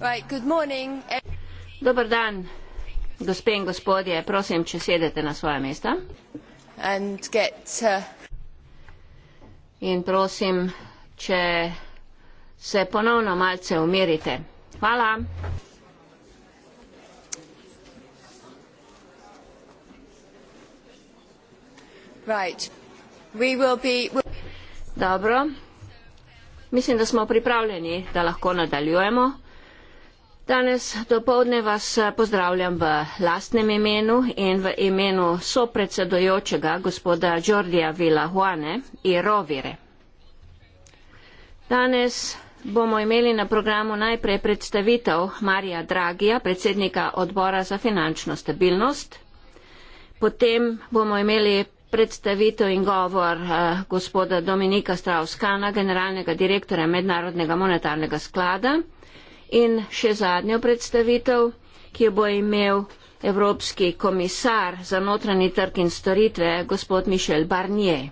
Right, good morning. Dobar dan, gospe in gospodje, prosim, če sedete na svoje mesta. And get, uh... In prosim, če se ponovno malce umirite. Hvala. Right. We will be... Dobro. Mislim, da smo pripravljeni, da lahko nadaljujemo. Danes dopoledne vas eh, pozdravljam v lastnem imenu in v imenu sopredsedojočega gospoda Džordija Vilahuane i Rovire. Danes bomo imeli na programu najprej predstavitev Marija Dragija, predsednika odbora za finančno stabilnost. Potem bomo imeli predstavitev in govor eh, gospoda Dominika Strauskana, generalnega direktorja Mednarodnega monetarnega sklada In še zadnjo predstavitev, ki jo bo imel evropski komisar za notranji trg in storitve, gospod Mišel Barnier.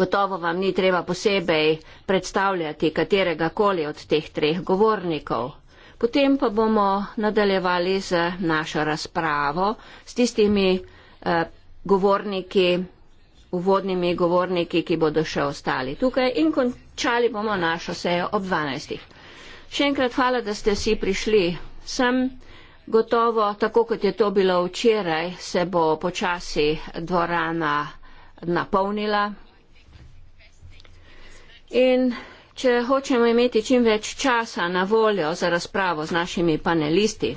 Gotovo vam ni treba posebej predstavljati katerega koli od teh treh govornikov. Potem pa bomo nadaljevali z našo razpravo s tistimi eh, govorniki, uvodnimi govorniki, ki bodo še ostali tukaj in končali bomo našo sejo ob 12. Še enkrat hvala, da ste vsi prišli. Sem gotovo, tako kot je to bilo včeraj, se bo počasi dvorana napolnila. In če hočemo imeti čim več časa na voljo za razpravo z našimi panelisti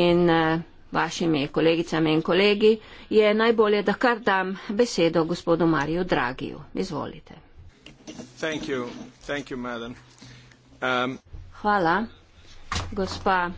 in eh, vašimi kolegicami in kolegi, je najbolje, da kar dam besedo gospodu Mariju Dragiju. Izvolite. Thank you. Thank you, Um, Hvala, gospa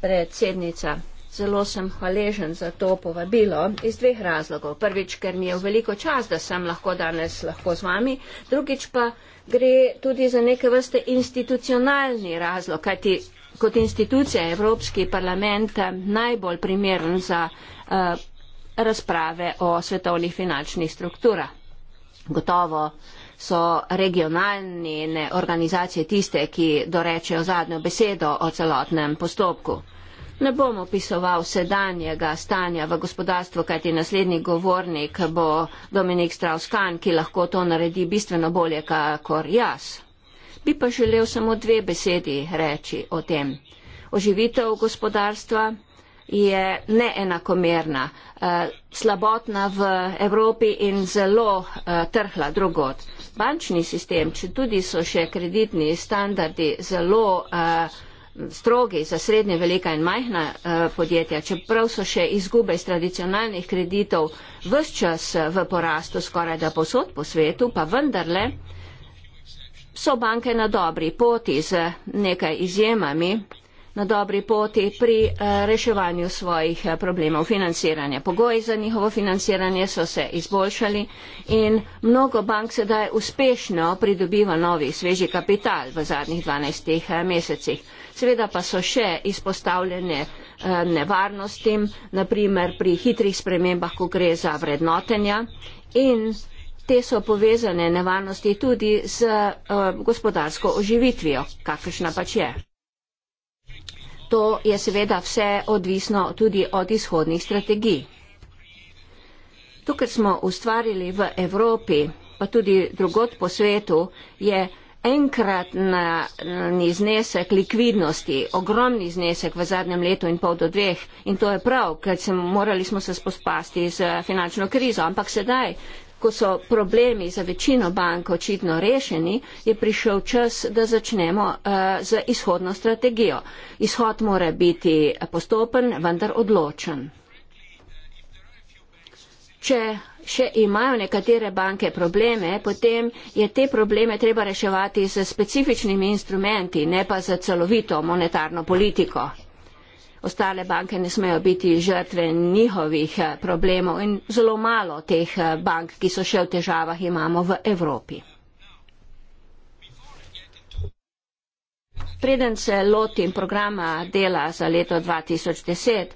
predsednica. Zelo sem hvaležen za to povabilo iz dveh razlogov. Prvič, ker mi je v veliko čas, da sem lahko danes lahko z vami. Drugič pa gre tudi za neke vrste institucionalni razlog, kajti kot institucija Evropski parlament eh, najbolj primeren za uh, razprave o svetovnih finančnih strukturah. Gotovo uh, so regionalne organizacije tiste, ki dorečejo zadnjo besedo o celotnem postopku. Ne bom opisoval sedanjega stanja v gospodarstvu, kajti naslednji govornik bo Dominik Strauskan, ki lahko to naredi bistveno bolje, kakor jaz. Bi pa želel samo dve besedi reči o tem. Oživitev gospodarstva je neenakomerna, eh, slabotna v Evropi in zelo eh, trhla drugot bančni sistem, če tudi so še kreditni standardi zelo uh, strogi za srednje, velika in majhna uh, podjetja, čeprav so še izgube iz tradicionalnih kreditov vse čas eh, v porastu skoraj da posod po svetu, pa vendarle so banke na dobri poti z nekaj izjemami na dobri poti pri eh, reševanju svojih eh, problemov financiranja. Pogoji za njihovo financiranje so se izboljšali in mnogo bank sedaj uspešno pridobiva novi sveži kapital v zadnjih 12 eh, mesecih. Seveda pa so še izpostavljene nevarnostim, naprimer pri hitrih spremembah, ko gre za vrednotenja in Te so povezane nevarnosti tudi z uh, gospodarsko oživitvijo, kakršna pač je. To je seveda vse odvisno tudi od izhodnih strategij. To, kar smo ustvarili v Evropi, pa tudi drugot po svetu, je enkratni znesek likvidnosti, ogromni znesek v zadnjem letu in pol do dveh. In to je prav, ker sem, morali smo se spospasti z finančno krizo. Ampak sedaj ko so problemi za večino bank očitno rešeni, je prišel čas, da začnemo eh, z izhodno strategijo. Izhod mora biti postopen, vendar odločen. Če še imajo nekatere banke probleme, potem je te probleme treba reševati z specifičnimi instrumenti, ne pa z celovito monetarno politiko ostale banke ne smejo biti žrtve njihovih eh, problemov in zelo malo teh eh, bank, ki so še v težavah, imamo v Evropi. Preden se lotim programa dela za leto 2010,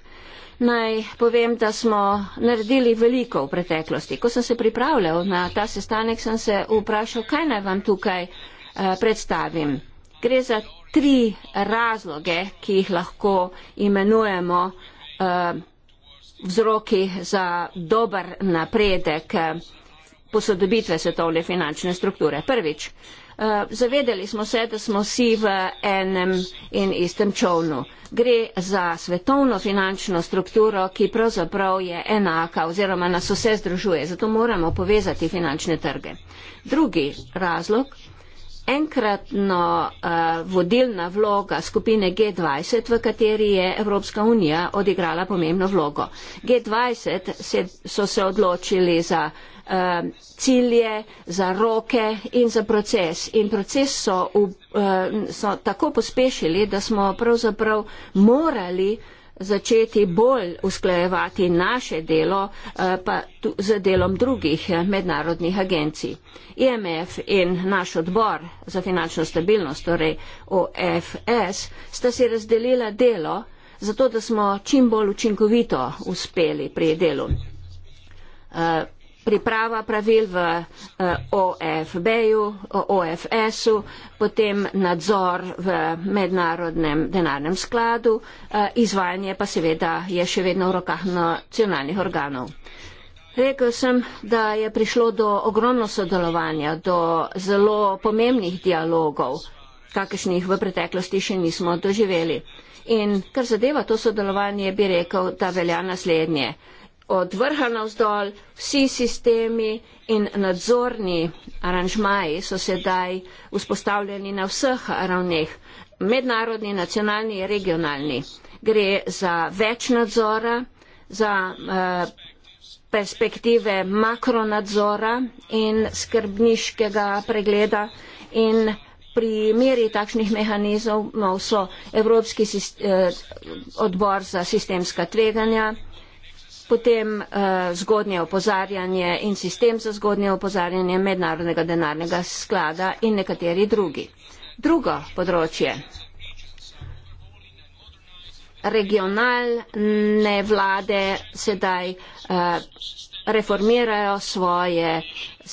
naj povem, da smo naredili veliko v preteklosti. Ko sem se pripravljal na ta sestanek, sem se vprašal, kaj naj vam tukaj uh, predstavim. Gre za tri razloge, ki jih lahko imenujemo eh, vzroki za dober napredek eh, posodobitve svetovne finančne strukture. Prvič, eh, zavedeli smo se, da smo vsi v enem in istem čovnu. Gre za svetovno finančno strukturo, ki pravzaprav je enaka oziroma nas vse združuje. Zato moramo povezati finančne trge. Drugi razlog enkratna uh, eh, vodilna vloga skupine G20, v kateri je Evropska unija odigrala pomembno vlogo. G20 se, so se odločili za uh, cilje, za roke in za proces. In proces so, uh, so tako pospešili, da smo pravzaprav morali uh, začeti bolj usklajevati naše delo eh, pa z delom drugih eh, mednarodnih agencij. IMF in naš odbor za finančno stabilnost, torej OFS, sta si razdelila delo, zato da smo čim bolj učinkovito uspeli pri delu. Eh, priprava pravil v eh, OFB-ju, OFS-u, potem nadzor v mednarodnem denarnem skladu, eh, izvajanje pa seveda je še vedno v rokah nacionalnih organov. Rekel sem, da je prišlo do ogromno sodelovanja, do zelo pomembnih dialogov, kakršnih v preteklosti še nismo doživeli. In kar zadeva to sodelovanje, bi rekel, da velja naslednje od vrha navzdol, vsi sistemi in nadzorni aranžmaji so sedaj vzpostavljeni na vseh ravneh, mednarodni, nacionalni, regionalni. Gre za več nadzora, za eh, perspektive makronadzora in skrbniškega pregleda in pri meri takšnih mehanizmov so Evropski eh, odbor za sistemska tveganja, potem uh, zgodnje opozarjanje in sistem za zgodnje opozarjanje mednarodnega denarnega sklada in nekateri drugi. Drugo področje. Regionalne vlade sedaj uh, reformirajo svoje,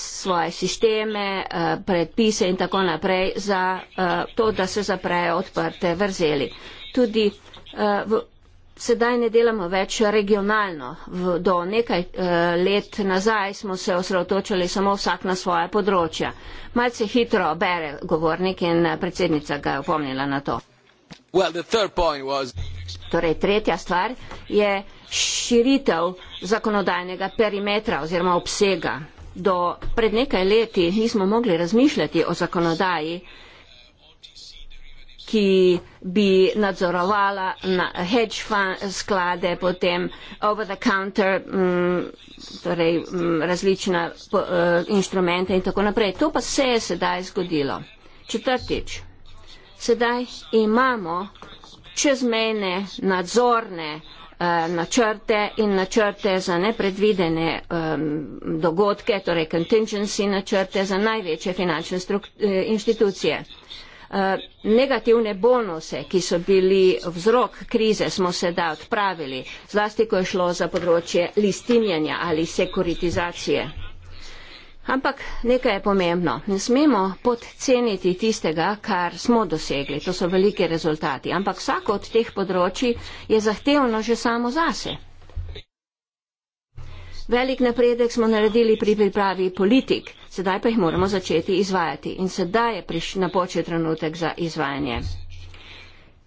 svoje sisteme, uh, predpise in tako naprej za uh, to, da se zaprejo odprte vrzeli. Tudi uh, sedaj ne delamo več regionalno. V, do nekaj e, let nazaj smo se osredotočali samo vsak na svoje področja. Malce hitro bere govornik in eh, predsednica ga je opomnila na to. Well, was... Torej, tretja stvar je širitev zakonodajnega perimetra oziroma obsega. Do pred nekaj leti nismo mogli razmišljati o zakonodaji, ki bi nadzorovala na hedge fund sklade, potem over the counter, m, mm, torej m, mm, različna po, uh, inštrumenta in tako naprej. To pa se je sedaj zgodilo. Četrtič, sedaj imamo čezmejne nadzorne eh, načrte in načrte za nepredvidene um, dogodke, torej contingency načrte za največje finančne eh, inštitucije. Eh, negativne bonuse, ki so bili vzrok krize, smo sedaj odpravili, zlasti ko je šlo za področje listinjanja ali sekuritizacije. Ampak nekaj je pomembno. Ne smemo podceniti tistega, kar smo dosegli. To so velike rezultati. Ampak vsako od teh področji je zahtevno že samo zase. Velik napredek smo naredili pri pripravi politik, sedaj pa jih moramo začeti izvajati in sedaj je napočil trenutek za izvajanje.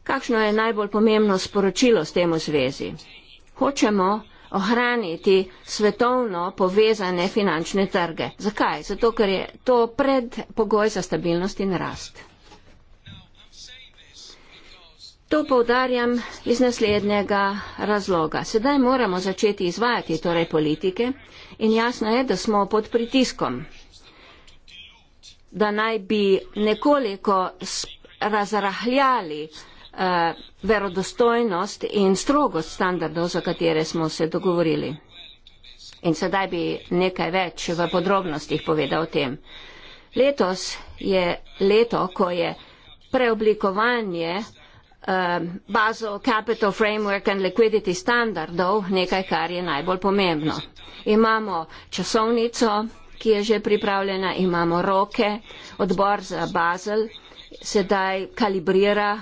Kakšno je najbolj pomembno sporočilo s tem v zvezi? Hočemo ohraniti svetovno povezane finančne trge. Zakaj? Zato, ker je to predpogoj za stabilnost in rast. To povdarjam iz naslednjega razloga. Sedaj moramo začeti izvajati torej politike in jasno je, da smo pod pritiskom, da naj bi nekoliko razrahljali uh, verodostojnost in strogost standardov, za katere smo se dogovorili. In sedaj bi nekaj več v podrobnostih povedal o tem. Letos je leto, ko je preoblikovanje Um, Basel Capital Framework and Liquidity Standardov, nekaj, kar je najbolj pomembno. Imamo časovnico, ki je že pripravljena, imamo roke, odbor za Basel sedaj kalibrira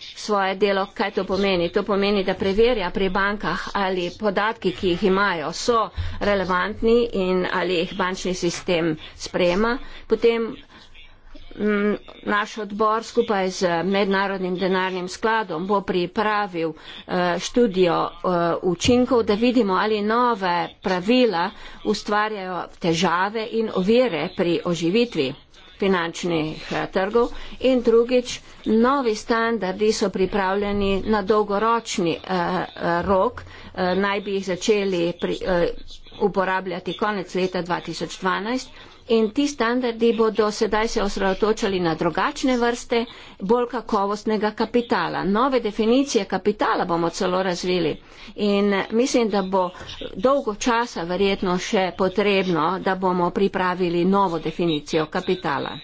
svoje delo. Kaj to pomeni? To pomeni, da preverja pri bankah, ali podatki, ki jih imajo, so relevantni in ali jih bančni sistem sprema. Potem naš odbor skupaj z mednarodnim denarnim skladom bo pripravil eh, študijo eh, učinkov, da vidimo, ali nove pravila ustvarjajo težave in ovire pri oživitvi finančnih eh, trgov in drugič, novi standardi so pripravljeni na dolgoročni rok, naj bi jih začeli uporabljati konec leta 2012 in ti standardi bodo sedaj se osredotočali na drugačne vrste bolj kakovostnega kapitala. Nove definicije kapitala bomo celo razvili in mislim, da bo dolgo časa verjetno še potrebno, da bomo pripravili novo definicijo kapitala.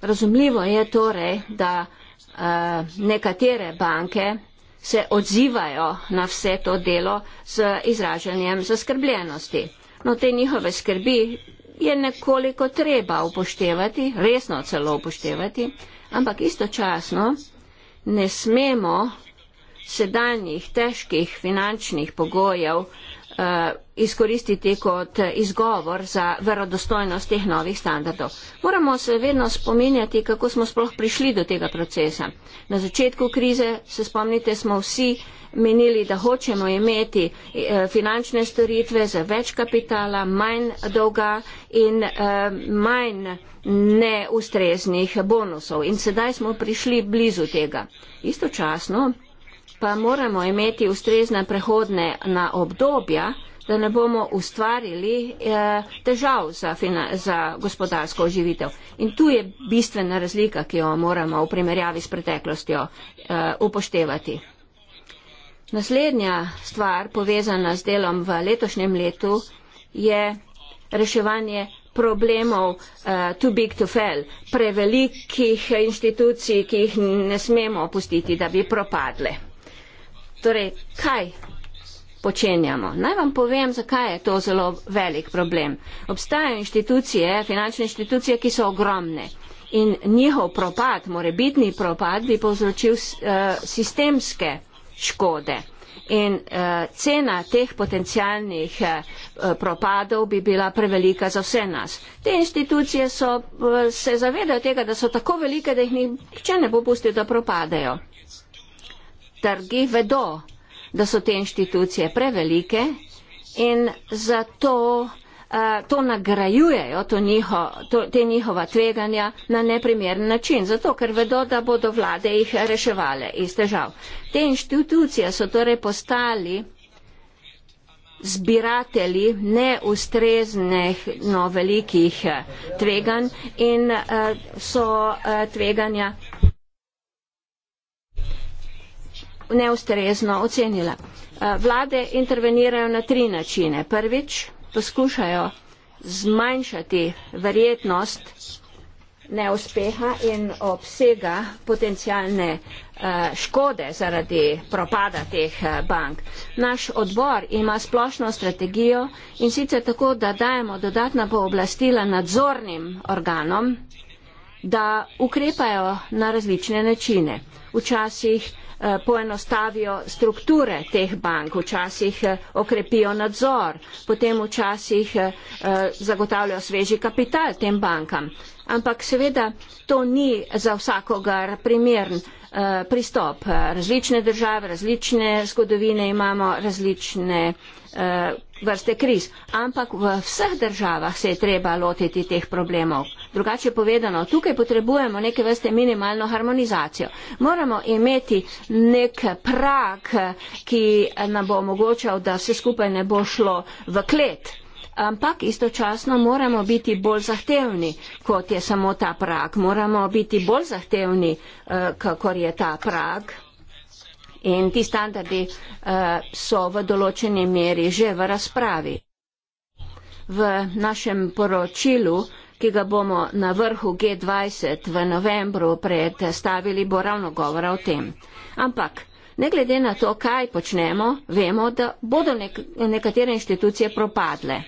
Razumljivo je torej, da uh, nekatere banke se odzivajo na vse to delo z izražanjem zaskrbljenosti. No, te njihove skrbi je nekoliko treba upoštevati, resno celo upoštevati, ampak istočasno ne smemo sedanjih težkih finančnih pogojev Eh, izkoristiti kot izgovor za verodostojnost teh novih standardov. Moramo se vedno spominjati, kako smo sploh prišli do tega procesa. Na začetku krize, se spomnite, smo vsi menili, da hočemo imeti eh, finančne storitve za več kapitala, manj dolga in eh, manj neustreznih bonusov. In sedaj smo prišli blizu tega. Istočasno pa moramo imeti ustrezne prehodne na obdobja, da ne bomo ustvarili eh, težav za, fina, za gospodarsko oživitev. In tu je bistvena razlika, ki jo moramo v primerjavi s preteklostjo eh, upoštevati. Naslednja stvar, povezana s delom v letošnjem letu, je reševanje problemov uh, too big to fail, prevelikih institucij, ki jih ne smemo opustiti, da bi propadle. Torej, kaj počenjamo? Naj vam povem, zakaj je to zelo velik problem. Obstajajo inštitucije, finančne inštitucije, ki so ogromne. In njihov propad, morebitni propad, bi povzročil uh, sistemske škode. In uh, cena teh potencijalnih uh, eh, propadov bi bila prevelika za vse nas. Te inštitucije so, uh, se zavedajo tega, da so tako velike, da jih nihče ne bo pustil, da propadejo trgi vedo, da so te inštitucije prevelike in zato uh, to nagrajujejo, to njiho, to, te njihova tveganja na neprimeren način, zato ker vedo, da bodo vlade jih reševali iz težav. Te inštitucije so torej postali zbiratelji neustreznih novelikih eh, tveganj in uh, so uh, tveganja neustrezno ocenila. Eh, vlade intervenirajo na tri načine. Prvič, poskušajo zmanjšati verjetnost neuspeha in obsega potencijalne eh, škode zaradi propada teh eh, bank. Naš odbor ima splošno strategijo in sicer tako, da dajemo dodatna pooblastila nadzornim organom, da ukrepajo na različne načine. Včasih eh, poenostavijo strukture teh bank, včasih eh, okrepijo nadzor, potem včasih eh, zagotavljajo sveži kapital tem bankam. Ampak seveda to ni za vsakogar primern. Eh, pristop. Različne države, različne zgodovine imamo, različne eh, vrste kriz. Ampak v vseh državah se je treba lotiti teh problemov. Drugače povedano, tukaj potrebujemo neke vrste minimalno harmonizacijo. Moramo imeti nek prak, ki nam bo omogočal, da vse skupaj ne bo šlo v klet ampak istočasno moramo biti bolj zahtevni, kot je samo ta prag. Moramo biti bolj zahtevni, eh, kakor je ta prag. In ti standardi eh, so v določeni meri že v razpravi. V našem poročilu, ki ga bomo na vrhu G20 v novembru predstavili, bo ravno govora o tem. Ampak. Ne glede na to, kaj počnemo, vemo, da bodo nek nekatere inštitucije propadle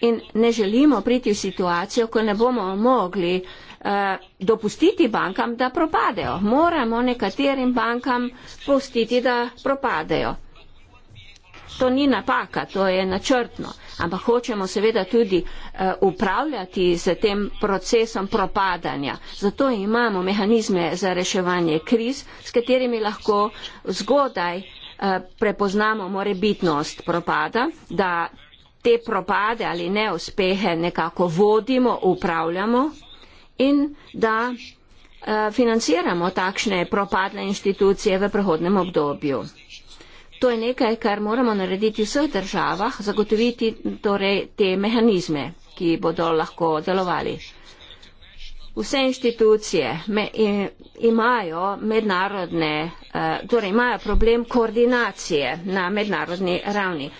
in ne želimo priti v situacijo, ko ne bomo mogli uh, dopustiti bankam, da propadejo. Moramo nekaterim bankam pustiti, da propadejo. To ni napaka, to je načrtno, ampak hočemo seveda tudi uh, upravljati z tem procesom propadanja. Zato imamo mehanizme za reševanje kriz, s katerimi lahko zgodaj uh, prepoznamo morebitnost propada, da te propade ali neuspehe nekako vodimo, upravljamo in da uh, financiramo takšne propadle institucije v prihodnem obdobju. To je nekaj, kar moramo narediti v vseh državah, zagotoviti torej te mehanizme, ki bodo lahko delovali. Vse inštitucije me, imajo, eh, torej imajo problem koordinacije na mednarodni ravni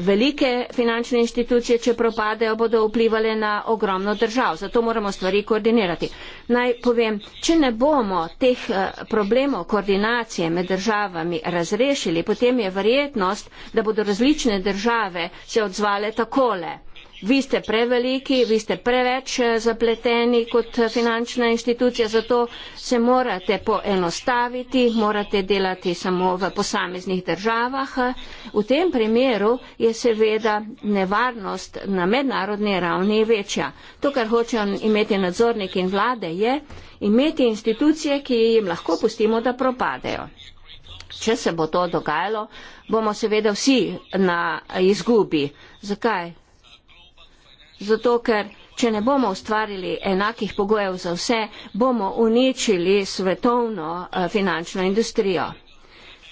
velike finančne inštitucije, če propadejo, bodo vplivali na ogromno držav. Zato moramo stvari koordinirati. Naj povem, če ne bomo teh eh, problemov koordinacije med državami razrešili, potem je verjetnost, da bodo različne države se odzvale takole vi ste preveliki, vi ste preveč eh, zapleteni kot eh, finančna inštitucija, zato se morate poenostaviti, morate delati samo v posameznih državah. Eh. V tem primeru je seveda nevarnost na mednarodni ravni večja. To, kar hočejo imeti nadzornik in vlade, je imeti institucije, ki jim lahko pustimo, da propadejo. Če se bo to dogajalo, bomo seveda vsi na izgubi. Zakaj? zato ker če ne bomo ustvarili enakih pogojev za vse, bomo uničili svetovno eh, finančno industrijo.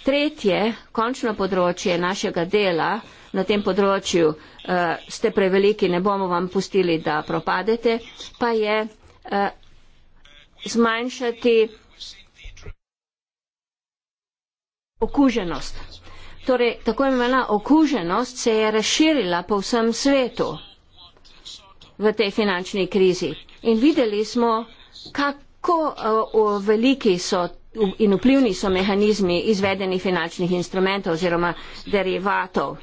Tretje, končno področje našega dela na tem področju uh, ste preveliki, ne bomo vam pustili, da propadete, pa je uh, zmanjšati okuženost. Torej, tako imena okuženost se je razširila po vsem svetu v tej finančni krizi. In videli smo, kako eh, veliki so in vplivni so mehanizmi izvedenih finančnih instrumentov oziroma derivatov.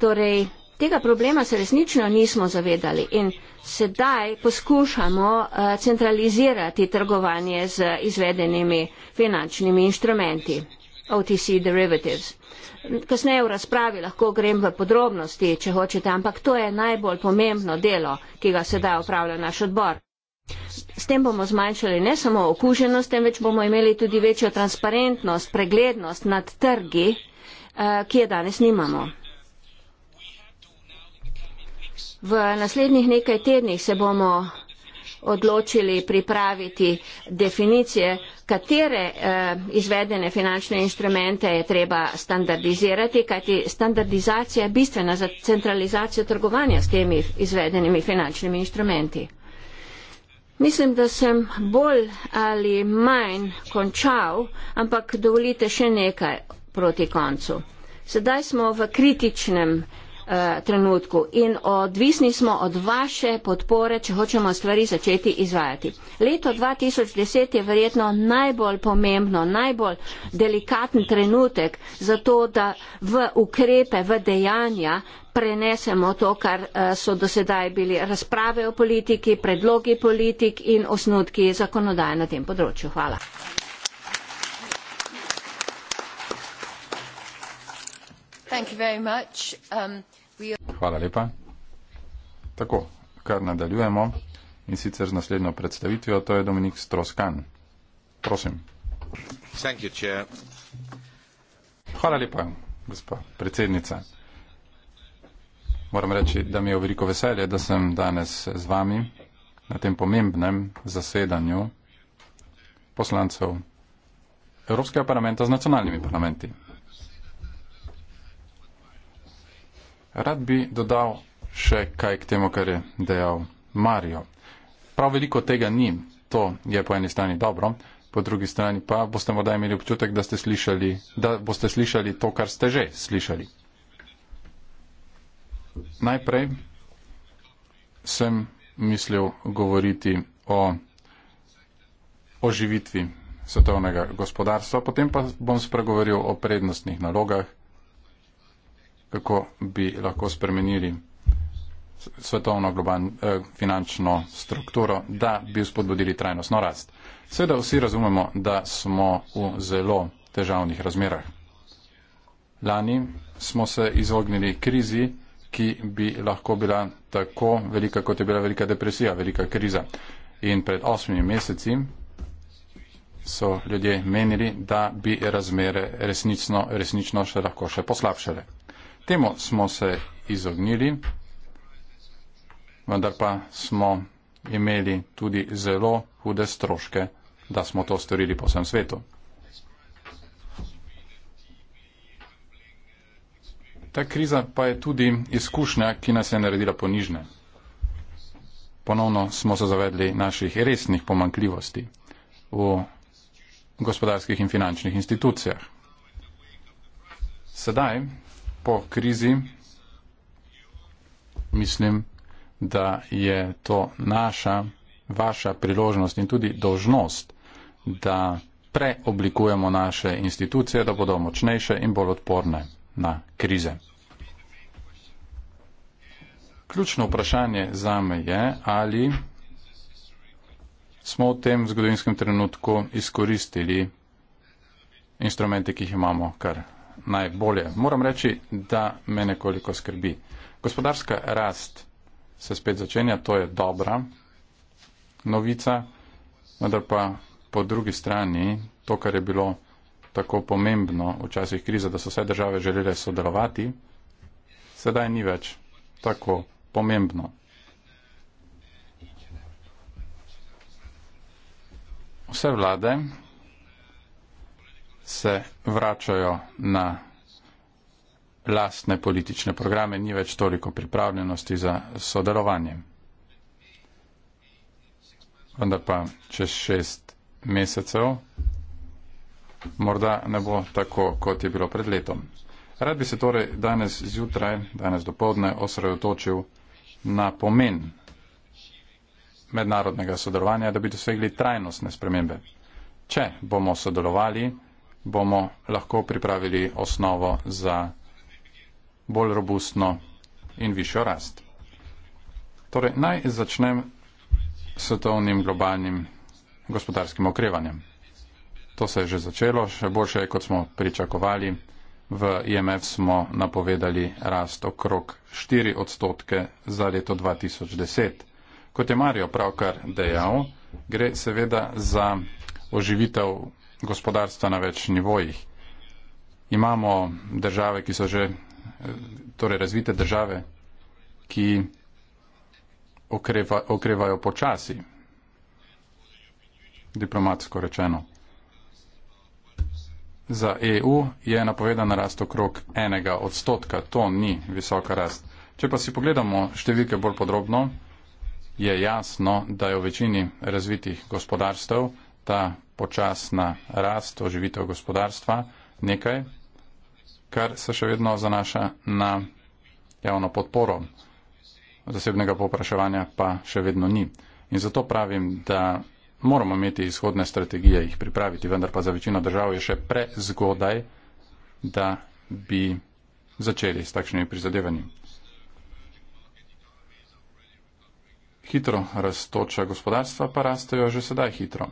Torej, tega problema se resnično nismo zavedali in sedaj poskušamo eh, centralizirati trgovanje z izvedenimi finančnimi instrumenti, OTC derivatives. Kasneje v razpravi lahko grem v podrobnosti, če hočete, ampak to je najbolj pomembno delo, ki ga sedaj upravlja naš odbor. S tem bomo zmanjšali ne samo okuženost, temveč bomo imeli tudi večjo transparentnost, preglednost nad trgi, eh, ki je danes nimamo. V naslednjih nekaj tednih se bomo odločili pripraviti definicije, katere eh, izvedene finančne inštrumente je treba standardizirati, kajti standardizacija je bistvena za centralizacijo trgovanja s temi izvedenimi finančnimi inštrumenti. Mislim, da sem bolj ali manj končal, ampak dovolite še nekaj proti koncu. Sedaj smo v kritičnem Eh, trenutku in odvisni smo od vaše podpore, če hočemo stvari začeti izvajati. Leto 2010 je verjetno najbolj pomembno, najbolj delikaten trenutek za to, da v ukrepe, v dejanja prenesemo to, kar eh, so dosedaj bili razprave o politiki, predlogi politik in osnutki zakonodaje na tem področju. Hvala. Um, Tako, kar nadaljujemo in sicer z naslednjo predstavitvijo, to je Dominik Stroskan. Prosim. Hvala lepa, gospa predsednica. Moram reči, da mi je veliko veselje, da sem danes z vami na tem pomembnem zasedanju poslancev Evropskega parlamenta z nacionalnimi parlamenti. Rad bi dodal še kaj k temu, kar je dejal Mario. Prav veliko tega ni, to je po eni strani dobro, po drugi strani pa boste morda imeli občutek, da, ste slišali, da boste slišali to, kar ste že slišali. Najprej sem mislil govoriti o oživitvi svetovnega gospodarstva, potem pa bom spregovoril o prednostnih nalogah kako bi lahko spremenili svetovno eh, finančno strukturo, da bi spodbudili trajnostno rast. Seveda vsi razumemo, da smo v zelo težavnih razmerah. Lani smo se izognili krizi, ki bi lahko bila tako velika, kot je bila velika depresija, velika kriza. In pred osmimi meseci so ljudje menili, da bi razmere resnično, resnično še lahko še poslabšale. Temu smo se izognili, vendar pa smo imeli tudi zelo hude stroške, da smo to storili po vsem svetu. Ta kriza pa je tudi izkušnja, ki nas je naredila ponižne. Ponovno smo se zavedli naših resnih pomankljivosti v gospodarskih in finančnih institucijah. Sedaj, po krizi, mislim, da je to naša, vaša priložnost in tudi dožnost, da preoblikujemo naše institucije, da bodo močnejše in bolj odporne na krize. Ključno vprašanje za me je, ali smo v tem zgodovinskem trenutku izkoristili instrumente, ki jih imamo kar najbolje. Moram reči, da me nekoliko skrbi. Gospodarska rast se spet začenja, to je dobra novica, vendar pa po drugi strani to, kar je bilo tako pomembno v časih krize, da so vse države želele sodelovati, sedaj ni več tako pomembno. Vse vlade se vračajo na lastne politične programe, ni več toliko pripravljenosti za sodelovanje. Vendar pa čez šest mesecev morda ne bo tako, kot je bilo pred letom. Rad bi se torej danes zjutraj, danes dopoldne osredotočil na pomen mednarodnega sodelovanja, da bi dosegli trajnostne spremembe. Če bomo sodelovali bomo lahko pripravili osnovo za bolj robustno in višjo rast. Torej, naj začnem s svetovnim globalnim gospodarskim okrevanjem. To se je že začelo, še boljše, kot smo pričakovali. V IMF smo napovedali rast okrog 4 odstotke za leto 2010. Kot je Mario pravkar dejal, gre seveda za oživitev gospodarstva na več nivojih. Imamo države, ki so že eh, torej razvite države, ki okreva, okrevajo počasi, diplomatsko rečeno. Za EU je napovedana rast okrog enega odstotka, to ni visoka rast. Če pa si pogledamo številke bolj podrobno, je jasno, da je v večini razvitih gospodarstev ta počasna rast, oživitev gospodarstva, nekaj, kar se še vedno zanaša na javno podporo. Zasebnega popraševanja pa še vedno ni. In zato pravim, da moramo imeti izhodne strategije, jih pripraviti, vendar pa za večino držav je še prezgodaj, da bi začeli s takšnimi prizadevanji. Hitro rastoča gospodarstva pa rastejo že sedaj hitro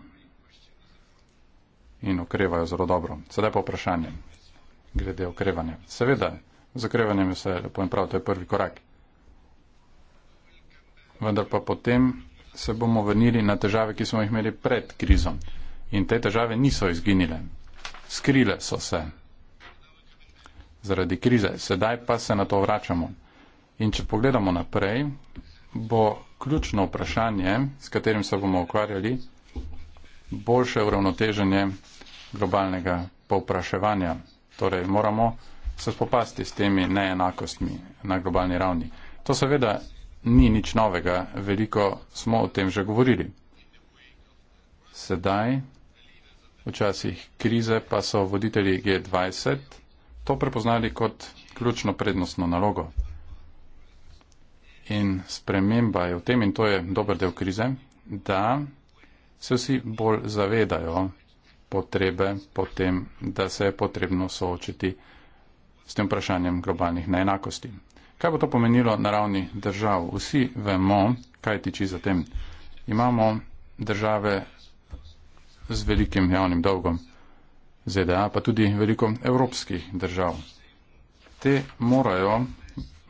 in okrevajo zelo dobro. Sedaj pa vprašanje glede okrevanja. Seveda, z okrevanjem je vse lepo in prav, to je prvi korak. Vendar pa potem se bomo vrnili na težave, ki smo jih imeli pred krizo. In te težave niso izginile. Skrile so se zaradi krize. Sedaj pa se na to vračamo. In če pogledamo naprej, bo ključno vprašanje, s katerim se bomo ukvarjali, boljše uravnoteženje globalnega povpraševanja. Torej moramo se spopasti s temi neenakostmi na globalni ravni. To seveda ni nič novega, veliko smo o tem že govorili. Sedaj, včasih krize, pa so voditelji G20 to prepoznali kot ključno prednostno nalogo. In sprememba je v tem, in to je dober del krize, da se vsi bolj zavedajo potrebe potem, da se je potrebno soočiti s tem vprašanjem globalnih neenakosti. Kaj bo to pomenilo na ravni držav? Vsi vemo, kaj tiči za tem. Imamo države z velikim javnim dolgom ZDA, pa tudi veliko evropskih držav. Te morajo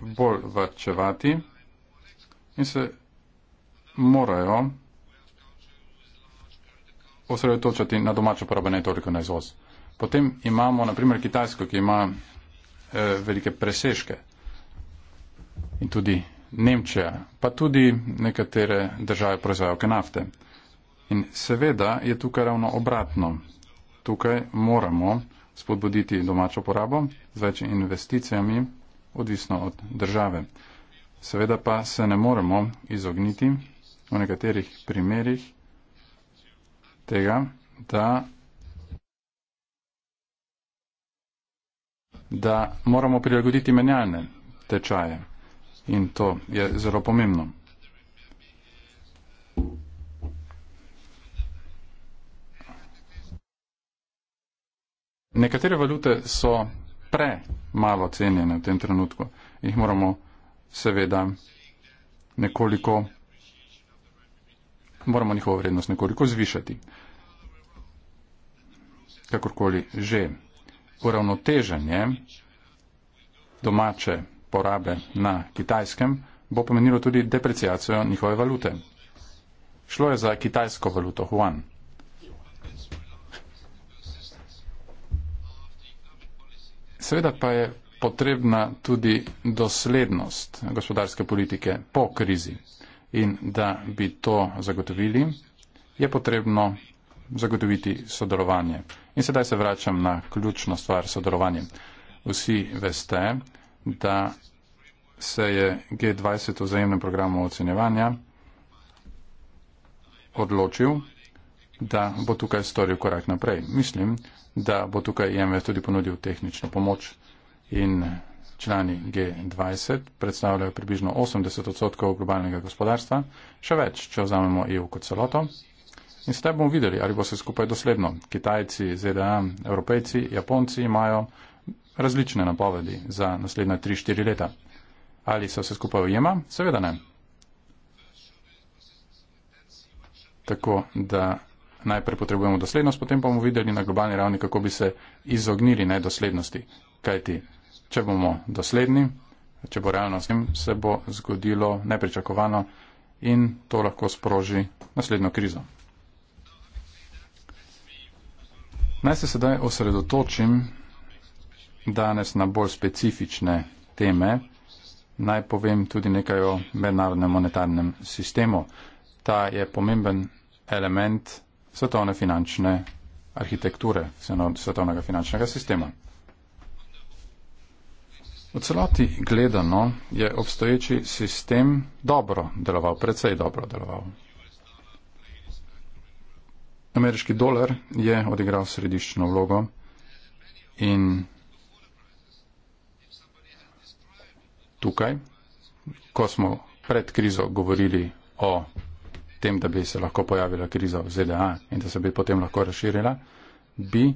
bolj vrčevati in se morajo osredotočati na domačo porabo, ne toliko na izvoz. Potem imamo naprimer Kitajsko, ki ima eh, velike preseške in tudi Nemčija, pa tudi nekatere države proizvajalke nafte. In seveda je tukaj ravno obratno. Tukaj moramo spodbuditi domačo porabo z več investicijami, odvisno od države. Seveda pa se ne moremo izogniti v nekaterih primerjih tega, da, da moramo prilagoditi menjalne tečaje. In to je zelo pomembno. Nekatere valute so premalo cenjene v tem trenutku. Jih moramo seveda nekoliko moramo njihovo vrednost nekoliko zvišati. Kakorkoli že, uravnoteženje domače porabe na kitajskem bo pomenilo tudi deprecijacijo njihove valute. Šlo je za kitajsko valuto Huan. Seveda pa je potrebna tudi doslednost gospodarske politike po krizi in da bi to zagotovili, je potrebno zagotoviti sodelovanje. In sedaj se vračam na ključno stvar sodelovanje. Vsi veste, da se je G20 v zajemnem programu ocenjevanja odločil, da bo tukaj storil korak naprej. Mislim, da bo tukaj IMF tudi ponudil tehnično pomoč in člani G20 predstavljajo približno 80 odstotkov globalnega gospodarstva, še več, če vzamemo EU kot celoto. In sedaj bomo videli, ali bo se skupaj dosledno. Kitajci, ZDA, Evropejci, Japonci imajo različne napovedi za naslednja 3-4 leta. Ali se vse skupaj ujema? Seveda ne. Tako da najprej potrebujemo doslednost, potem pa bomo videli na globalni ravni, kako bi se izognili nedoslednosti. Kajti če bomo dosledni, če bo realno s tem, se bo zgodilo nepričakovano in to lahko sproži naslednjo krizo. Naj se sedaj osredotočim danes na bolj specifične teme. Naj povem tudi nekaj o mednarodnem monetarnem sistemu. Ta je pomemben element svetovne finančne arhitekture, svetovnega finančnega sistema. V celoti gledano je obstoječi sistem dobro deloval, precej dobro deloval. Ameriški dolar je odigral središčno vlogo in tukaj, ko smo pred krizo govorili o tem, da bi se lahko pojavila kriza v ZDA in da se bi potem lahko razširila, bi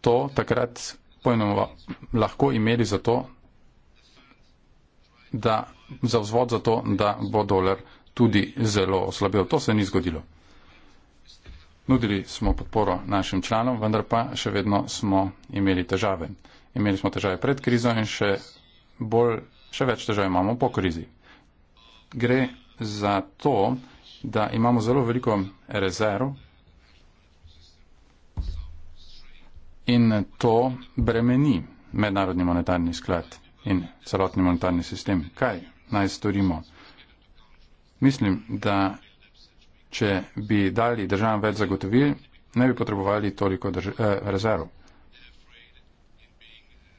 to takrat pojnoma lahko imeli za to, da, za vzvod za to, da bo dolar tudi zelo oslabil. To se ni zgodilo. Nudili smo podporo našim članom, vendar pa še vedno smo imeli težave. Imeli smo težave pred krizo in še, bolj, še več težav imamo po krizi. Gre za to, da imamo zelo veliko rezerv in to bremeni mednarodni monetarni sklad in celotni monetarni sistem. Kaj naj storimo? Mislim, da če bi dali državam več zagotovil, ne bi potrebovali toliko eh, rezerv.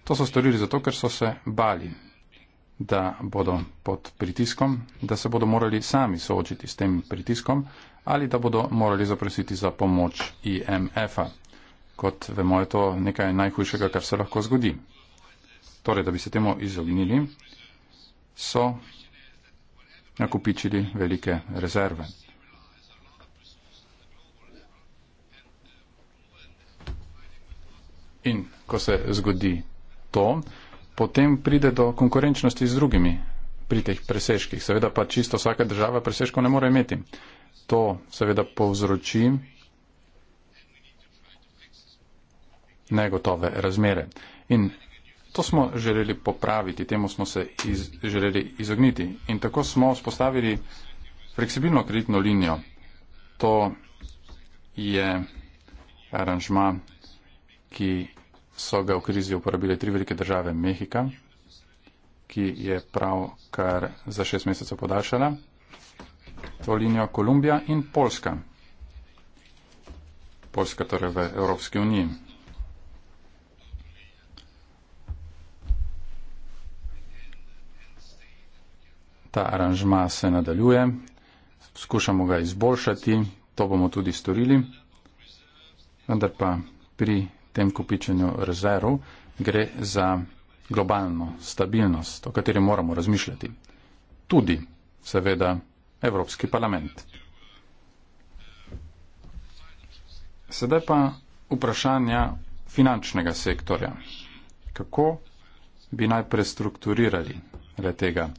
To so storili zato, ker so se bali, da bodo pod pritiskom, da se bodo morali sami soočiti s tem pritiskom ali da bodo morali zaprositi za pomoč IMF-a. Kot vemo, je to nekaj najhujšega, kar se lahko zgodi torej da bi se temu izolinili, so nakupičili velike rezerve. In ko se zgodi to, potem pride do konkurenčnosti z drugimi pri teh preseških. Seveda pa čisto vsaka država preseško ne more imeti. To seveda povzroči negotove razmere. In To smo želeli popraviti, temu smo se iz, želeli izogniti in tako smo vzpostavili fleksibilno kreditno linijo. To je aranžma, ki so ga v krizi uporabile tri velike države Mehika, ki je prav kar za šest mesecev podaljšala to linijo Kolumbija in Polska. Polska torej v Evropski uniji. ta aranžma se nadaljuje, skušamo ga izboljšati, to bomo tudi storili, vendar pa pri tem kopičenju rezerv gre za globalno stabilnost, o kateri moramo razmišljati. Tudi, seveda, Evropski parlament. Sedaj pa vprašanja finančnega sektorja. Kako bi naj prestrukturirali le tega?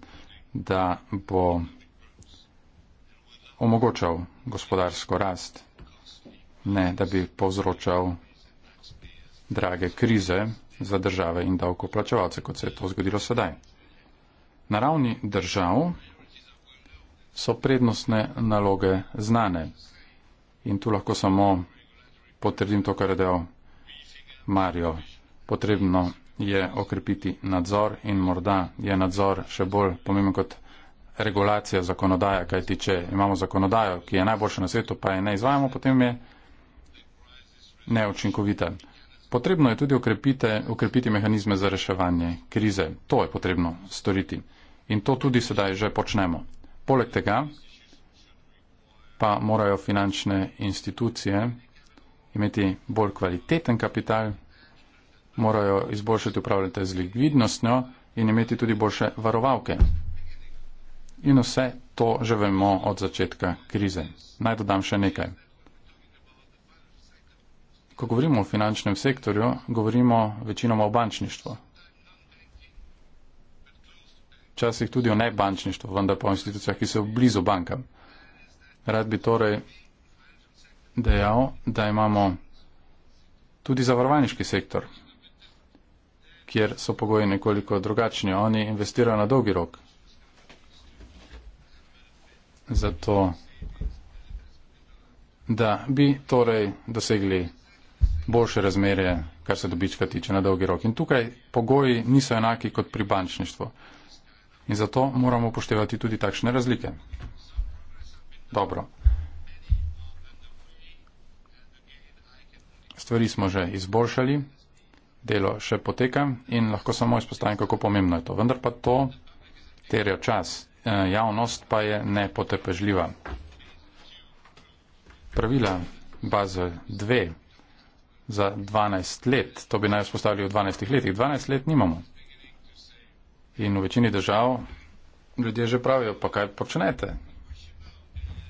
da bo omogočal gospodarsko rast, ne da bi povzročal drage krize za države in davkoplačevalce, kot se je to zgodilo sedaj. Na ravni držav so prednostne naloge znane in tu lahko samo potrdim to, kar je dejal Mario. Potrebno je okrepiti nadzor in morda je nadzor še bolj pomemben kot regulacija zakonodaje, kajti če imamo zakonodajo, ki je najboljša na svetu, pa je ne izvajamo, potem je neučinkovita. Potrebno je tudi okrepite, okrepiti mehanizme za reševanje krize. To je potrebno storiti. In to tudi sedaj že počnemo. Poleg tega pa morajo finančne institucije imeti bolj kvaliteten kapital, morajo izboljšati upravljate z likvidnostjo in imeti tudi boljše varovalke. In vse to že vemo od začetka krize. Naj dodam še nekaj. Ko govorimo o finančnem sektorju, govorimo večinoma o bančništvu. Včasih tudi o nebančništvu, vendar pa o institucijah, ki so blizu bankam. Rad bi torej dejal, da imamo tudi zavarovalniški sektor, kjer so pogoji nekoliko drugačni. Oni investirajo na dolgi rok. Zato, da bi torej dosegli boljše razmere, kar se dobička tiče na dolgi rok. In tukaj pogoji niso enaki kot pri bančništvu. In zato moramo upoštevati tudi takšne razlike. Dobro. Stvari smo že izboljšali delo še poteka in lahko samo izpostavim, kako pomembno je to. Vendar pa to terja čas. E, javnost pa je nepotepežljiva. Pravila baze 2 za 12 let, to bi naj vzpostavili v 12 letih. 12 let nimamo. In v večini držav ljudje že pravijo, pa kaj počnete.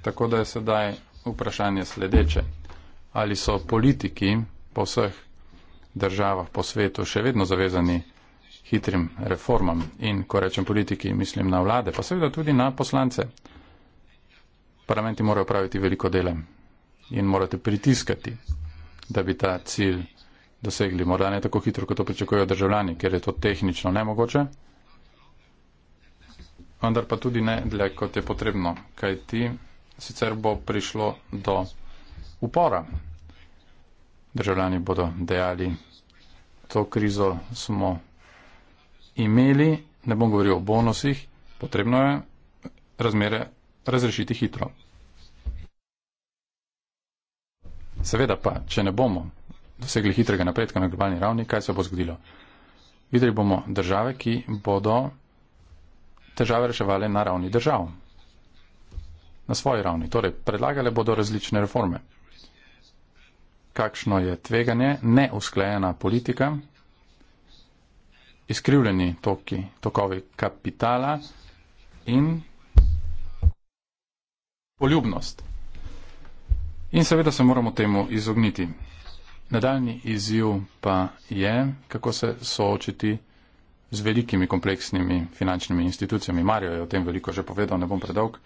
Tako da je sedaj vprašanje sledeče. Ali so politiki po vseh državah po svetu še vedno zavezani hitrim reformam in, ko rečem politiki, mislim na vlade, pa seveda tudi na poslance. Parlamenti morajo praviti veliko dele in morate pritiskati, da bi ta cilj dosegli. Morda ne tako hitro, kot to pričakujejo državljani, ker je to tehnično nemogoče, vendar pa tudi ne dlje, kot je potrebno, kaj ti sicer bo prišlo do upora državljani bodo dejali, to krizo smo imeli, ne bom govoril o bonusih, potrebno je razmere razrešiti hitro. Seveda pa, če ne bomo dosegli hitrega napredka na globalni ravni, kaj se bo zgodilo? Videli bomo države, ki bodo težave reševali na ravni držav, na svoji ravni. Torej, predlagale bodo različne reforme kakšno je tveganje, neusklajena politika, izkrivljeni toki, tokovi kapitala in poljubnost. In seveda se moramo temu izogniti. Nadaljni izziv pa je, kako se soočiti z velikimi kompleksnimi finančnimi institucijami. Mario je o tem veliko že povedal, ne bom predolg,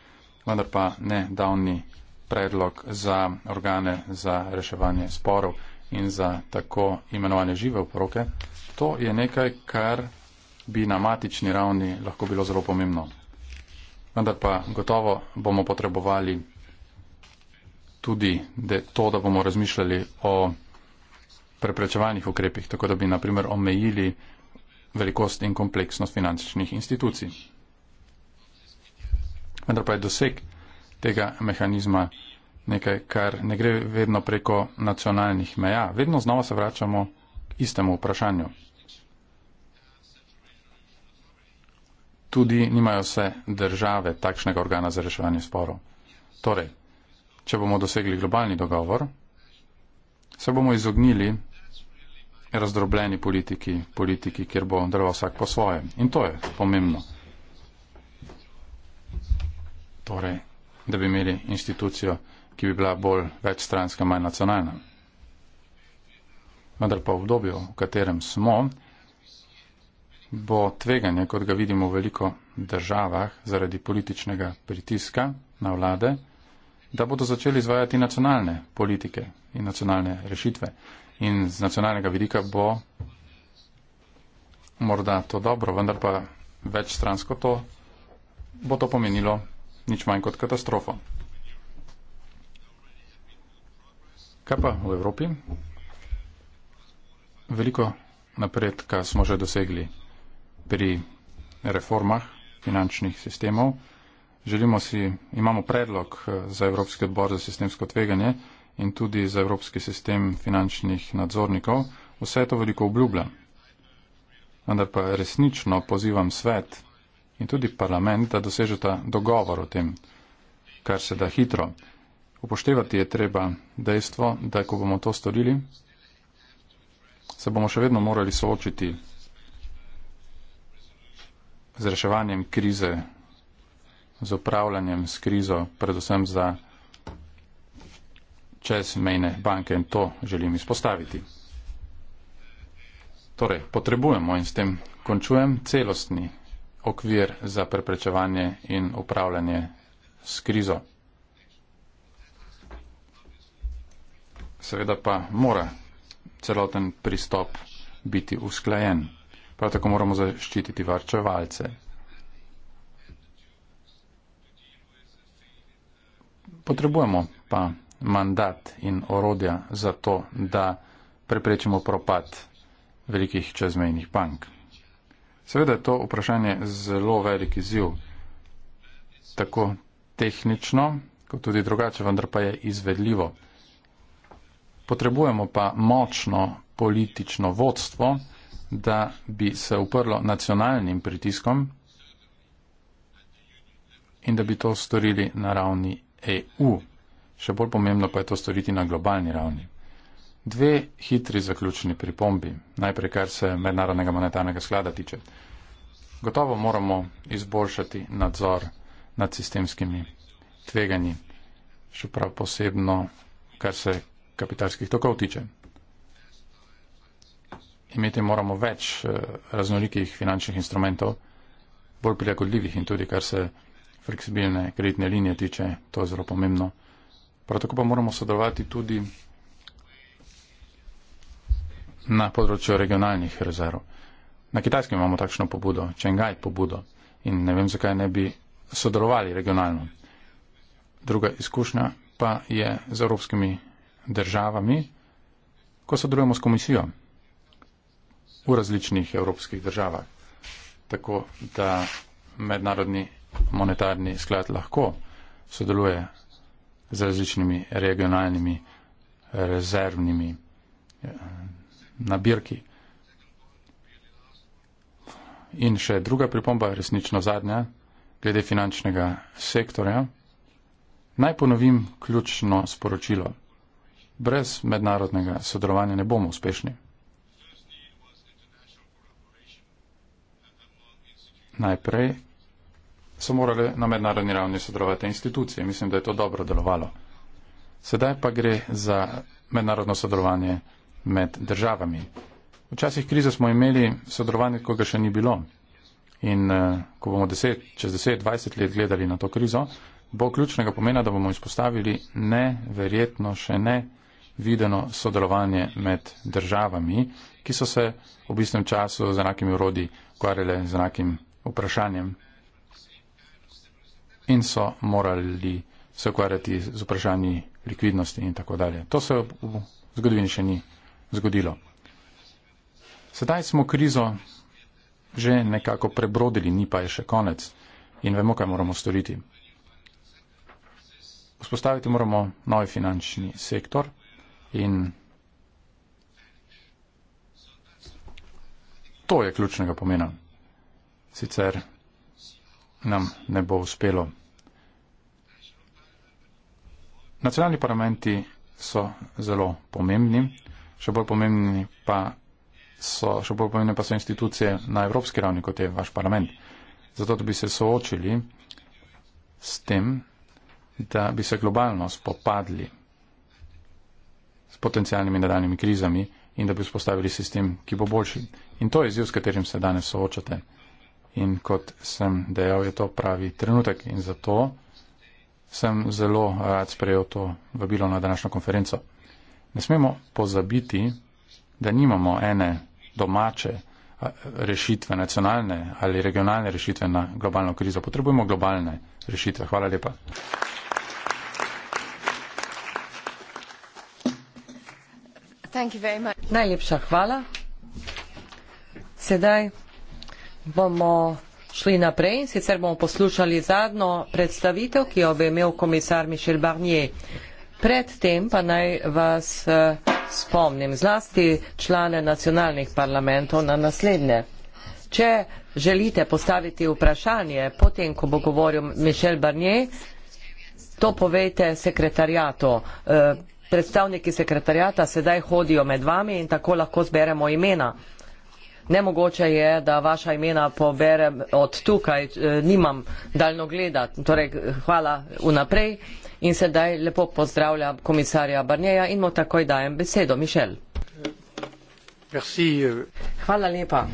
vendar pa ne davni predlog za organe za reševanje sporov in za tako imenovane žive oproke, to je nekaj, kar bi na matični ravni lahko bilo zelo pomembno. Vendar pa gotovo bomo potrebovali tudi to, da bomo razmišljali o preprečevalnih ukrepih, tako da bi naprimer omejili velikost in kompleksnost finančnih institucij. Vendar pa je doseg tega mehanizma nekaj, kar ne gre vedno preko nacionalnih meja. Vedno znova se vračamo k istemu vprašanju. Tudi nimajo se države takšnega organa za reševanje sporov. Torej, če bomo dosegli globalni dogovor, se bomo izognili razdrobljeni politiki, politiki, kjer bo drva vsak po svoje. In to je pomembno. Torej, da bi imeli institucijo, ki bi bila bolj večstranska, manj nacionalna. Vendar pa v obdobju, v katerem smo, bo tveganje, kot ga vidimo v veliko državah, zaradi političnega pritiska na vlade, da bodo začeli izvajati nacionalne politike in nacionalne rešitve. In z nacionalnega vidika bo morda to dobro, vendar pa večstransko to bo to pomenilo nič manj kot katastrofo. Kaj pa v Evropi? Veliko napredka smo že dosegli pri reformah finančnih sistemov. Želimo si, imamo predlog eh, za Evropski odbor za sistemsko tveganje in tudi za Evropski sistem finančnih nadzornikov. Vse to veliko obljubljam. Vendar pa resnično pozivam svet, in tudi parlament, da dosežeta dogovor o tem, kar se da hitro. Upoštevati je treba dejstvo, da ko bomo to storili, se bomo še vedno morali soočiti z reševanjem krize, z upravljanjem s krizo, predvsem za čezmejne banke in to želim izpostaviti. Torej, potrebujemo in s tem končujem celostni okvir za preprečevanje in upravljanje s krizo. Seveda pa mora celoten pristop biti usklajen. Prav tako moramo zaščititi varčevalce. Potrebujemo pa mandat in orodja za to, da preprečimo propad velikih čezmejnih bank. Seveda je to vprašanje zelo velik izziv, tako tehnično, kot tudi drugače, vendar pa je izvedljivo. Potrebujemo pa močno politično vodstvo, da bi se uprlo nacionalnim pritiskom in da bi to storili na ravni EU. Še bolj pomembno pa je to storiti na globalni ravni. Dve hitri zaključni pripombi, najprej kar se mednarodnega monetarnega sklada tiče. Gotovo moramo izboljšati nadzor nad sistemskimi tveganji, še prav posebno, kar se kapitalskih tokov tiče. Imeti moramo več eh, raznolikih finančnih instrumentov, bolj prilagodljivih in tudi, kar se fleksibilne kreditne linije tiče, to je zelo pomembno. Prav tako pa moramo sodelovati tudi na področju regionalnih rezerv. Na kitajskem imamo takšno pobudo, Čengaj pobudo in ne vem, zakaj ne bi sodelovali regionalno. Druga izkušnja pa je z evropskimi državami, ko sodelujemo s komisijo v različnih evropskih državah. Tako da mednarodni monetarni sklad lahko sodeluje z različnimi regionalnimi rezervnimi eh, na Birki. In še druga pripomba, resnično zadnja, glede finančnega sektorja. Naj ponovim ključno sporočilo. Brez mednarodnega sodelovanja ne bomo uspešni. Najprej so morali na mednarodni ravni sodelovati institucije. Mislim, da je to dobro delovalo. Sedaj pa gre za mednarodno sodelovanje med državami. Včasih krize smo imeli sodelovanje, ko ga še ni bilo. In eh, ko bomo deset, čez 10-20 let gledali na to krizo, bo ključnega pomena, da bomo izpostavili neverjetno še ne videno sodelovanje med državami, ki so se v istem času z enakimi urodi ukvarjale z enakim vprašanjem in so morali se ukvarjati z vprašanji likvidnosti in tako dalje. To se v zgodovini še ni zgodilo. Sedaj smo krizo že nekako prebrodili, ni pa je še konec in vemo, kaj moramo storiti. Vzpostaviti moramo novi finančni sektor in to je ključnega pomena. Sicer nam ne bo uspelo. Nacionalni parlamenti so zelo pomembni še bolj pomembni pa so, še bolj pomembne pa so institucije na evropski ravni, kot je vaš parlament. Zato, da bi se soočili s tem, da bi se globalno spopadli s potencijalnimi nadaljnimi krizami in da bi vzpostavili sistem, ki bo boljši. In to je izziv, s katerim se danes soočate. In kot sem dejal, je to pravi trenutek in zato sem zelo rad sprejel to vabilo na današnjo konferenco. Ne smemo pozabiti, da nimamo ene domače rešitve, nacionalne ali regionalne rešitve na globalno krizo. Potrebujemo globalne rešitve. Hvala lepa. Najlepša hvala. Sedaj bomo šli naprej in sicer bomo poslušali zadnjo predstavitev, ki jo bo imel komisar Mišel Barnier. Predtem pa naj vas eh, spomnim zlasti člane nacionalnih parlamentov na naslednje. Če želite postaviti vprašanje potem, ko bo govoril Mišel Barnier, to povejte sekretarjato. Eh, predstavniki sekretarjata sedaj hodijo med vami in tako lahko zberemo imena. Nemogoče je, da vaša imena poberem od tukaj, eh, nimam daljno gleda. Torej, hvala vnaprej. naprej. In sedaj lepo pozdravljam komisarja Barnjeja in mu takoj dajem besedo. Mišel. Hvala lepa.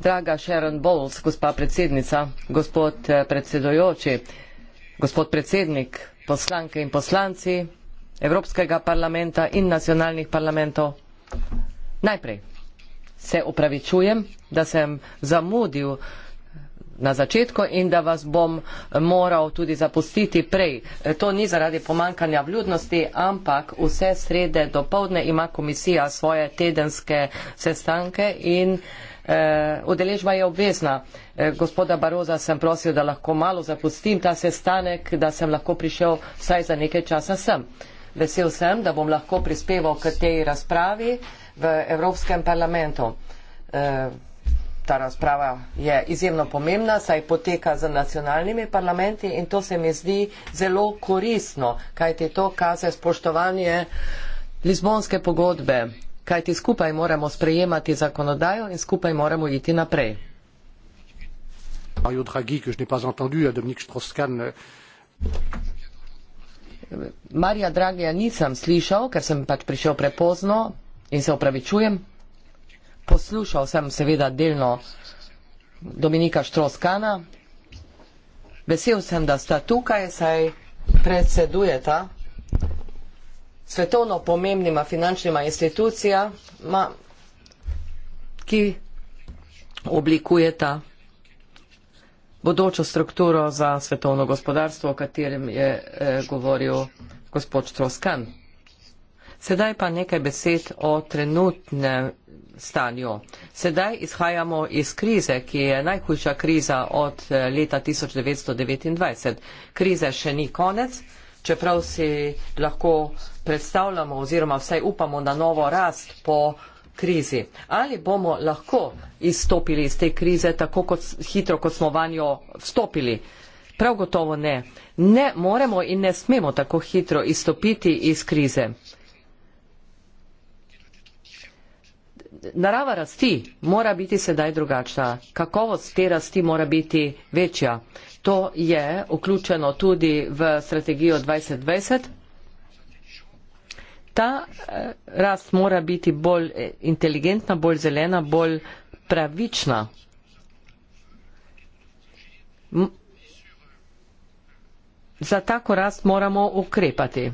Draga Sharon Bowles, gospa predsednica, gospod eh, predsedojoči, gospod predsednik, poslanke in poslanci Evropskega parlamenta in nacionalnih parlamentov, najprej se upravičujem, da sem zamudil na začetku in da vas bom moral tudi zapustiti prej. E, to ni zaradi pomankanja vljudnosti, ampak vse srede do povdne ima komisija svoje tedenske sestanke in e, Udeležba je obvezna. E, gospoda Baroza sem prosil, da lahko malo zapustim ta sestanek, da sem lahko prišel vsaj za nekaj časa sem. Vesel sem, da bom lahko prispeval k tej razpravi v Evropskem parlamentu. Uh, ta razprava je izjemno pomembna, saj poteka z nacionalnimi parlamenti in to se mi zdi zelo korisno, kajti to kaže spoštovanje Lizbonske pogodbe, kajti skupaj moramo sprejemati zakonodajo in skupaj moramo iti naprej. Mario Draghi, ki je pač entendil, je Dominik Štroskan. Marija Dragija nisem slišal, ker sem pač prišel prepozno in se opravičujem poslušal sem seveda delno Dominika Štroskana. Vesel sem, da sta tukaj, saj predsedujeta svetovno pomembnima finančnima institucijama, ki oblikujeta bodočo strukturo za svetovno gospodarstvo, o katerem je eh, govoril gospod Štroskan. Sedaj pa nekaj besed o trenutnem stanju. Sedaj izhajamo iz krize, ki je najhujša kriza od eh, leta 1929. Krize še ni konec, čeprav si lahko predstavljamo oziroma vsaj upamo na novo rast po krizi. Ali bomo lahko izstopili iz te krize tako kot, hitro, kot smo vanjo vstopili? Prav gotovo ne. Ne moremo in ne smemo tako hitro izstopiti iz krize. narava rasti mora biti sedaj drugačna, kakovost te rasti mora biti večja. To je vključeno tudi v strategijo 2020. Ta eh, rast mora biti bolj eh, inteligentna, bolj zelena, bolj pravična. Za tako rast moramo ukrepati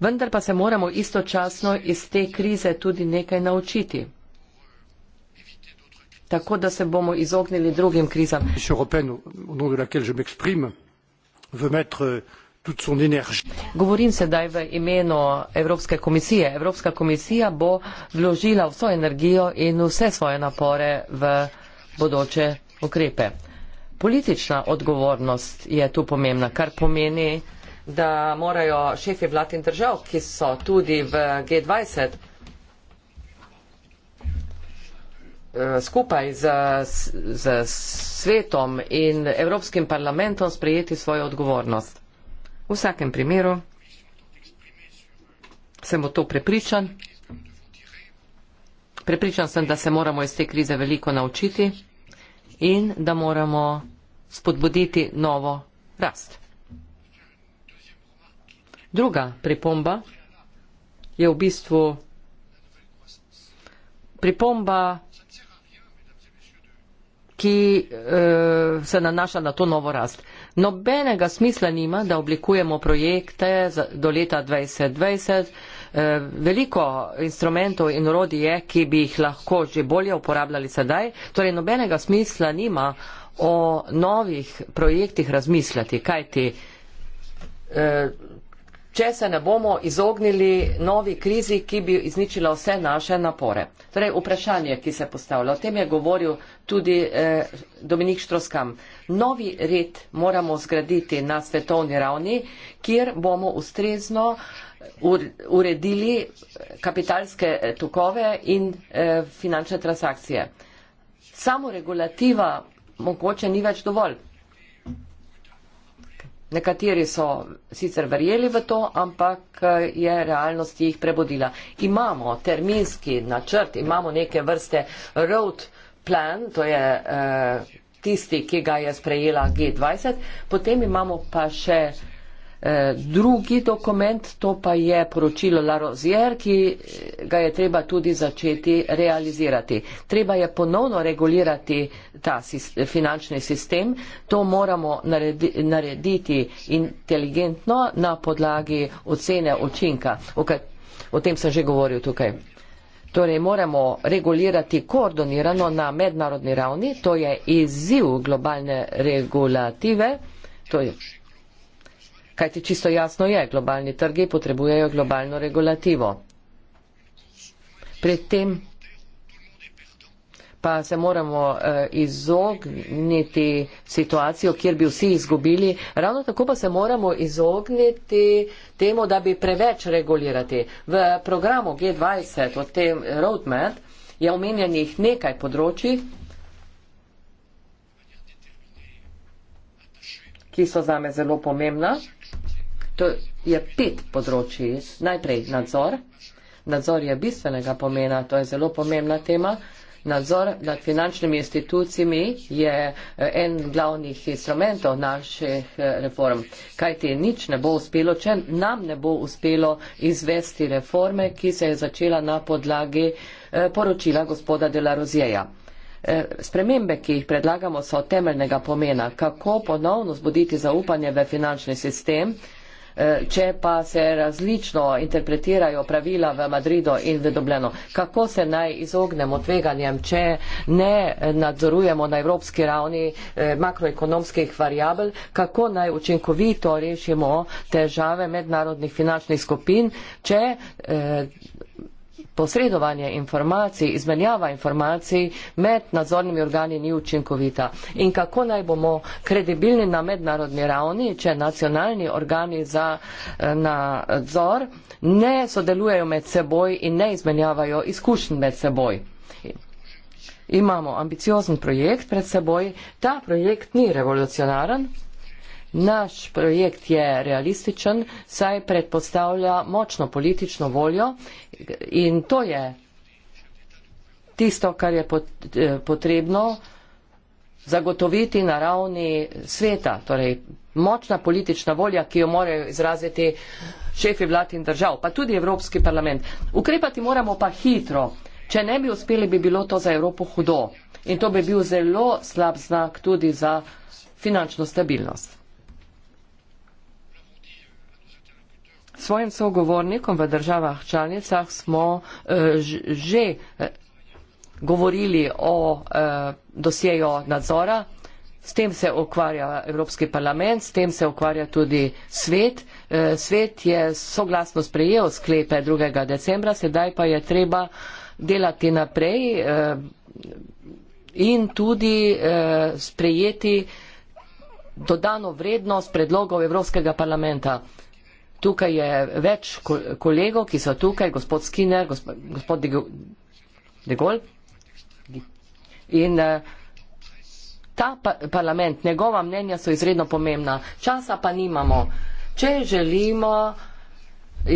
vendar pa se moramo istočasno iz te krize tudi nekaj naučiti. Tako da se bomo izognili drugim krizam. Euh, Govorim sedaj v imenu Evropske komisije. Evropska komisija bo vložila vso energijo in vse svoje napore v bodoče ukrepe. Politična odgovornost je tu pomembna, kar pomeni, da morajo šefi vlad in držav, ki so tudi v G20 eh, skupaj z, z svetom in Evropskim parlamentom sprejeti svojo odgovornost. V vsakem primeru sem o to prepričan. Prepričan sem, da se moramo iz te krize veliko naučiti in da moramo spodbuditi novo rast. Druga pripomba je v bistvu pripomba, ki uh, se nanaša na to novo rast. Nobenega smisla nima, da oblikujemo projekte za, do leta 2020. Eh, veliko instrumentov in urodij je, ki bi jih lahko že bolje uporabljali sedaj. Torej, nobenega smisla nima o novih projektih razmisljati, kajti eh, če se ne bomo izognili novi krizi, ki bi izničila vse naše napore. Torej, vprašanje, ki se postavlja, o tem je govoril tudi eh, Dominik Štroskam. Novi red moramo zgraditi na svetovni ravni, kjer bomo ustrezno uredili kapitalske eh, tokove in eh, finančne transakcije. Samo regulativa mogoče ni več dovolj. Nekateri so sicer verjeli v to, ampak eh, je realnost jih prebudila. Imamo terminski načrt, imamo neke vrste road plan, to je eh, tisti, ki ga je sprejela G20, potem imamo pa še Eh, drugi dokument, to pa je poročilo La Rozier, ki ga je treba tudi začeti realizirati. Treba je ponovno regulirati ta finančni sistem. To moramo narediti inteligentno na podlagi ocene učinka. O tem sem že govoril tukaj. Torej, moramo regulirati koordinirano na mednarodni ravni. To je izziv globalne regulative. To je Kajti čisto jasno je, globalni trgi potrebujejo globalno regulativo. Pri tem pa se moramo eh, izogniti situacijo, kjer bi vsi izgubili. Ravno tako pa se moramo izogniti temu, da bi preveč regulirati. V programu G20 o tem roadmap je omenjenih nekaj področji, ki so zame zelo pomembna To je pet področji. Najprej nadzor. Nadzor je bistvenega pomena, to je zelo pomembna tema. Nadzor nad finančnimi institucijami je eh, en glavnih instrumentov naših eh, reform. Kaj ti nič ne bo uspelo, če nam ne bo uspelo izvesti reforme, ki se je začela na podlagi eh, poročila gospoda Dela Rozjeja. Spremembe, ki jih predlagamo, so temeljnega pomena, kako ponovno zbuditi zaupanje v finančni sistem, če pa se različno interpretirajo pravila v Madridu in v Dobljeno. Kako se naj izognemo tveganjem, če ne nadzorujemo na evropski ravni eh, makroekonomskih variabl, kako naj učinkovito rešimo težave mednarodnih finančnih skupin, če eh, posredovanje informacij, izmenjava informacij med nadzornimi organi ni učinkovita. In kako naj bomo kredibilni na mednarodni ravni, če nacionalni organi za eh, nadzor ne sodelujejo med seboj in ne izmenjavajo izkušenj med seboj. Imamo ambiciozen projekt pred seboj, ta projekt ni revolucionaren, Naš projekt je realističen, saj predpostavlja močno politično voljo in to je tisto, kar je eh, potrebno zagotoviti na ravni sveta, torej močna politična volja, ki jo morajo izraziti šefi vlad in držav, pa tudi Evropski parlament. Ukrepati moramo pa hitro. Če ne bi uspeli, bi bilo to za Evropo hudo. In to bi bil zelo slab znak tudi za finančno stabilnost. svojim sogovornikom v državah članicah smo eh, že eh, govorili o eh, dosjeju nadzora. S tem se ukvarja Evropski parlament, s tem se ukvarja tudi svet. Svet je soglasno sprejel sklepe 2. decembra, sedaj pa je treba delati naprej in tudi sprejeti dodano vrednost predlogov Evropskega parlamenta. Tukaj je več kolegov, ki so tukaj, gospod Skinner, gospod De Gaulle. In eh, ta parlament, njegova mnenja so izredno pomembna. Časa pa nimamo. Če želimo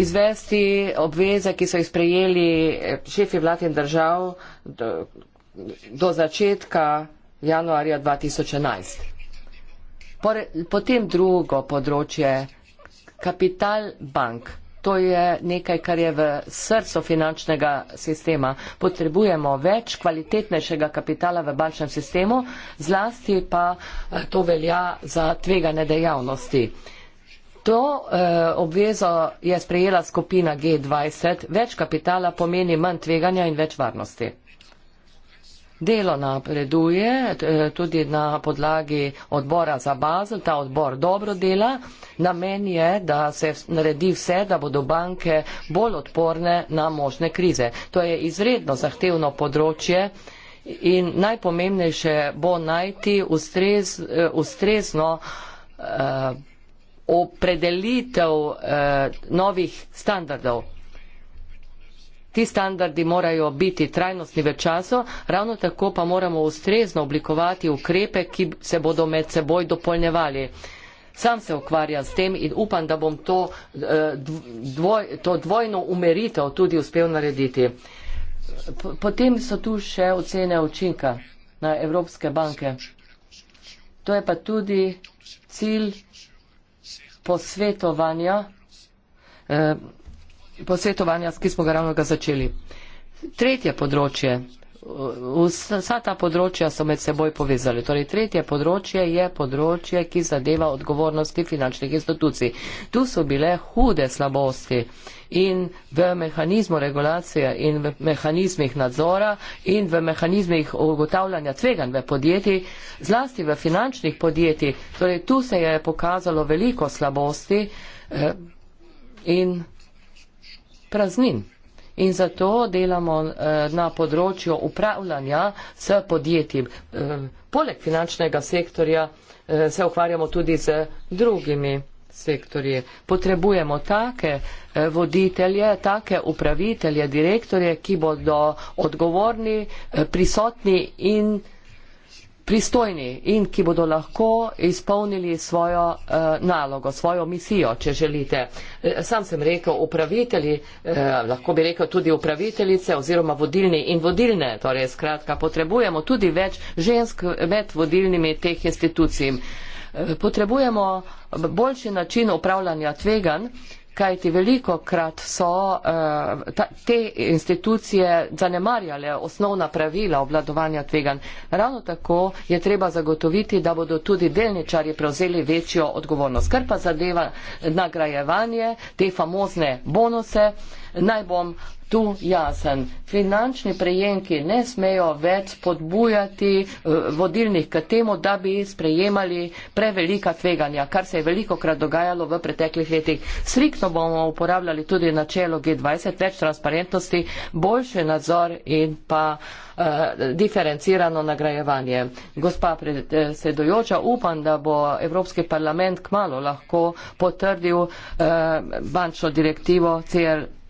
izvesti obveze, ki so jih sprejeli eh, šefi vlad in držav do, do začetka januarja 2011. Potem drugo področje kapital bank. To je nekaj, kar je v srcu finančnega sistema. Potrebujemo več kvalitetnejšega kapitala v bančnem sistemu, zlasti pa eh, to velja za tvegane dejavnosti. To eh, obvezo je sprejela skupina G20. Več kapitala pomeni manj tveganja in več varnosti. Delo napreduje eh, tudi na podlagi odbora za bazel, ta odbor dobro dela. Namen je, da se naredi vse, da bodo banke bolj odporne na možne krize. To je izredno zahtevno področje in najpomembnejše bo najti ustrez, eh, ustrezno eh, opredelitev novih standardov. Ti standardi morajo biti trajnostni v času, ravno tako pa moramo ustrezno oblikovati ukrepe, ki se bodo med seboj dopolnjevali. Sam se ukvarjam s tem in upam, da bom to, eh, dvoj, to dvojno umeritev tudi uspel narediti. Potem so tu še ocene učinka na Evropske banke. To je pa tudi cilj posvetovanja. Eh, posvetovanja, ki smo ga ravno ga začeli. Tretje področje. Vsa ta področja so med seboj povezali. Torej, tretje področje je področje, ki zadeva odgovornosti finančnih institucij. Tu so bile hude slabosti in v mehanizmu regulacije in v mehanizmih nadzora in v mehanizmih ugotavljanja tvegan v podjetji, zlasti v finančnih podjetjih. Torej, tu se je pokazalo veliko slabosti. Eh, praznin. In zato delamo eh, na področju upravljanja s podjetji. Eh, poleg finančnega sektorja eh, se ukvarjamo tudi z drugimi sektorji. Potrebujemo take eh, voditelje, take upravitelje, direktorje, ki bodo odgovorni, eh, prisotni in pristojni in ki bodo lahko izpolnili svojo uh, nalogo, svojo misijo, če želite. Eh, sam sem rekel upravitelji, uh, lahko bi rekel tudi upraviteljice oziroma vodilni in vodilne, torej skratka potrebujemo tudi več žensk med vodilnimi teh institucij. Potrebujemo boljši način upravljanja tveganj, uh, kajti veliko krat so uh, ta, te institucije zanemarjale osnovna pravila obladovanja tvegan. Ravno tako je treba zagotoviti, da bodo tudi delničarji prevzeli večjo odgovornost. Kar pa zadeva nagrajevanje, te famozne bonuse, uh, naj bom tu jasen. Finančni prejemki ne smejo več podbujati eh, vodilnih k temu, da bi sprejemali prevelika tveganja, kar se je veliko krat dogajalo v preteklih letih. Srikno bomo uporabljali tudi načelo G20, več transparentnosti, boljši nadzor in pa eh, diferencirano nagrajevanje. Gospa predsedujoča, upam, da bo Evropski parlament kmalo lahko potrdil eh, bančno direktivo CRT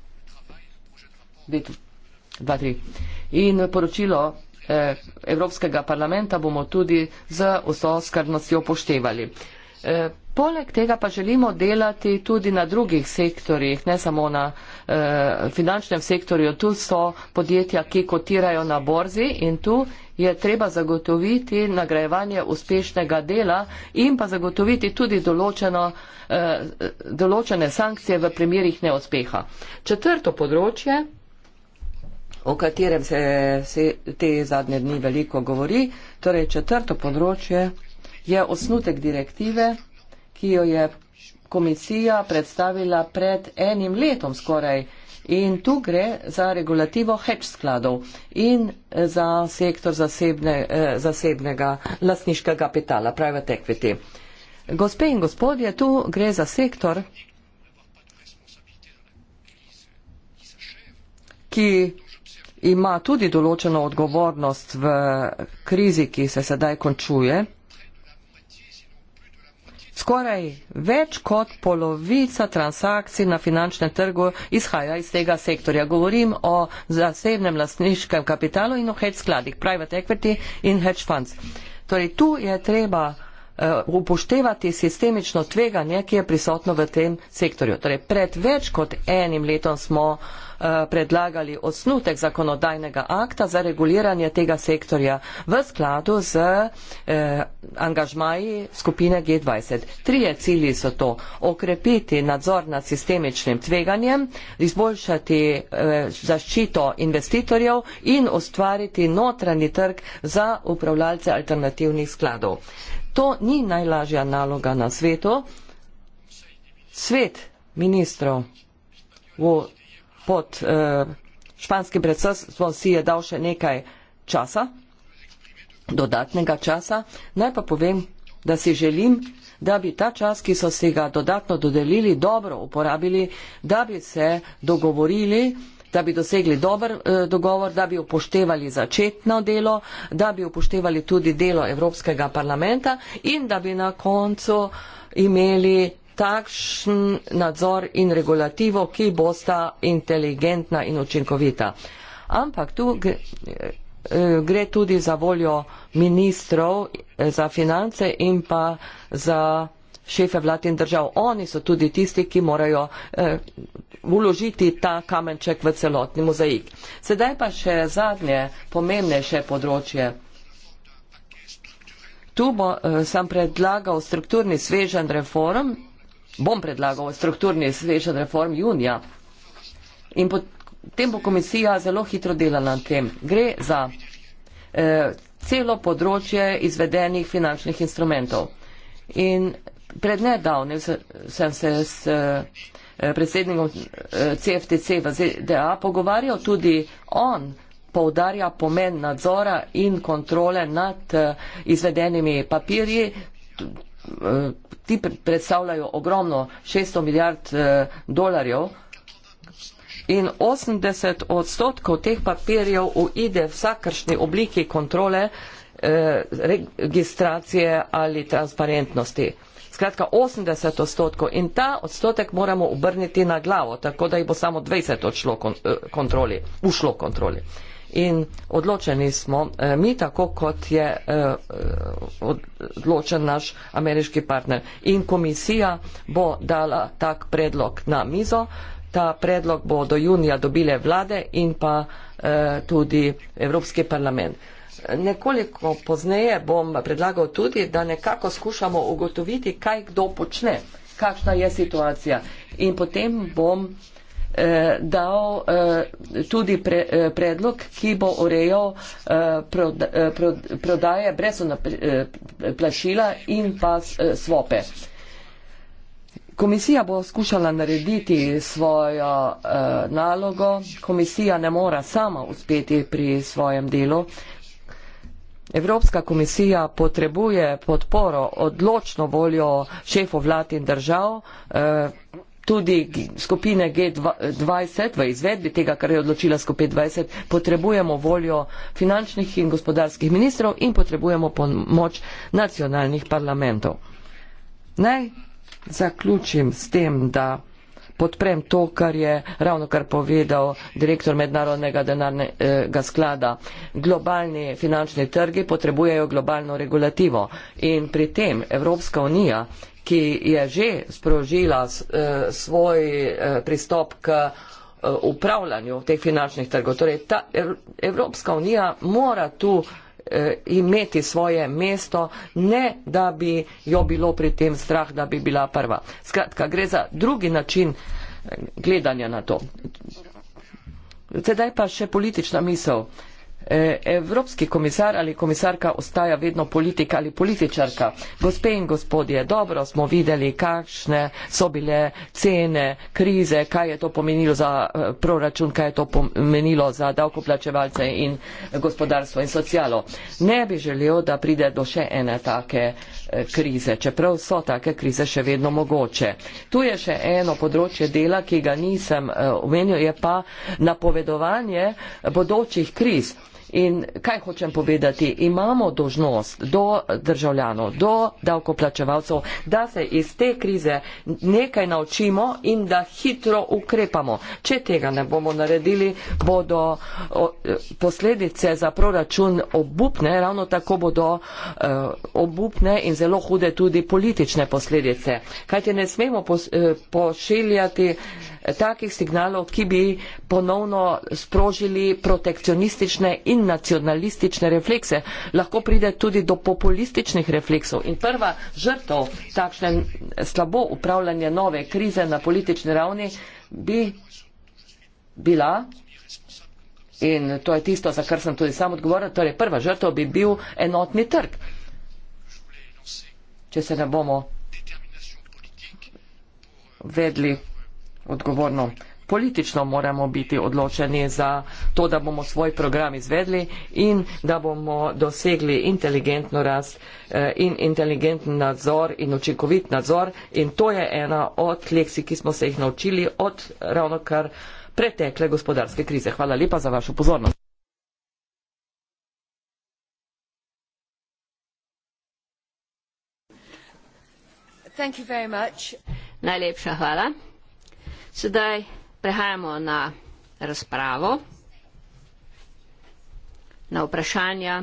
biti. Dva, tri. In poročilo eh, Evropskega parlamenta bomo tudi z vso skrbnostjo upoštevali. Eh, poleg tega pa želimo delati tudi na drugih sektorjih, ne samo na eh, finančnem sektorju. Tu so podjetja, ki kotirajo na borzi in tu je treba zagotoviti nagrajevanje uspešnega dela in pa zagotoviti tudi določeno, eh, določene sankcije v primerih neuspeha. Četrto področje o katerem se te zadnje dni veliko govori. Torej, četrto področje je osnutek direktive, ki jo je komisija predstavila pred enim letom skoraj. In tu gre za regulativo hedge skladov in eh, za sektor zasebne, eh, zasebnega lastniškega kapitala, private equity. Gospe in gospodje, tu gre za sektor, ki ima tudi določeno odgovornost v krizi, ki se sedaj končuje. Skoraj več kot polovica transakcij na finančnem trgu izhaja iz tega sektorja. Govorim o zasebnem lastniškem kapitalu in o hedge skladih, private equity in hedge funds. Torej, tu je treba uh, upoštevati sistemično tveganje, ki je prisotno v tem sektorju. Torej, pred več kot enim letom smo uh, Eh, predlagali osnutek zakonodajnega akta za reguliranje tega sektorja v skladu z eh, angažmaji skupine G20. Trije cilji so to okrepiti nadzor nad sistemičnim tveganjem, izboljšati eh, zaščito investitorjev in ustvariti notranji trg za upravljalce alternativnih skladov. To ni najlažja naloga na svetu. Svet ministrov v pod uh, španskim predsedstvom si je dal še nekaj časa, dodatnega časa. Naj pa povem, da si želim, da bi ta čas, ki so si ga dodatno dodelili, dobro uporabili, da bi se dogovorili da bi dosegli dober eh, dogovor, da bi upoštevali začetno delo, da bi upoštevali tudi delo Evropskega parlamenta in da bi na koncu imeli takšen nadzor in regulativo, ki bosta inteligentna in učinkovita. Ampak tu gre eh, tudi za voljo ministrov eh, za finance in pa za šefe vlad in držav. Oni so tudi tisti, ki morajo uložiti eh, ta kamenček v celotni mozaik. Sedaj pa še zadnje, pomembnejše področje. Tu bo, sem predlagal strukturni svežen reform bom predlagal strukturni svečan reform junija in potem bo komisija zelo hitro delala na tem. Gre za eh, celo področje izvedenih finančnih instrumentov. In pred nedavnem sem se s eh, predsednikom CFTC eh, v ZDA pogovarjal tudi on poudarja pomen nadzora in kontrole nad eh, izvedenimi papirji, ti predstavljajo ogromno 600 milijard eh, dolarjev in 80 odstotkov teh papirjev uide vsakršni obliki kontrole, eh, registracije ali transparentnosti. Skratka, 80 odstotkov in ta odstotek moramo obrniti na glavo, tako da jih bo samo 20 odšlo eh, kontroli, ušlo kontroli. Eh, in odločeni smo, eh, mi tako, kot je eh, odločen naš ameriški partner. In komisija bo dala tak predlog na mizo. Ta predlog bo do junija dobile vlade in pa eh, tudi Evropski parlament. Nekoliko pozneje bom predlagal tudi, da nekako skušamo ugotoviti, kaj kdo počne, kakšna je situacija. In potem bom eh, dal eh, tudi pre, eh, predlog, ki bo urejal eh, eh prodaje brez eh, plašila in pa eh, svope. Komisija bo skušala narediti svojo eh, nalogo. Komisija ne mora sama uspeti pri svojem delu. Evropska komisija potrebuje podporo, odločno voljo šefov vlad in držav. Eh, tudi skupine G20 v izvedbi tega, kar je odločila skupina 20, potrebujemo voljo finančnih in gospodarskih ministrov in potrebujemo pomoč nacionalnih parlamentov. Naj zaključim s tem, da podprem to, kar je ravno kar povedal direktor Mednarodnega denarnega sklada. Globalni finančni trgi potrebujejo globalno regulativo in pri tem Evropska unija ki je že sprožila uh, svoj uh, pristop k uh, upravljanju teh finančnih trgov. Torej, ta Evropska unija mora tu uh, imeti svoje mesto, ne da bi jo bilo pri tem strah, da bi bila prva. Skratka, gre za drugi način gledanja na to. Sedaj pa še politična misel. Uh, E, evropski komisar ali komisarka ostaja vedno politika ali političarka. Gospe in gospodje, dobro smo videli, kakšne so bile cene, krize, kaj je to pomenilo za e, proračun, kaj je to pomenilo za davkoplačevalce in gospodarstvo in socialo. Ne bi želel, da pride do še ene take e, krize, čeprav so take krize še vedno mogoče. Tu je še eno področje dela, ki ga nisem omenil, je pa napovedovanje bodočih kriz. In kaj hočem povedati? Imamo dožnost do državljanov, do davkoplačevalcev, da se iz te krize nekaj naučimo in da hitro ukrepamo. Če tega ne bomo naredili, bodo posledice za proračun obupne, ravno tako bodo eh, obupne in zelo hude tudi politične posledice. Kajte ne smemo eh, pošiljati. Pos takih signalov, ki bi ponovno sprožili protekcionistične in nacionalistične reflekse. Lahko pride tudi do populističnih refleksov. In prva žrtov takšne slabo upravljanje nove krize na politični ravni bi bila. In to je tisto, za kar sem tudi sam odgovoril. Torej, prva žrtva bi bil enotni trg. Če se ne bomo vedli odgovorno. Politično moramo biti odločeni za to, da bomo svoj program izvedli in da bomo dosegli inteligentno rast eh, in inteligentni nadzor in učinkovit nadzor. In to je ena od leksij, ki smo se jih naučili od ravno kar pretekle gospodarske krize. Hvala lepa za vašo pozornost. Thank you very much. Najlepša hvala. Sedaj prehajamo na razpravo, na vprašanja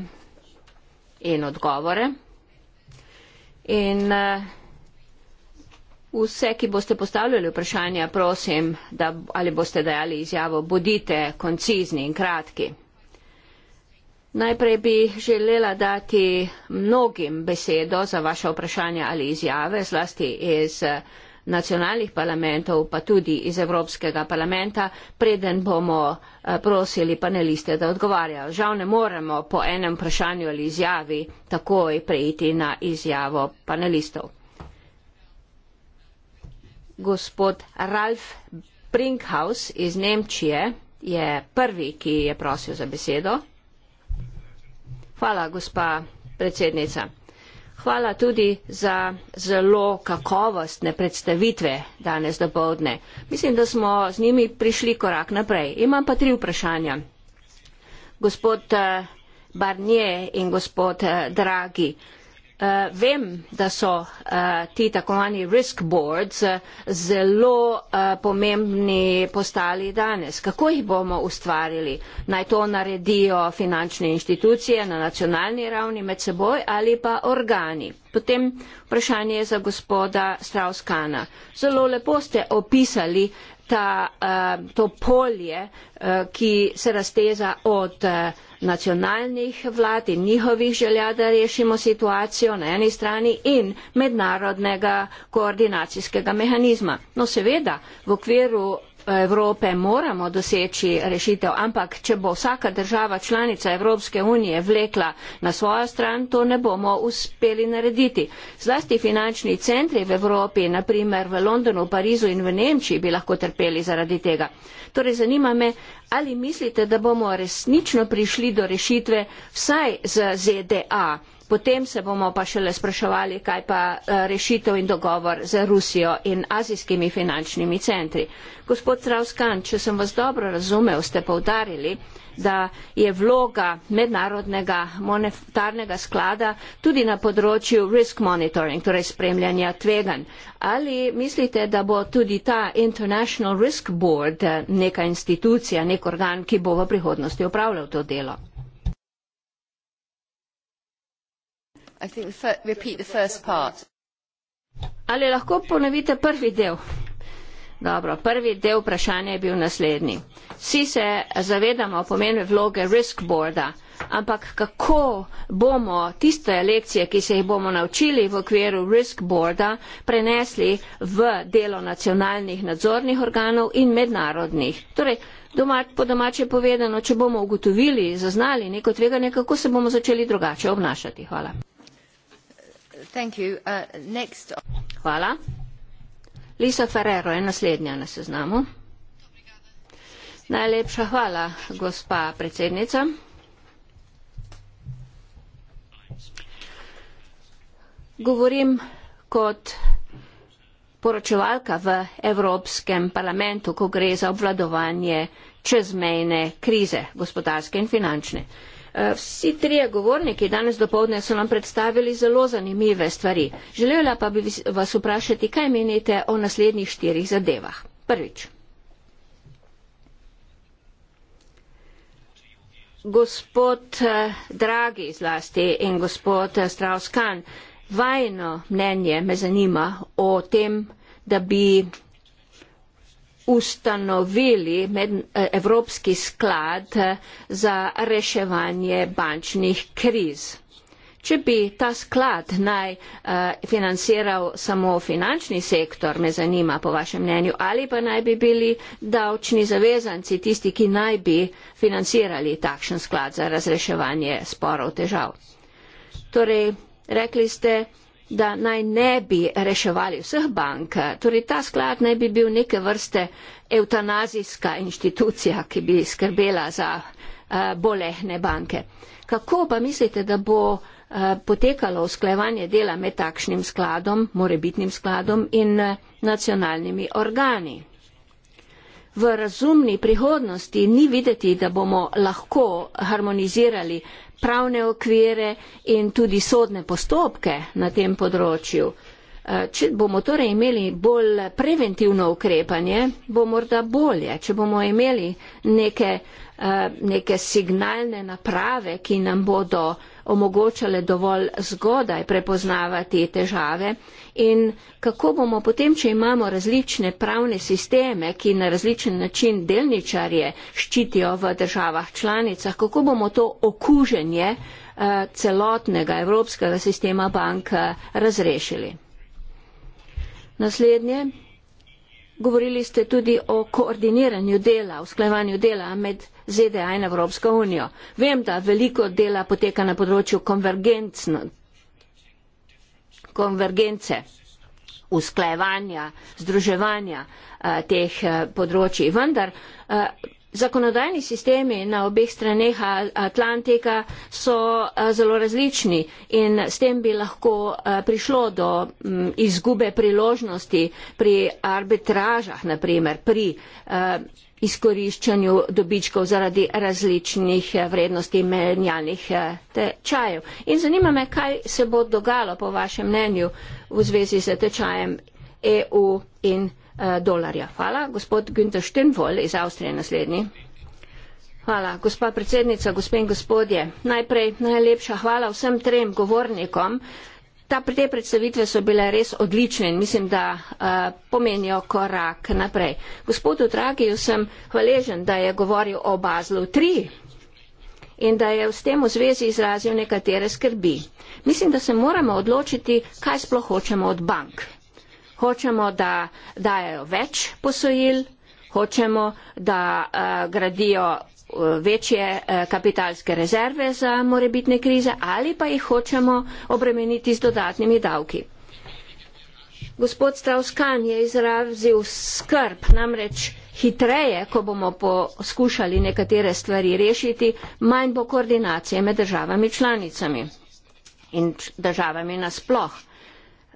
in odgovore. In eh, vse, ki boste postavljali vprašanja, prosim, da, ali boste dajali izjavo, bodite koncizni in kratki. Najprej bi želela dati mnogim besedo za vaše vprašanje ali izjave, zlasti iz nacionalnih parlamentov, pa tudi iz Evropskega parlamenta, preden bomo eh, prosili paneliste, da odgovarjajo. Žal ne moremo po enem vprašanju ali izjavi takoj prejiti na izjavo panelistov. Gospod Ralf Brinkhaus iz Nemčije je prvi, ki je prosil za besedo. Hvala, gospa predsednica hvala tudi za zelo kakovostne predstavitve danes dopoldne. Mislim, da smo z njimi prišli korak naprej. Imam pa tri vprašanja. Gospod eh, Barnier in gospod eh, Dragi, Eh, vem da so eh, ti tako imenovani risk boards eh, zelo pomembni postali danes. Kako jih bomo ustvarili? Naj to naredijo finančne inštitucije na nacionalni ravni med seboj ali pa organi? Potem vprašanje za gospoda Strauss-Kana. Zelo lepo ste opisali ta, eh, to polje, eh, ki se razteza od eh, nacionalnih vlad in njihovih želja, da rešimo situacijo na eni strani in mednarodnega koordinacijskega mehanizma. No seveda, v okviru Evrope moramo doseči rešitev, ampak če bo vsaka država članica Evropske unije vlekla na svojo stran, to ne bomo uspeli narediti. Zlasti finančni centri v Evropi, naprimer v Londonu, Parizu in v Nemčiji, bi lahko trpeli zaradi tega. Torej, zanima me, ali mislite, da bomo resnično prišli do rešitve vsaj z ZDA? potem se bomo pa šele spraševali, kaj pa eh, rešitev in dogovor z Rusijo in azijskimi finančnimi centri. Gospod Trauskan, če sem vas dobro razumel, ste povdarili, da je vloga mednarodnega monetarnega sklada tudi na področju risk monitoring, torej spremljanja tveganj. Ali mislite, da bo tudi ta International Risk Board eh, neka institucija, nek organ, ki bo v prihodnosti upravljal to delo? I think the repeat the first part. Ali lahko ponovite prvi del? Dobro, prvi del vprašanja je bil naslednji. Vsi se zavedamo pomene vloge risk boarda, ampak kako bomo tiste lekcije, ki se jih bomo naučili v okviru risk boarda, prenesli v delo nacionalnih nadzornih organov in mednarodnih. Torej, doma, po domače povedano, če bomo ugotovili, zaznali neko tveganje, kako se bomo začeli drugače obnašati. Hvala. Uh, lisa ferrero je naslednja na seznamu najlepša hvala gospa predsednica govorim kot poročevalka v evropskem parlamentu ko gre za obvladovanje čezmejne krize gospodarske in finančne. Eh, vsi trije govorniki danes dopovdne so nam predstavili zelo zanimive stvari. Želela pa bi vas vprašati, kaj menite o naslednjih štirih zadevah. Prvič. Gospod eh, Dragi zlasti in gospod eh, Strauss-Kahn, vajno mnenje me zanima o tem, da bi ustanovili med, eh, Evropski sklad eh, za reševanje bančnih kriz. Če bi ta sklad naj uh, financiral samo finančni sektor, me zanima po vašem mnenju, ali pa naj bi bili davčni zavezanci tisti, ki naj bi financirali takšen sklad za razreševanje sporov težav. Torej, rekli ste, da naj ne bi reševali vseh bank. Torej, ta sklad naj bi bil neke vrste eutanazijska inštitucija, ki bi skrbela za eh, bolehne banke. Kako pa mislite, da bo eh, potekalo usklajevanje dela med takšnim skladom, morebitnim skladom in eh, nacionalnimi organi? V razumni prihodnosti ni videti, da bomo lahko harmonizirali pravne okvire in tudi sodne postopke na tem področju. Eh, če bomo torej imeli bolj preventivno ukrepanje, bo morda bolje. Če bomo imeli neke, eh, neke signalne naprave, ki nam bodo uh, omogočale dovolj zgodaj prepoznavati težave in kako bomo potem, če imamo različne pravne sisteme, ki na različen način delničarje ščitijo v državah članicah, kako bomo to okuženje eh, celotnega evropskega sistema bank eh, razrešili. Naslednje. Govorili ste tudi o koordiniranju dela, usklajevanju dela med ZDA in Evropsko unijo. Vem, da veliko dela poteka na področju konvergence, usklajevanja, združevanja eh, teh eh, področji. Vendar eh, Zakonodajni sistemi na obeh straneh Atlantika so zelo različni in s tem bi lahko prišlo do izgube priložnosti pri arbitražah, naprimer pri izkoriščanju dobičkov zaradi različnih vrednosti menjalnih tečajev. In zanima me, kaj se bo dogalo po vašem mnenju v zvezi z tečajem EU in EU. Eh, dolarja. Hvala. Gospod Günter Štenvol iz Avstrije naslednji. Hvala, gospa predsednica, gospe in gospodje. Najprej najlepša hvala vsem trem govornikom. Ta, te predstavitve so bile res odlične in mislim, da uh, pomenijo korak naprej. Gospodu Dragiju sem hvaležen, da je govoril o Baslu 3 in da je s tem v zvezi izrazil nekatere skrbi. Mislim, da se moramo odločiti, kaj sploh hočemo od bank hočemo, da dajajo več posojil, hočemo, da uh, gradijo eh, večje eh, kapitalske rezerve za morebitne krize ali pa jih hočemo obremeniti z dodatnimi davki. Gospod Strauskan je izrazil skrb, namreč hitreje, ko bomo poskušali nekatere stvari rešiti, manj bo koordinacije med državami članicami in državami nasploh.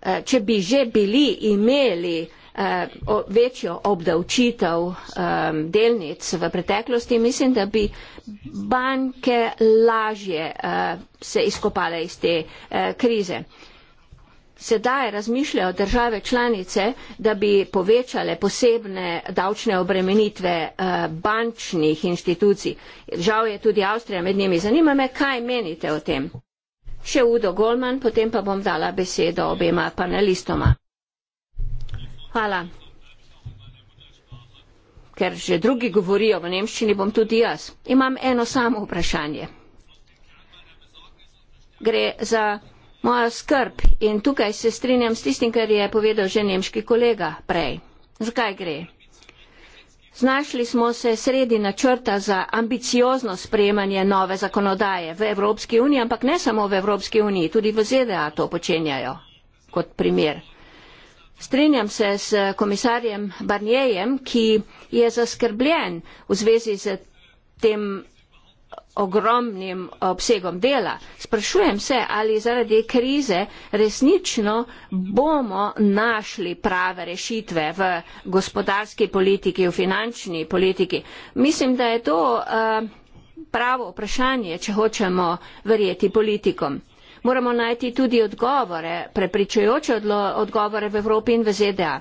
Eh, če bi že bili imeli eh, večjo obdavčitev eh, delnic v preteklosti, mislim, da bi banke lažje se izkopale iz te krize. Sedaj razmišljajo države članice, da bi povečale posebne davčne obremenitve bančnih inštitucij. Žal je tudi Avstrija med njimi. Zanima me, kaj menite o tem? še Udo Golman, potem pa bom dala besedo obema panelistoma. Hvala. Ker že drugi govorijo v nemščini, bom tudi jaz. Imam eno samo vprašanje. Gre za mojo skrb in tukaj se strinjam s tistim, kar je povedal že nemški kolega prej. Zakaj gre? Znašli smo se sredi načrta za ambiciozno sprejemanje nove zakonodaje v Evropski uniji, ampak ne samo v Evropski uniji, tudi v ZDA to počenjajo kot primer. Strenjam se s komisarjem Barnjejem, ki je zaskrbljen v zvezi z tem ogromnim obsegom dela. Sprašujem se, ali zaradi krize resnično bomo našli prave rešitve v gospodarski politiki, v finančni politiki. Mislim, da je to uh, pravo vprašanje, če hočemo verjeti politikom. Moramo najti tudi odgovore, prepričujoče odgovore v Evropi in v ZDA.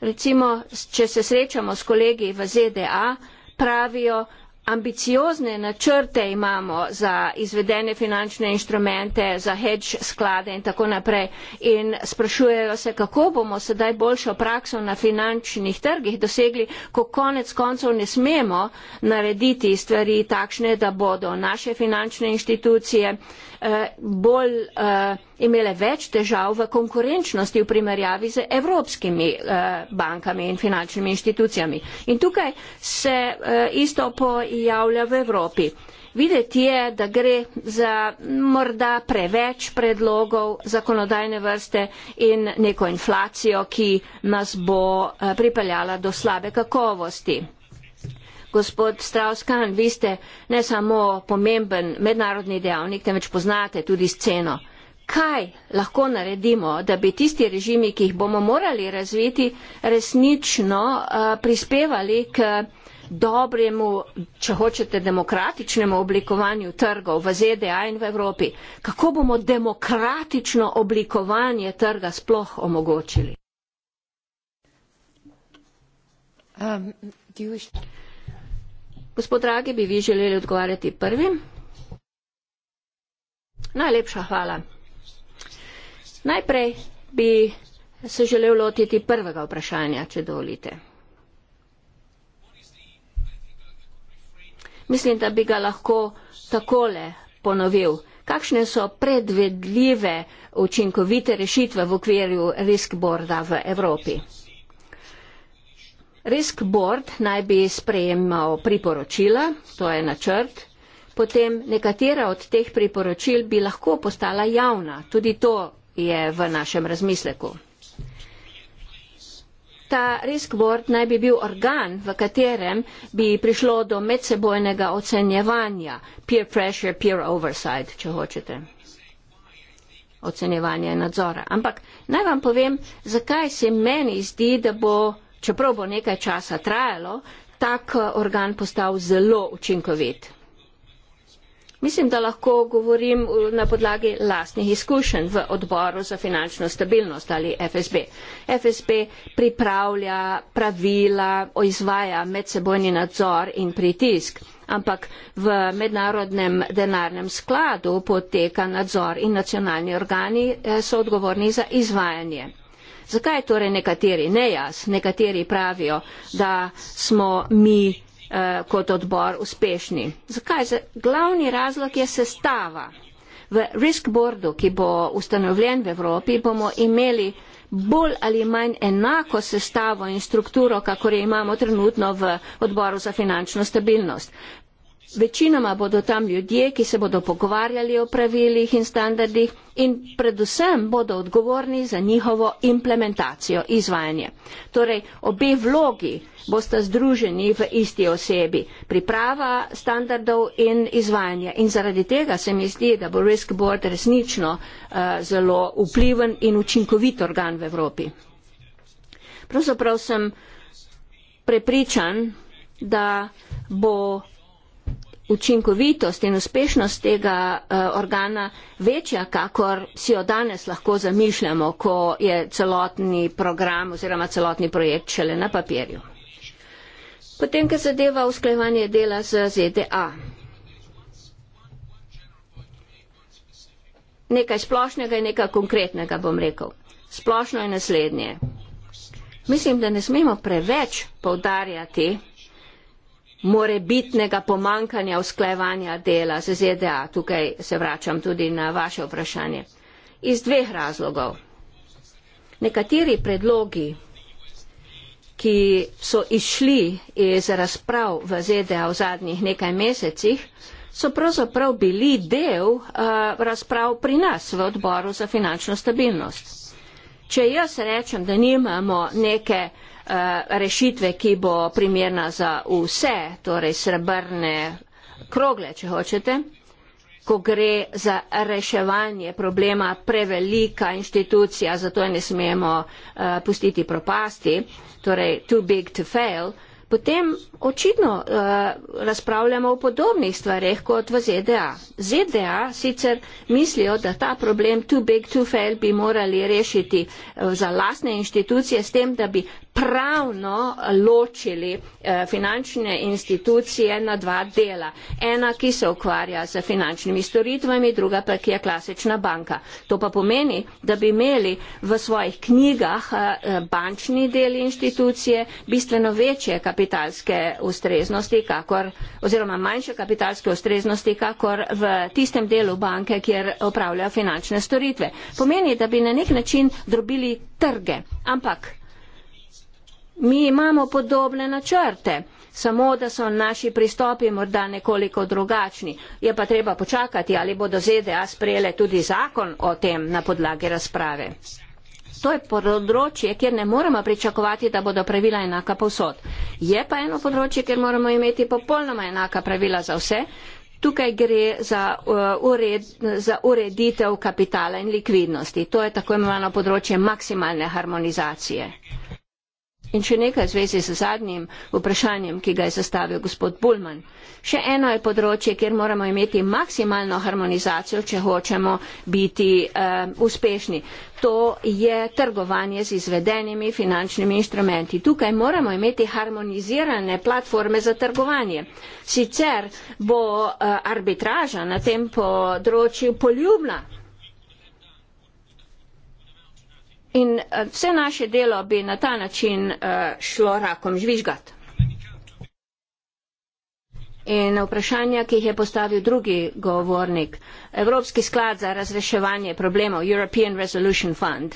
Recimo, če se srečamo s kolegi v ZDA, pravijo, ambiciozne načrte imamo za izvedene finančne inštrumente, za hedge sklade in tako naprej in sprašujejo se, kako bomo sedaj boljšo prakso na finančnih trgih dosegli, ko konec koncev ne smemo narediti stvari takšne, da bodo naše finančne inštitucije eh, bolj eh, imele več težav v konkurenčnosti v primerjavi z evropskimi eh, bankami in finančnimi inštitucijami. In tukaj se eh, isto pojavlja v Evropi. Videti je, da gre za morda preveč predlogov zakonodajne vrste in neko inflacijo, ki nas bo eh, pripeljala do slabe kakovosti. Gospod Strauss-Kahn, vi ste ne samo pomemben mednarodni dejavnik, temveč poznate tudi sceno kaj lahko naredimo, da bi tisti režimi, ki jih bomo morali razviti, resnično uh, prispevali k dobremu, če hočete, demokratičnemu oblikovanju trgov v ZDA in v Evropi. Kako bomo demokratično oblikovanje trga sploh omogočili? Um, wish... Gospod Dragi, bi vi želeli odgovarjati prvim? Najlepša hvala. Najprej bi se želel lotiti prvega vprašanja, če dovolite. Mislim, da bi ga lahko takole ponovil. Kakšne so predvedljive učinkovite rešitve v okviru risk boarda v Evropi? Risk board naj bi sprejemal priporočila, to je načrt, potem nekatera od teh priporočil bi lahko postala javna, tudi to je v našem razmisleku. Ta risk board naj bi bil organ, v katerem bi prišlo do medsebojnega ocenjevanja, peer pressure, peer oversight, če hočete, ocenjevanja in nadzora. Ampak naj vam povem, zakaj se meni zdi, da bo, čeprav bo nekaj časa trajalo, tak eh, organ postal zelo učinkovit. Mislim, da lahko govorim uh, na podlagi lastnih izkušenj v odboru za finančno stabilnost ali FSB. FSB pripravlja pravila, oizvaja medsebojni nadzor in pritisk, ampak v mednarodnem denarnem skladu poteka nadzor in nacionalni organi eh, so odgovorni za izvajanje. Zakaj torej nekateri, ne jaz, nekateri pravijo, da smo mi Eh, kot odbor uspešni. Zakaj? Z glavni razlog je sestava. V risk boardu, ki bo ustanovljen v Evropi, bomo imeli bolj ali manj enako sestavo in strukturo, kakor jo imamo trenutno v odboru za finančno stabilnost. Večinoma bodo tam ljudje, ki se bodo pogovarjali o pravilih in standardih in predvsem bodo odgovorni za njihovo implementacijo, izvajanje. Torej, obe vlogi boste združeni v isti osebi, priprava standardov in izvajanje. In zaradi tega se mi zdi, da bo Risk Board resnično uh, zelo vpliven in učinkovit organ v Evropi. Pravzaprav sem prepričan, da bo učinkovitost in uspešnost tega eh, organa večja, kakor si jo danes lahko zamišljamo, ko je celotni program oziroma celotni projekt šele na papirju. Potem, kar zadeva usklajevanje dela z ZDA. Nekaj splošnega in nekaj konkretnega bom rekel. Splošno je naslednje. Mislim, da ne smemo preveč poudarjati morebitnega pomankanja usklajevanja dela z ZDA. Tukaj se vračam tudi na vaše vprašanje. Iz dveh razlogov. Nekateri predlogi, ki so išli iz razprav v ZDA v zadnjih nekaj mesecih, so pravzaprav bili del uh, razprav pri nas v odboru za finančno stabilnost. Če jaz rečem, da nimamo neke uh, Eh, rešitve, ki bo primerna za vse, torej srebrne krogle, če hočete, ko gre za reševanje problema prevelika inštitucija, zato je ne smemo uh, pustiti propasti, torej too big to fail, uh, potem očitno uh, razpravljamo o podobnih stvarih kot v ZDA. ZDA sicer mislijo, da ta problem too big to fail bi morali rešiti uh, za lasne inštitucije s tem, da bi pravno ločili uh, finančne institucije na dva dela. Ena, ki se ukvarja z finančnimi storitvami, druga pa, ki je klasična banka. To pa pomeni, da bi imeli v svojih knjigah uh, bančni del inštitucije bistveno večje kapitalizacije kapitalske ustreznosti, kakor, oziroma manjše kapitalske ustreznosti, kakor v tistem delu banke, kjer opravljajo finančne storitve. Pomeni, da bi na nek način drobili trge, ampak mi imamo podobne načrte. Samo, da so naši pristopi morda nekoliko drugačni. Je pa treba počakati, ali bodo ZDA sprejele tudi zakon o tem na podlagi razprave to je področje, kjer ne moremo pričakovati, da bodo pravila enaka povsod. Je pa eno področje, kjer moramo imeti popolnoma enaka pravila za vse. Tukaj gre za, uh, ured, za ureditev kapitala in likvidnosti. To je tako imenovano področje maksimalne harmonizacije. In še nekaj v zvezi z zadnjim vprašanjem, ki ga je zastavil gospod Bulman. Še eno je področje, kjer moramo imeti maksimalno harmonizacijo, če hočemo biti uh, uspešni. To je trgovanje z izvedenimi finančnimi inštrumenti. Tukaj moramo imeti harmonizirane platforme za trgovanje. Sicer bo uh, arbitraža na tem področju poljubna In eh, vse naše delo bi na ta način eh, šlo rakom žvižgat. In vprašanja, ki jih je postavil drugi govornik, Evropski sklad za razreševanje problemov, European Resolution Fund.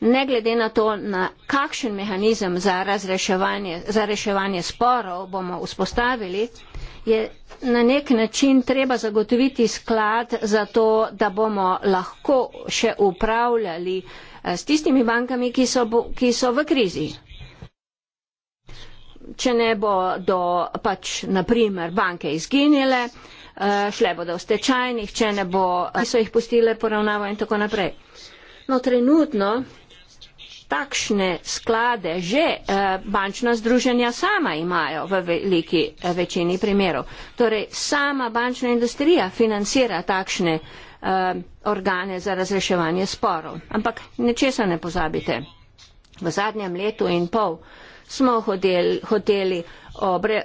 Ne glede na to, na kakšen mehanizem za, za reševanje sporov bomo vzpostavili, je na nek način treba zagotoviti sklad za to, da bomo lahko še upravljali eh, s tistimi bankami, ki so, ki so v krizi. Če ne bo do pač, naprimer, banke izginile, eh, šle bodo v stečajnih, če ne bo, so jih pustile poravnavo in tako naprej. No, trenutno takšne sklade že eh, bančna združenja sama imajo v veliki eh, večini primerov. Torej, sama bančna industrija financira takšne eh, organe za razreševanje sporov. Ampak nečesa ne pozabite. V zadnjem letu in pol smo hoteli obre,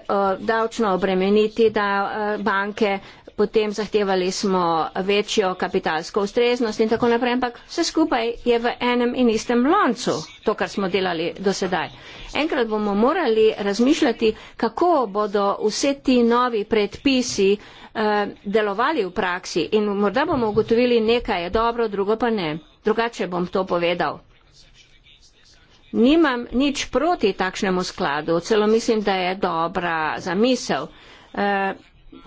davčno obremeniti da, banke, potem zahtevali smo večjo kapitalsko ustreznost in tako naprej, ampak vse skupaj je v enem in istem loncu to, kar smo delali do sedaj. Enkrat bomo morali razmišljati, kako bodo vse ti novi predpisi eh, delovali v praksi in morda bomo ugotovili, nekaj je dobro, drugo pa ne. Drugače bom to povedal. Nimam nič proti takšnemu skladu, celo mislim, da je dobra zamisel. Eh,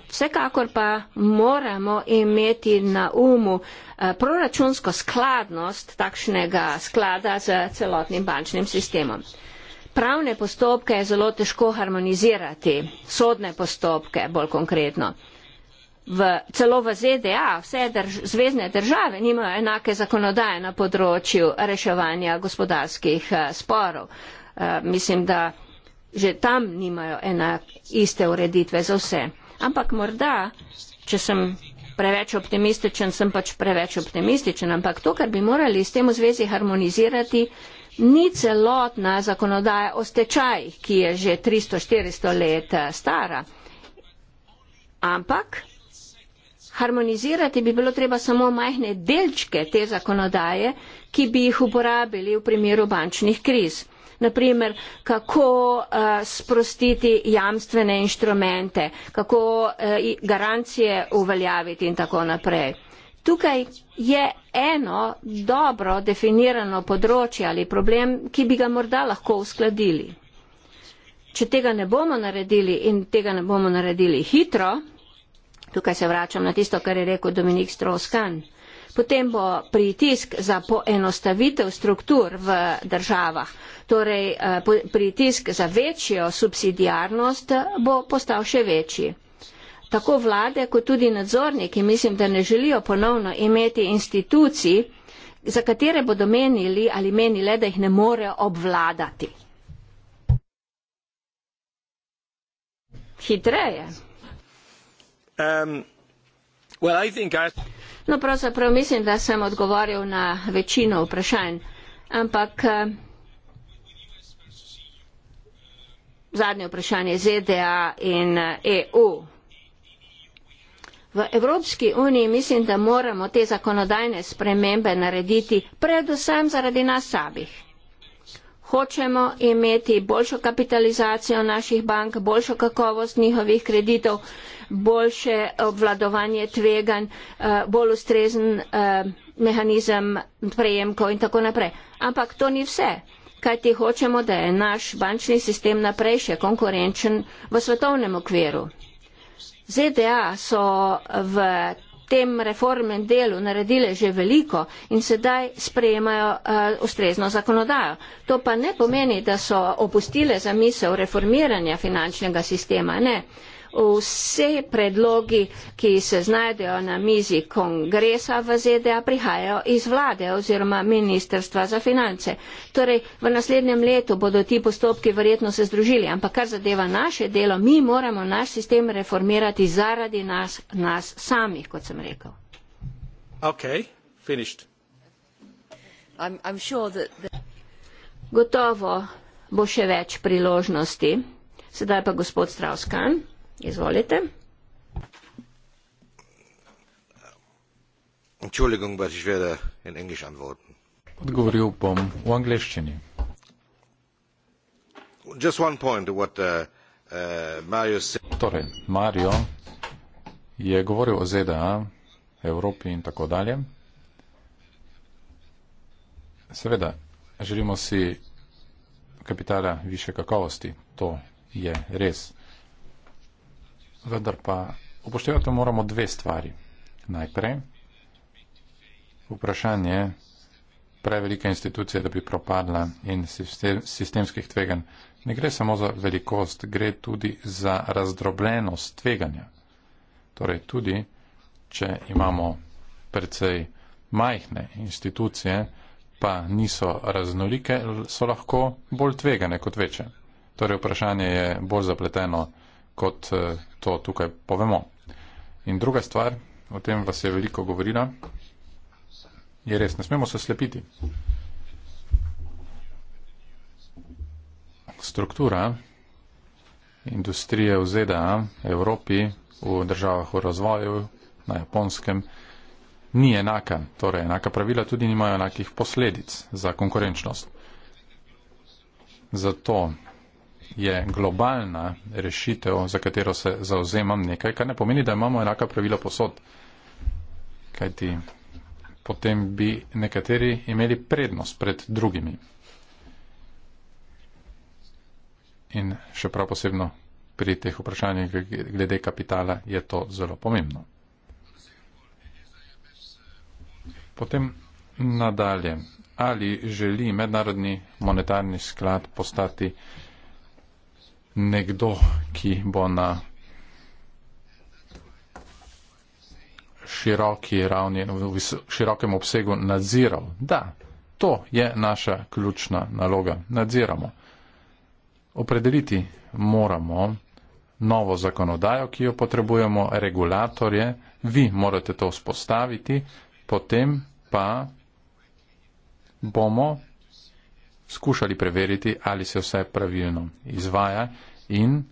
Vsekakor pa moramo imeti na umu eh, proračunsko skladnost takšnega sklada z celotnim bančnim sistemom. Pravne postopke je zelo težko harmonizirati, sodne postopke bolj konkretno. V, celo v ZDA vse drž, zvezdne države nimajo enake zakonodaje na področju reševanja gospodarskih eh, sporov. Eh, mislim, da že tam nimajo enake iste ureditve za vse. Ampak morda, če sem preveč optimističen, sem pač preveč optimističen. Ampak to, kar bi morali s tem v zvezi harmonizirati, ni celotna zakonodaja o stečaj, ki je že 300-400 let eh, stara. Ampak harmonizirati bi bilo treba samo majhne delčke te zakonodaje, ki bi jih uporabili v primeru bančnih kriz naprimer kako uh, sprostiti jamstvene inštrumente, kako uh, garancije uveljaviti in tako naprej. Tukaj je eno dobro definirano področje ali problem, ki bi ga morda lahko uskladili. Če tega ne bomo naredili in tega ne bomo naredili hitro, tukaj se vračam na tisto, kar je rekel Dominik Strauss-Kahn, uh, potem bo pritisk za poenostavitev struktur v državah, torej eh, pritisk za večjo subsidijarnost bo postal še večji. Tako vlade kot tudi nadzorniki mislim, da ne želijo ponovno imeti institucij, za katere bodo menili ali menile, da jih ne morejo obvladati. Hitreje. Um, well, No, pravzaprav mislim, da sem odgovoril na večino vprašanj, ampak eh, zadnje vprašanje ZDA in EU. Eh, e v Evropski uniji mislim, da moramo te zakonodajne spremembe narediti predvsem zaradi nas samih hočemo imeti boljšo kapitalizacijo naših bank, boljšo kakovost njihovih kreditov, boljše obvladovanje tveganj, eh, bolj ustrezen eh, mehanizem prejemkov in tako naprej. Ampak to ni vse, kaj ti hočemo, da je naš bančni sistem naprej še konkurenčen v svetovnem okviru. ZDA so v tem reformnem delu naredile že veliko in sedaj sprejemajo uh, ustrezno zakonodajo. To pa ne pomeni, da so opustile zamisel reformiranja finančnega sistema. Ne. Uh, vse predlogi, ki se znajdejo na mizi kongresa v ZDA, prihajajo iz vlade oziroma ministerstva za finance. Torej, v naslednjem letu bodo ti postopki verjetno se združili, ampak kar zadeva naše delo, mi moramo naš sistem reformirati zaradi nas, nas samih, kot sem rekel. Okay, I'm, I'm sure that the... Gotovo bo še več priložnosti. Sedaj pa gospod Strauss-Kahn. Izvolite. Entschuldigung, was ich werde in Englisch antworten. Odgovoril bom v angleščini. Just one point to what uh, uh, Mario said. Torej, Mario je govoril o ZDA, Evropi in tako dalje. Seveda, želimo si kapitala više kakovosti. To je res vendar pa upoštevati moramo dve stvari. Najprej, vprašanje prevelika institucija, da bi propadla in sistemskih tveganj. Ne gre samo za velikost, gre tudi za razdrobljenost tveganja. Torej tudi, če imamo precej majhne institucije, pa niso raznolike, so lahko bolj tvegane kot večje. Torej vprašanje je bolj zapleteno kot eh, to tukaj povemo. In druga stvar, o tem vas je veliko govorila, je res, ne smemo se slepiti. Struktura industrije v ZDA, Evropi, v državah v razvoju, na japonskem, ni enaka. Torej, enaka pravila tudi nimajo enakih posledic za konkurenčnost. Zato je globalna rešitev, za katero se zauzemam nekaj, kar ne pomeni, da imamo enaka pravila posod. Kajti potem bi nekateri imeli prednost pred drugimi. In še prav posebno pri teh vprašanjih glede kapitala je to zelo pomembno. Potem nadalje. Ali želi mednarodni monetarni sklad postati nekdo, ki bo na široki ravni, v širokem obsegu nadziral. Da, to je naša ključna naloga. Nadziramo. Opredeliti moramo novo zakonodajo, ki jo potrebujemo, regulatorje, vi morate to spostaviti, potem pa bomo skušali preveriti, ali se vse pravilno izvaja in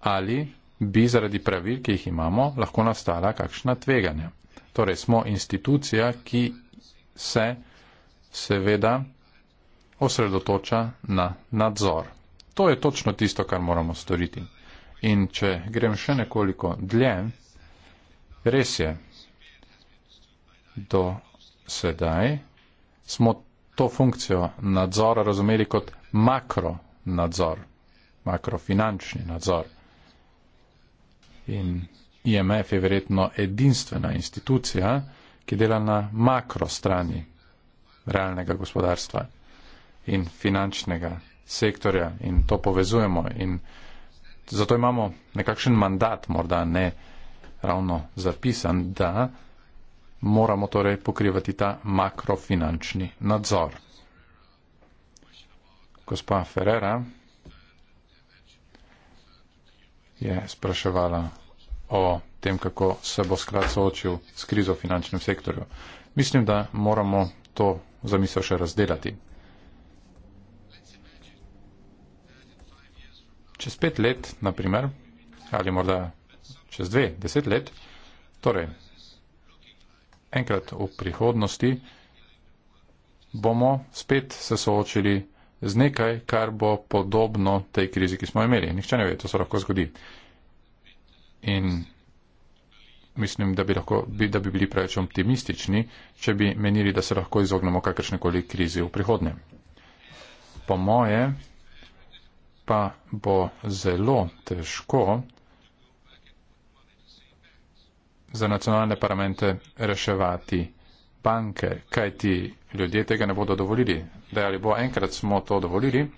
ali bi zaradi pravil, ki jih imamo, lahko nastala kakšna tveganja. Torej smo institucija, ki se seveda osredotoča na nadzor. To je točno tisto, kar moramo storiti. In če grem še nekoliko dlje, res je, do sedaj smo to funkcijo nadzora razumeli kot makro nadzor, makrofinančni nadzor. In IMF je verjetno edinstvena institucija, ki dela na makro strani realnega gospodarstva in finančnega sektorja in to povezujemo. In zato imamo nekakšen mandat, morda ne ravno zapisan, da moramo torej pokrivati ta makrofinančni nadzor. Gospa Ferrera je spraševala o tem, kako se bo skrat soočil s krizo v finančnem sektorju. Mislim, da moramo to zamisel še razdelati. Čez pet let, na primer, ali morda čez dve, deset let, torej enkrat v prihodnosti bomo spet se soočili z nekaj, kar bo podobno tej krizi, ki smo imeli. Nihče ne ve, to se lahko zgodi. In mislim, da bi, lahko, da bi bili preveč optimistični, če bi menili, da se lahko izognemo kakršnekoli krizi v prihodnje. Po moje pa bo zelo težko za nacionalne parlamente reševati banke, kaj ti ljudje tega ne bodo dovolili. Dejali bo enkrat smo to dovolili,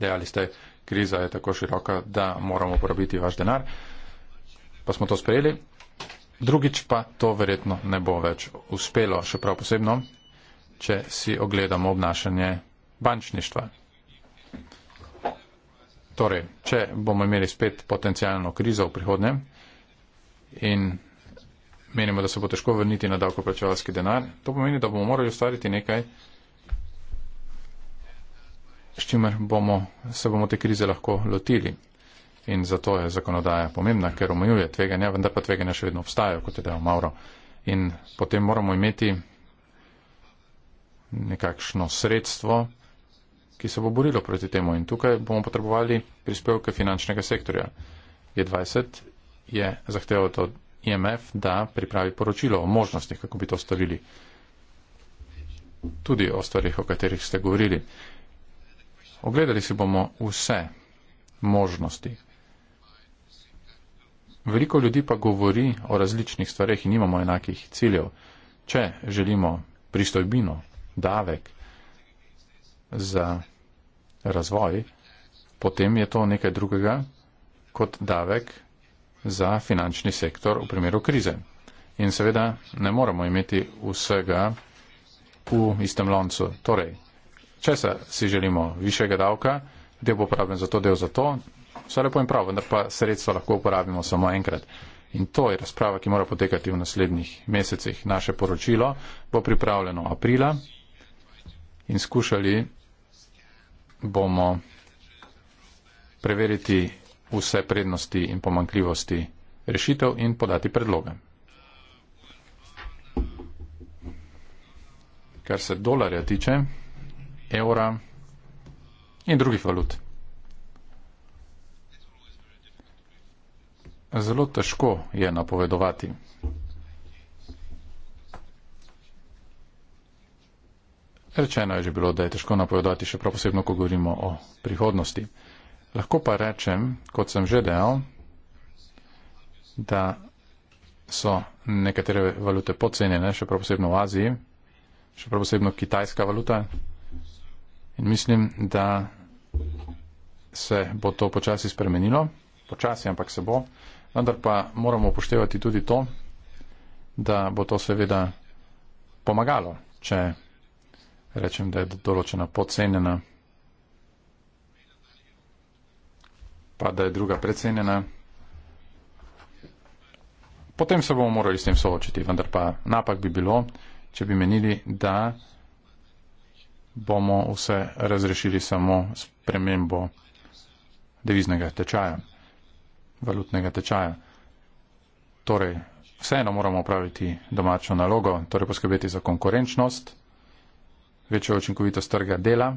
dejali ste, kriza je tako široka, da moramo porabiti vaš denar, pa smo to sprejeli. Drugič pa to verjetno ne bo več uspelo, še prav posebno, če si ogledamo obnašanje bančništva. Torej, če bomo imeli spet potencijalno krizo v prihodnje in menimo, da se bo težko vrniti na davkoplačevalski denar, to pomeni, da bomo morali ustvariti nekaj, s čimer bomo, se bomo te krize lahko lotili. In zato je zakonodaja pomembna, ker omejuje tveganja, vendar pa tveganja še vedno obstajajo, kot je dejal Mauro. In potem moramo imeti nekakšno sredstvo, ki se bo borilo proti temu. In tukaj bomo potrebovali prispevke finančnega sektorja. Je 20, je zahteval to IMF, da pripravi poročilo o možnostih, kako bi to storili. Tudi o stvarih, o katerih ste govorili. Ogledali si bomo vse možnosti. Veliko ljudi pa govori o različnih stvarih in nimamo enakih ciljev. Če želimo pristojbino, davek za razvoj, potem je to nekaj drugega kot davek za finančni sektor v primeru krize. In seveda ne moramo imeti vsega v istem loncu. Torej, če se si želimo višjega davka, del bo uporabljen za to, del za to, vse lepo in prav, vendar pa sredstva lahko uporabimo samo enkrat. In to je razprava, ki mora potekati v naslednjih mesecih. Naše poročilo bo pripravljeno aprila in skušali bomo preveriti vse prednosti in pomankljivosti rešitev in podati predloge. Kar se dolarja tiče, evra in drugih valut. Zelo težko je napovedovati. Rečeno je že bilo, da je težko napovedovati, še prav posebno, ko govorimo o prihodnosti. Lahko pa rečem, kot sem že dejal, da so nekatere valute pocenjene, še prav posebno v Aziji, še prav posebno kitajska valuta. In mislim, da se bo to počasi spremenilo, počasi, ampak se bo. Vendar pa moramo upoštevati tudi to, da bo to seveda pomagalo, če rečem, da je določena pocenjena. pa da je druga precenjena. Potem se bomo morali s tem soočiti, vendar pa napak bi bilo, če bi menili, da bomo vse razrešili samo s premembo deviznega tečaja, valutnega tečaja. Torej, vseeno moramo opraviti domačo nalogo, torej poskrbeti za konkurenčnost, večjo učinkovitost trga dela.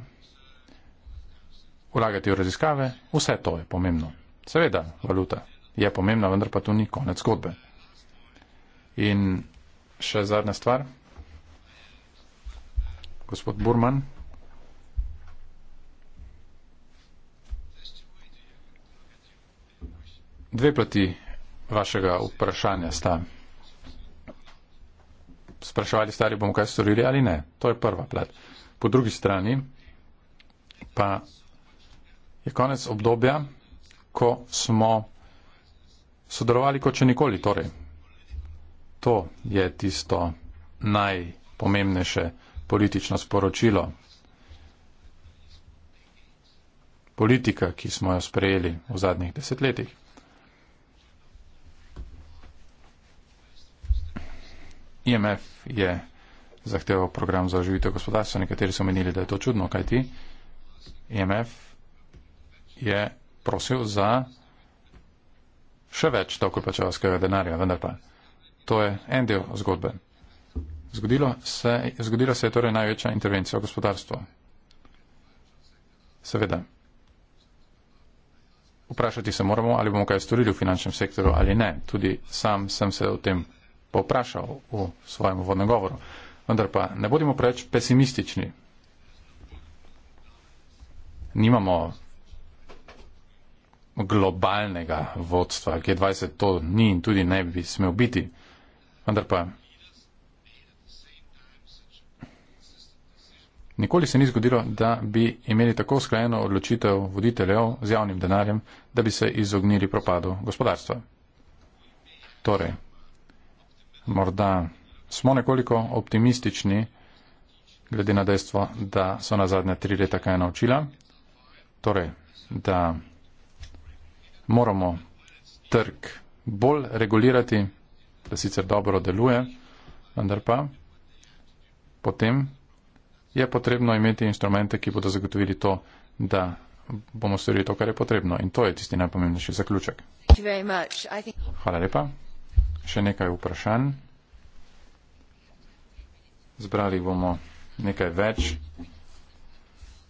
Vlagati v raziskave, vse to je pomembno. Seveda, valuta je pomembna, vendar pa to ni konec zgodbe. In še zadnja stvar. Gospod Burman. Dve plati vašega vprašanja sta. Spraševali ste, ali bomo kaj storili ali ne. To je prva plat. Po drugi strani pa je konec obdobja, ko smo sodelovali kot še nikoli. Torej, to je tisto najpomembnejše politično sporočilo. Politika, ki smo jo sprejeli v zadnjih desetletjih. IMF je zahteval program za oživitev gospodarstva. Nekateri so menili, da je to čudno, kajti IMF je prosil za še več dokupačevalskega denarja, vendar pa to je en del zgodbe. Zgodilo se, zgodila se je torej največja intervencija v gospodarstvo. Seveda. Vprašati se moramo, ali bomo kaj storili v finančnem sektorju ali ne. Tudi sam sem se o tem poprašal v svojem vodnem govoru. Vendar pa ne bodimo preveč pesimistični. Nimamo globalnega vodstva. G20 to ni in tudi ne bi smel biti. Vendar pa nikoli se ni zgodilo, da bi imeli tako sklajeno odločitev voditeljev z javnim denarjem, da bi se izognili propadu gospodarstva. Torej, morda smo nekoliko optimistični glede na dejstvo, da so na zadnja tri leta kaj naučila. Torej, da moramo trg bolj regulirati, da sicer dobro deluje, vendar pa potem je potrebno imeti instrumente, ki bodo zagotovili to, da bomo storili to, kar je potrebno. In to je tisti najpomembnejši zaključek. Hvala lepa. Še nekaj vprašanj. Zbrali bomo nekaj več,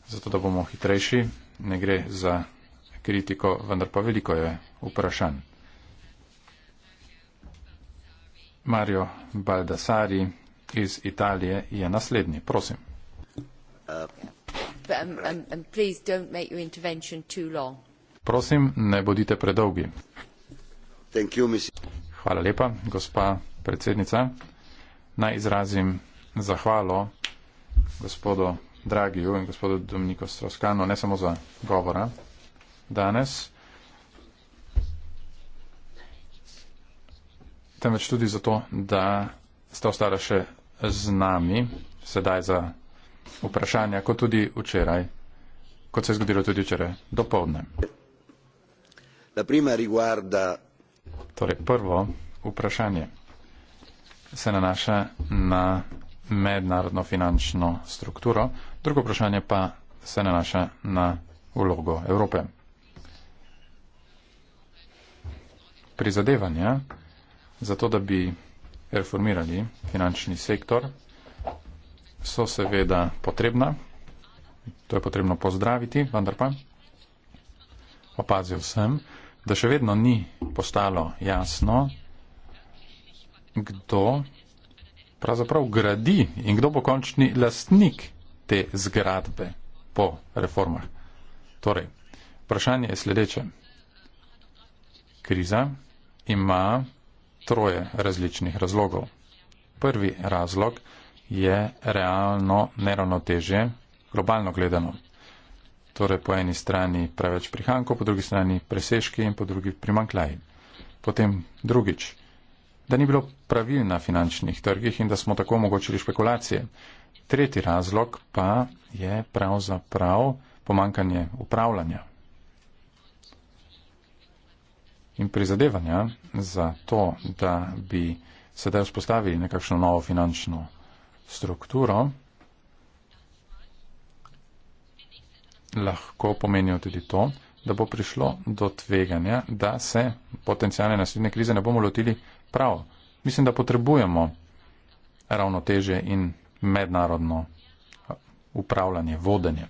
zato da bomo hitrejši. Ne gre za kritiko, vendar pa veliko je vprašanj. Mario Baldassari iz Italije je naslednji. Prosim. Uh, um, um, um, prosim, ne bodite predolgi. Hvala lepa, gospa predsednica. Naj izrazim zahvalo gospodu Dragiju in gospodu Dominiko Stroskano, ne samo za govora danes, temveč tudi zato, da ste ostali še z nami, sedaj za vprašanja, kot tudi včeraj, kot se je zgodilo tudi včeraj, do povdne. Riguarda... Torej, prvo vprašanje se nanaša na mednarodno finančno strukturo, drugo vprašanje pa se nanaša na vlogo Evrope. prizadevanja za to, da bi reformirali finančni sektor, so seveda potrebna. To je potrebno pozdraviti, vendar pa opazil sem, da še vedno ni postalo jasno, kdo pravzaprav gradi in kdo bo končni lastnik te zgradbe po reformah. Torej, vprašanje je sledeče. Kriza ima troje različnih razlogov. Prvi razlog je realno neravnotežje, globalno gledano. Torej po eni strani preveč prihankov, po drugi strani presežki in po drugi primankljaji. Potem drugič, da ni bilo pravil na finančnih trgih in da smo tako omogočili špekulacije. Tretji razlog pa je pravzaprav pomankanje upravljanja. in prizadevanja za to, da bi sedaj vzpostavili nekakšno novo finančno strukturo, lahko pomenijo tudi to, da bo prišlo do tveganja, da se potencijalne naslednje krize ne bomo lotili prav. Mislim, da potrebujemo ravnoteže in mednarodno upravljanje, vodenje.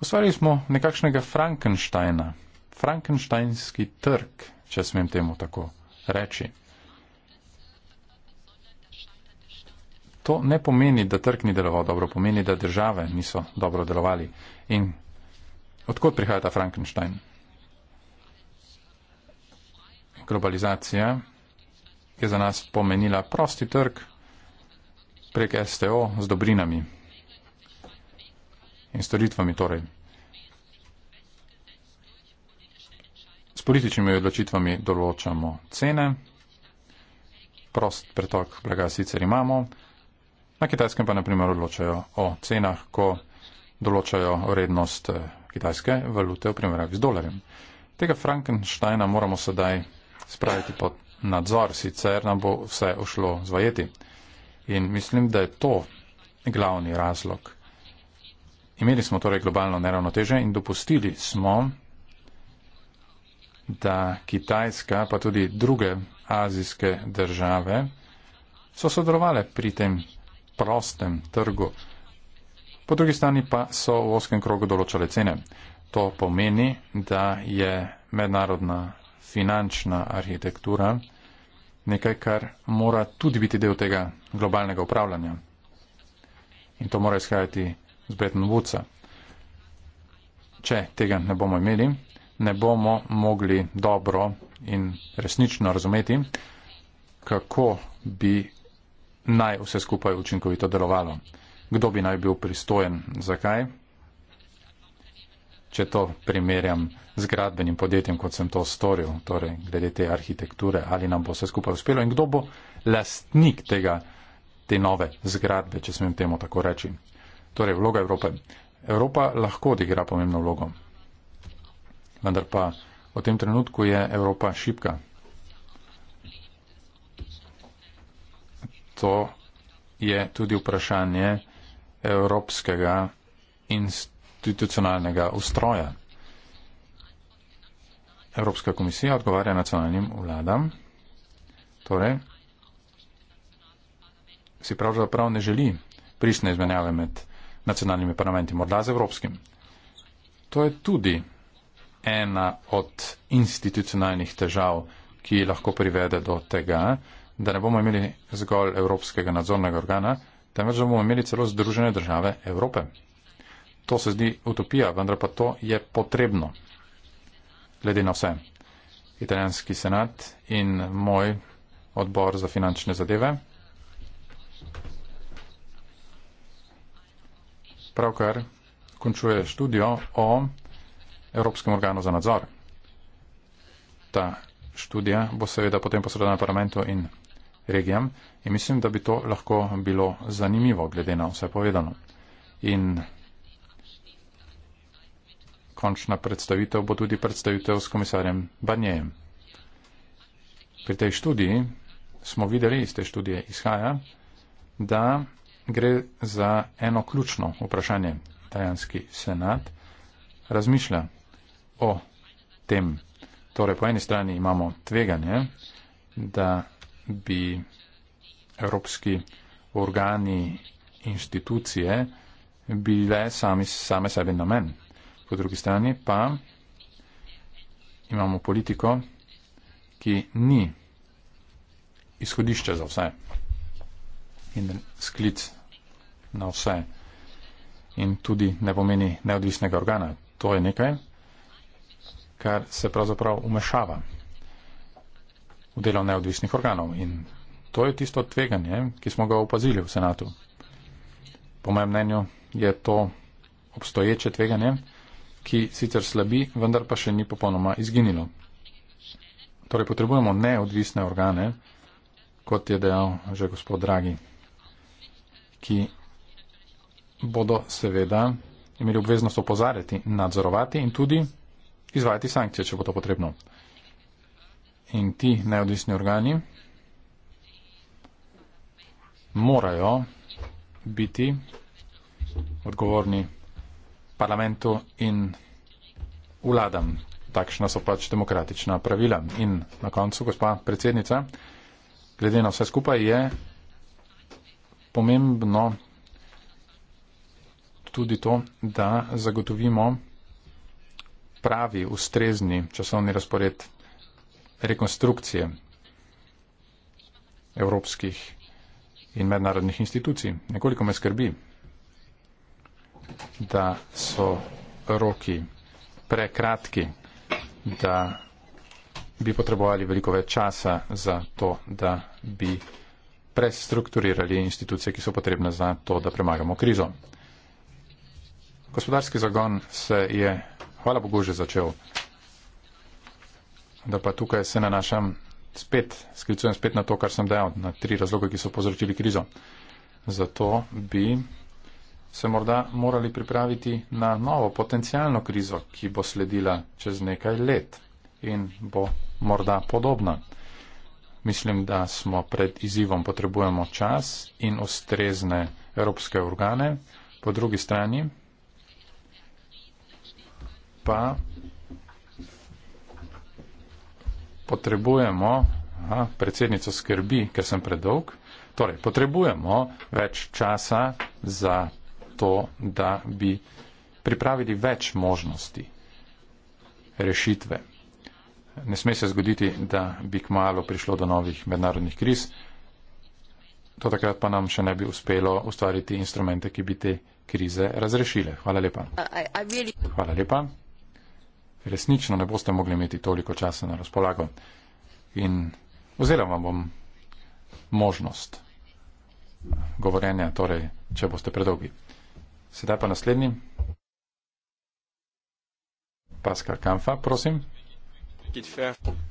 Ustvarili smo nekakšnega Frankensteina Frankensteinski trg, če smem temu tako reči. To ne pomeni, da trg ni deloval dobro, pomeni, da države niso dobro delovali. In odkot prihaja ta Frankenstein? Globalizacija je za nas pomenila prosti trg prek STO z dobrinami in storitvami torej. političnimi odločitvami določamo cene, prost pretok blaga sicer imamo, na kitajskem pa naprimer odločajo o cenah, ko določajo vrednost eh, kitajske valute v primerjavi z dolarjem. Tega Frankensteina moramo sedaj spraviti pod nadzor, sicer nam bo vse ušlo zvajeti. In mislim, da je to glavni razlog. Imeli smo torej globalno neravnoteže in dopustili smo, da Kitajska, pa tudi druge azijske države, so sodelovali pri tem prostem trgu. Po drugi strani pa so v oskem krogu določale cene. To pomeni, da je mednarodna finančna arhitektura nekaj, kar mora tudi biti del tega globalnega upravljanja. In to mora izhajati z Bretton Woodsa. Če tega ne bomo imeli, ne bomo mogli dobro in resnično razumeti, kako bi naj vse skupaj učinkovito delovalo. Kdo bi naj bil pristojen, zakaj? Če to primerjam z gradbenim podjetjem, kot sem to storil, torej glede te arhitekture, ali nam bo vse skupaj uspelo in kdo bo lastnik tega, te nove zgradbe, če smem temu tako reči. Torej, vloga Evrope. Evropa lahko odigra pomembno vlogo vendar pa v tem trenutku je Evropa šipka. To je tudi vprašanje evropskega institucionalnega ustroja. Evropska komisija odgovarja nacionalnim vladam, torej si pravzaprav ne želi prisne izmenjave med nacionalnimi parlamenti, morda z evropskim. To je tudi ena od institucionalnih težav, ki lahko privede do tega, da ne bomo imeli zgolj Evropskega nadzornega organa, temveč da bomo imeli celo Združene države Evrope. To se zdi utopija, vendar pa to je potrebno. Glede na vse, italijanski senat in moj odbor za finančne zadeve pravkar končuje študijo o Evropskem organu za nadzor. Ta študija bo seveda potem posredovana parlamentu in regijam in mislim, da bi to lahko bilo zanimivo, glede na vse povedano. In končna predstavitev bo tudi predstavitev s komisarjem Barnjejem. Pri tej študiji smo videli, iz te študije izhaja, da gre za eno ključno vprašanje. Tajanski senat razmišlja o tem. Torej, po eni strani imamo tveganje, da bi evropski organi, inštitucije bile sami, same sebe na men. Po drugi strani pa imamo politiko, ki ni izhodišče za vse in sklic na vse in tudi ne pomeni neodvisnega organa. To je nekaj kar se pravzaprav umešava v delo neodvisnih organov. In to je tisto tveganje, ki smo ga opazili v senatu. Po mojem mnenju je to obstoječe tveganje, ki sicer slabi, vendar pa še ni popolnoma izginilo. Torej potrebujemo neodvisne organe, kot je dejal že gospod Dragi, ki bodo seveda imeli obveznost opozarjati, nadzorovati in tudi izvajati sankcije, če bo to potrebno. In ti neodvisni organi morajo biti odgovorni parlamentu in vladam. Takšna so pač demokratična pravila. In na koncu, gospa predsednica, glede na vse skupaj je pomembno tudi to, da zagotovimo pravi, ustrezni časovni razpored rekonstrukcije evropskih in mednarodnih institucij. Nekoliko me skrbi, da so roki prekratki, da bi potrebovali veliko več časa za to, da bi prestrukturirali institucije, ki so potrebne za to, da premagamo krizo. Gospodarski zagon se je hvala Bogu že začel. Da pa tukaj se nanašam spet, sklicujem spet na to, kar sem dejal, na tri razloge, ki so povzročili krizo. Zato bi se morda morali pripraviti na novo potencijalno krizo, ki bo sledila čez nekaj let in bo morda podobna. Mislim, da smo pred izzivom potrebujemo čas in ustrezne evropske organe. Po drugi strani pa potrebujemo, aha, predsednico skrbi, ker sem predolg, torej potrebujemo več časa za to, da bi pripravili več možnosti rešitve. Ne sme se zgoditi, da bi kmalo prišlo do novih mednarodnih kriz, to takrat pa nam še ne bi uspelo ustvariti instrumente, ki bi te krize razrešile. Hvala lepa. Hvala lepa resnično ne boste mogli imeti toliko časa na razpolago. In vzela vam bom možnost govorenja, torej, če boste predolgi. Sedaj pa naslednji. Paskar Kamfa, prosim.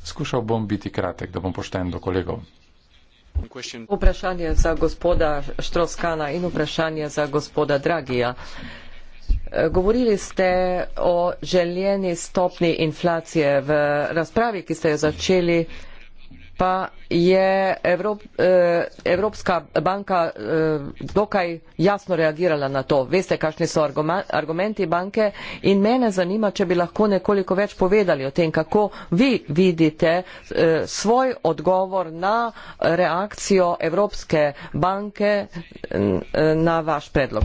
Skušal bom biti kratek, da bom pošten do kolegov. Vprašanje za gospoda Štroskana in vprašanje za gospoda Dragija. Eh, govorili ste o željeni stopni inflacije. V razpravi, ki ste jo začeli, pa je Evrop, eh, Evropska banka eh, dokaj jasno reagirala na to. Veste, kakšni so argumenti banke in mene zanima, če bi lahko nekoliko več povedali o tem, kako vi vidite svoj odgovor na reakcijo Evropske banke na vaš predlog.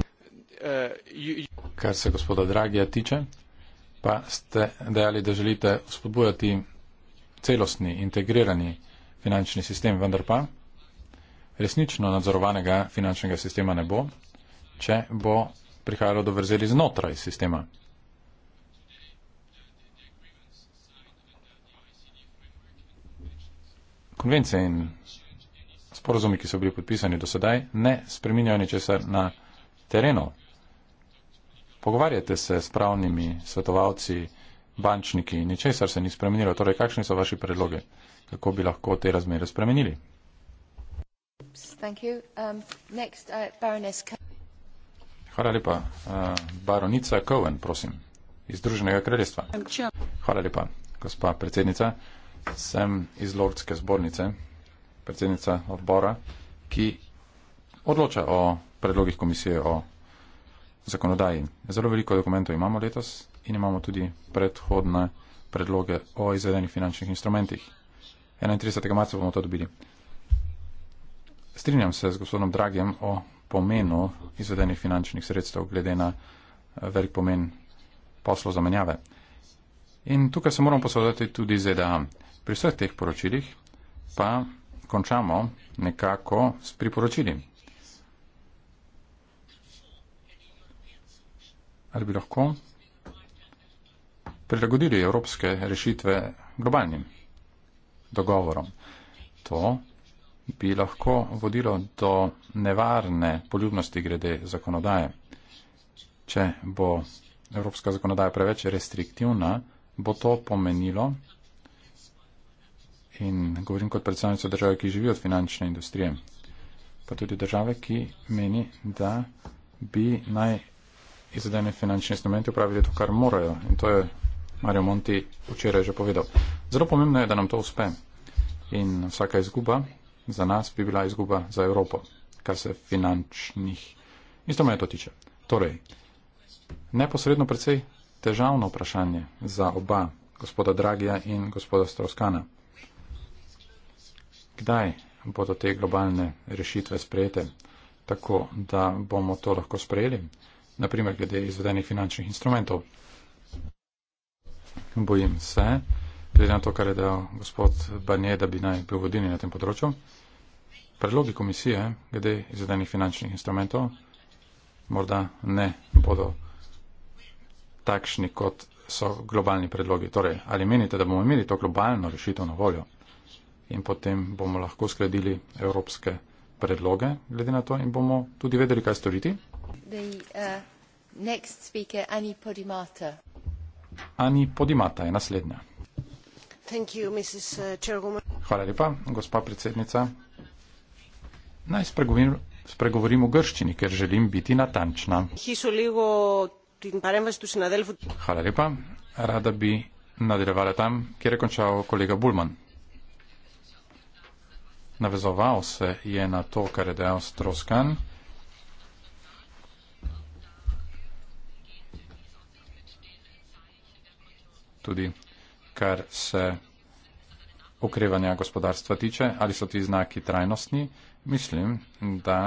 Uh, Kar se gospoda Dragija tiče, pa ste dejali, da želite spodbujati celostni, integrirani finančni sistem, vendar pa resnično nadzorovanega finančnega sistema ne bo, če bo prihajalo do vrzeli znotraj sistema. Konvencije in sporozumi, ki so bili podpisani do sedaj, ne spreminjajo ničesar na terenu pogovarjate se s pravnimi svetovalci, bančniki, ničesar se ni spremenilo. Torej, kakšni so vaši predloge, kako bi lahko te razmere spremenili? Um, next, uh, Hvala lepa. Uh, baronica Cohen, prosim, iz Združenega kraljestva. Hvala lepa, gospa predsednica. Sem iz Lordske zbornice, predsednica odbora, ki odloča o predlogih komisije o zakonodaji. Zelo veliko dokumentov imamo letos in imamo tudi predhodne predloge o izvedenih finančnih instrumentih. 31. marca bomo to dobili. Strinjam se z gospodom Dragem o pomenu izvedenih finančnih sredstev glede na eh, velik pomen poslov zamenjave. In tukaj se moramo posodati tudi ZDA. Pri vseh teh poročilih pa končamo nekako s priporočili. ali bi lahko prilagodili evropske rešitve globalnim dogovorom. To bi lahko vodilo do nevarne poljubnosti glede zakonodaje. Če bo evropska zakonodaja preveč restriktivna, bo to pomenilo, in govorim kot predstavnico države, ki živi od finančne industrije, pa tudi države, ki meni, da bi naj izvedene finančne instrumente upravili to, kar morajo. In to je Mario Monti včeraj že povedal. Zelo pomembno je, da nam to uspe. In vsaka izguba za nas bi bila izguba za Evropo, kar se finančnih instrumentov tiče. Torej, neposredno precej težavno vprašanje za oba, gospoda Dragija in gospoda Strauskana. Kdaj bodo te globalne rešitve sprejete, tako da bomo to lahko sprejeli? naprimer glede izvedenih finančnih instrumentov. Bojim se, glede na to, kar je dal gospod Banje, da bi naj bil vodilni na tem področju. Predlogi komisije glede izvedenih finančnih instrumentov morda ne bodo takšni, kot so globalni predlogi. Torej, ali menite, da bomo imeli to globalno rešitev na voljo in potem bomo lahko skladili evropske predloge glede na to in bomo tudi vedeli, kaj storiti? The uh, next speaker, Annie Podimata. Annie Podimata je naslednja. Thank you, Mrs. Uh, Chairwoman. Hvala lepa, gospa predsednica. Naj spregovorim, spregovorim o grščini, ker želim biti natančna. Hvala lepa. Rada bi nadaljevala tam, kjer je končal kolega Bulman. Navezoval se je na to, kar je dejal Stroskan. tudi kar se okrevanja gospodarstva tiče. Ali so ti znaki trajnostni? Mislim, da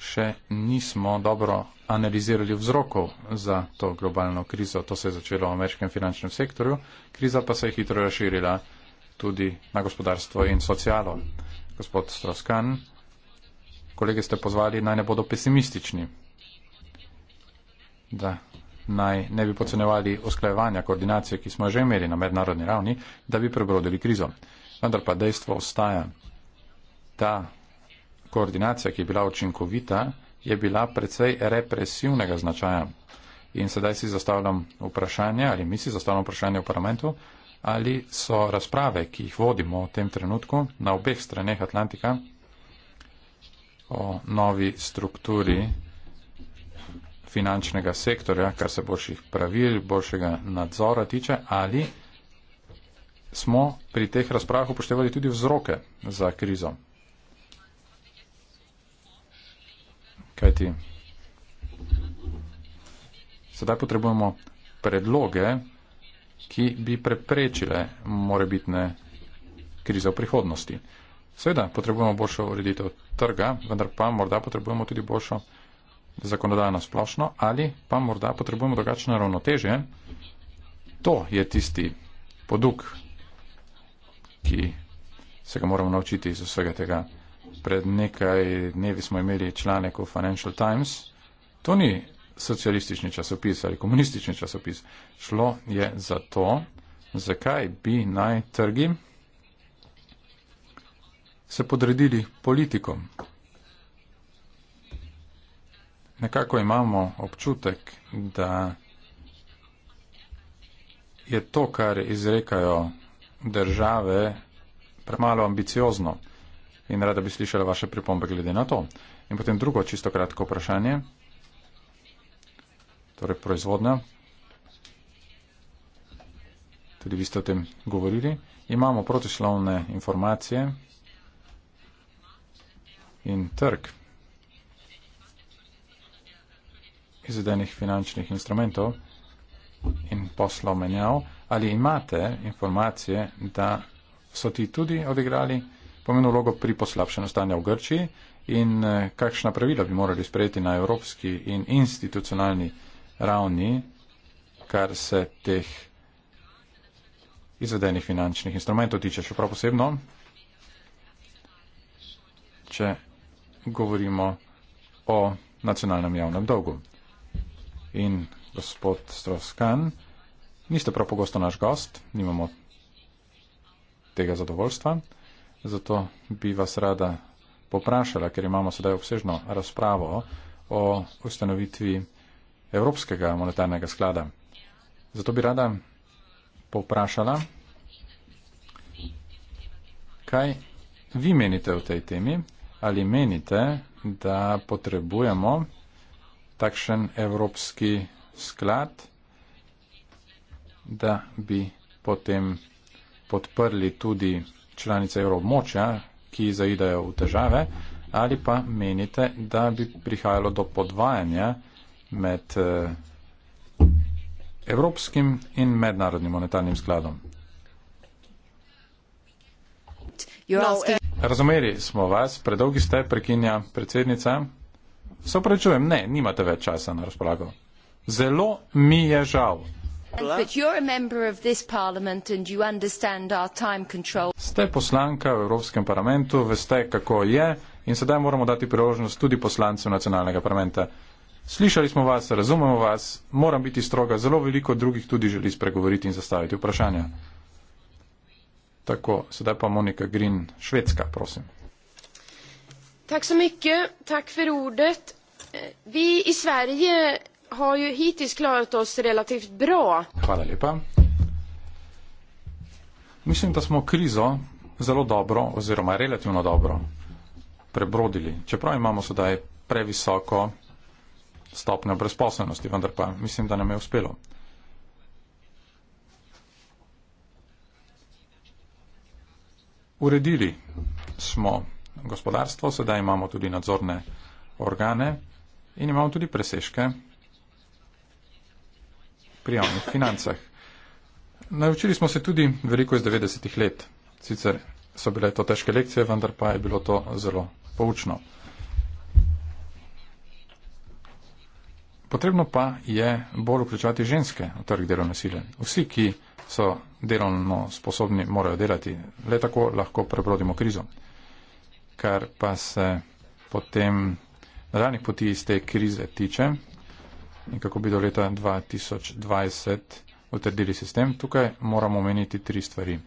še nismo dobro analizirali vzrokov za to globalno krizo. To se je začelo v ameriškem finančnem sektorju. Kriza pa se je hitro razširila tudi na gospodarstvo in socialo. Gospod Stroskan, kolege ste pozvali, naj ne bodo pesimistični. Da, naj ne bi pocenevali osklajevanja koordinacije, ki smo že imeli na mednarodni ravni, da bi prebrodili krizo. Vendar pa dejstvo ostaja. Ta koordinacija, ki je bila učinkovita, je bila precej represivnega značaja. In sedaj si zastavljam vprašanje, ali mi si zastavljamo vprašanje v parlamentu, ali so razprave, ki jih vodimo v tem trenutku na obeh straneh Atlantika o novi strukturi finančnega sektorja, kar se boljših pravil, boljšega nadzora tiče, ali smo pri teh razpravah upoštevali tudi vzroke za krizo. Kaj ti? Sedaj potrebujemo predloge, ki bi preprečile morebitne krize v prihodnosti. Seveda potrebujemo boljšo ureditev trga, vendar pa morda potrebujemo tudi boljšo zakonodajno splošno ali pa morda potrebujemo drugačne ravnotežje. To je tisti poduk, ki se ga moramo naučiti iz vsega tega. Pred nekaj dnevi smo imeli članek v Financial Times. To ni socialistični časopis ali komunistični časopis. Šlo je za to, zakaj bi naj trgi se podredili politikom nekako imamo občutek, da je to, kar izrekajo države, premalo ambiciozno in rada bi slišala vaše pripombe glede na to. In potem drugo čisto kratko vprašanje, torej proizvodnja. Tudi vi ste o tem govorili. Imamo protislovne informacije in trg. izvedenih finančnih instrumentov in poslov menjav, ali imate informacije, da so ti tudi odigrali pomenu vlogo pri poslabšanju stanja v Grčiji in eh, kakšna pravila bi morali sprejeti na evropski in institucionalni ravni, kar se teh izvedenih finančnih instrumentov tiče še prav posebno, če govorimo o nacionalnem javnem dolgu in gospod Stroskan, niste prav pogosto naš gost, nimamo tega zadovoljstva, zato bi vas rada poprašala, ker imamo sedaj obsežno razpravo o ustanovitvi Evropskega monetarnega sklada. Zato bi rada poprašala, kaj vi menite o tej temi, ali menite, da potrebujemo takšen evropski sklad, da bi potem podprli tudi članice evroobmočja, ki zaidejo v težave, ali pa menite, da bi prihajalo do podvajanja med eh, Evropskim in mednarodnim monetarnim skladom. Razumeli smo vas, predolgi ste, prekinja predsednica. Se upravičujem, ne, nimate več časa na razpolago. Zelo mi je žal. Ste poslanka v Evropskem parlamentu, veste, kako je in sedaj moramo dati priložnost tudi poslancem nacionalnega parlamenta. Slišali smo vas, razumemo vas, moram biti stroga, zelo veliko drugih tudi želi spregovoriti in zastaviti vprašanja. Tako, sedaj pa Monika Green, Švedska, prosim. Tack så mycket. Tack för ordet. Eh, vi i Sverige har ju hittills klarat oss relativt bra. Hvala lepa. Mislim, da smo krizo zelo dobro oziroma relativno dobro prebrodili. Čeprav imamo sedaj previsoko stopnjo brezposobnosti, vendar pa mislim, da nam je uspelo. Uredili smo gospodarstvo, sedaj imamo tudi nadzorne organe in imamo tudi presežke pri javnih financah. Naučili smo se tudi veliko iz 90-ih let. Sicer so bile to težke lekcije, vendar pa je bilo to zelo poučno. Potrebno pa je bolj vključevati ženske v trg delovne sile. Vsi, ki so delovno sposobni, morajo delati. Le tako lahko prebrodimo krizo kar pa se potem nadaljnih poti iz te krize tiče in kako bi do leta 2020 utrdili sistem, tukaj moramo omeniti tri stvari.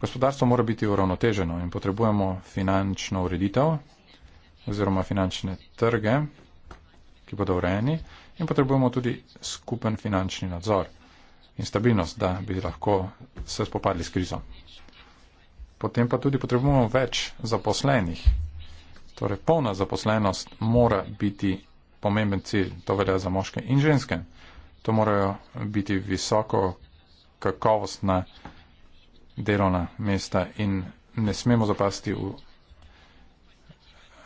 Gospodarstvo mora biti uravnoteženo in potrebujemo finančno ureditev oziroma finančne trge, ki bodo urejeni in potrebujemo tudi skupen finančni nadzor in stabilnost, da bi lahko se spopadli s krizo potem pa tudi potrebujemo več zaposlenih. Torej, polna zaposlenost mora biti pomemben cilj. To velja za moške in ženske. To morajo biti visoko kakovostna delovna mesta in ne smemo zapasti v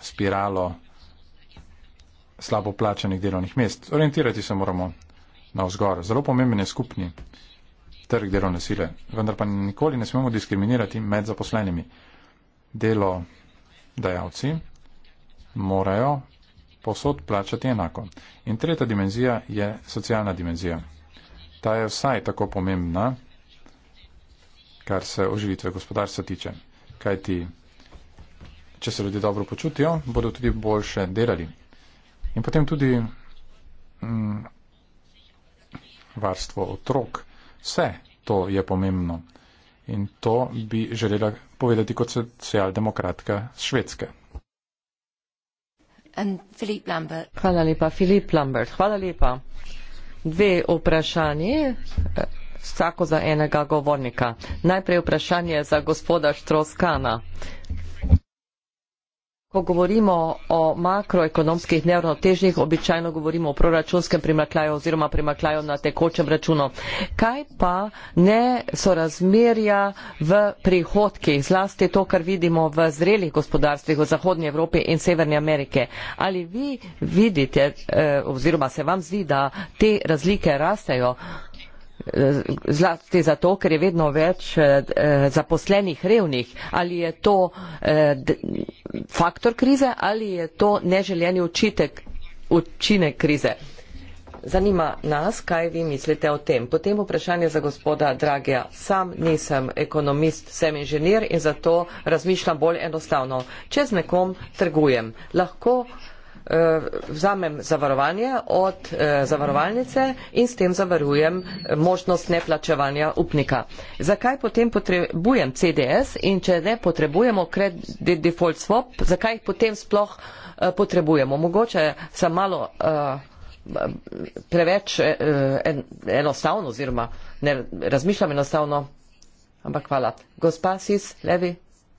spiralo slabo plačanih delovnih mest. Orientirati se moramo na vzgor. Zelo pomemben je skupni trg delovne sile. Vendar pa nikoli ne smemo diskriminirati med zaposlenimi. Delo dajalci morajo posod plačati enako. In tretja dimenzija je socialna dimenzija. Ta je vsaj tako pomembna, kar se oživitve gospodarstva tiče. Kaj ti, če se ljudje dobro počutijo, bodo tudi boljše delali. In potem tudi mm, varstvo otrok vse to je pomembno. In to bi želela povedati kot socialdemokratka z Švedske. Hvala lepa, Filip Lambert. Hvala lepa. Dve vprašanje, eh, vsako za enega govornika. Najprej vprašanje za gospoda Štroskana. Ko govorimo o makroekonomskih neravnotežjih, običajno govorimo o proračunskem primakljaju oziroma primakljaju na tekočem računu. Kaj pa ne so razmerja v prihodkih, zlasti to, kar vidimo v zrelih gospodarstvih v Zahodnji Evropi in Severni Amerike? Ali vi vidite eh, oziroma se vam zdi, da te razlike rastejo? Eh, zlasti zato, ker je vedno več eh, zaposlenih revnih. Ali je to eh, faktor krize ali je to neželjeni učitek, učinek krize? Zanima nas, kaj vi mislite o tem. Potem vprašanje za gospoda Dragija. Sam nisem ekonomist, sem inženir in zato razmišljam bolj enostavno. Če z nekom trgujem, lahko Eh, vzamem zavarovanje od eh, zavarovalnice in s tem zavarujem eh, možnost neplačevanja upnika. Zakaj potem potrebujem CDS in če ne potrebujemo credit default swap, zakaj jih potem sploh potrebujemo? Mogoče sem malo preveč enostavno oziroma ne razmišljam enostavno, ampak hvala. Gospa Sis, Levi,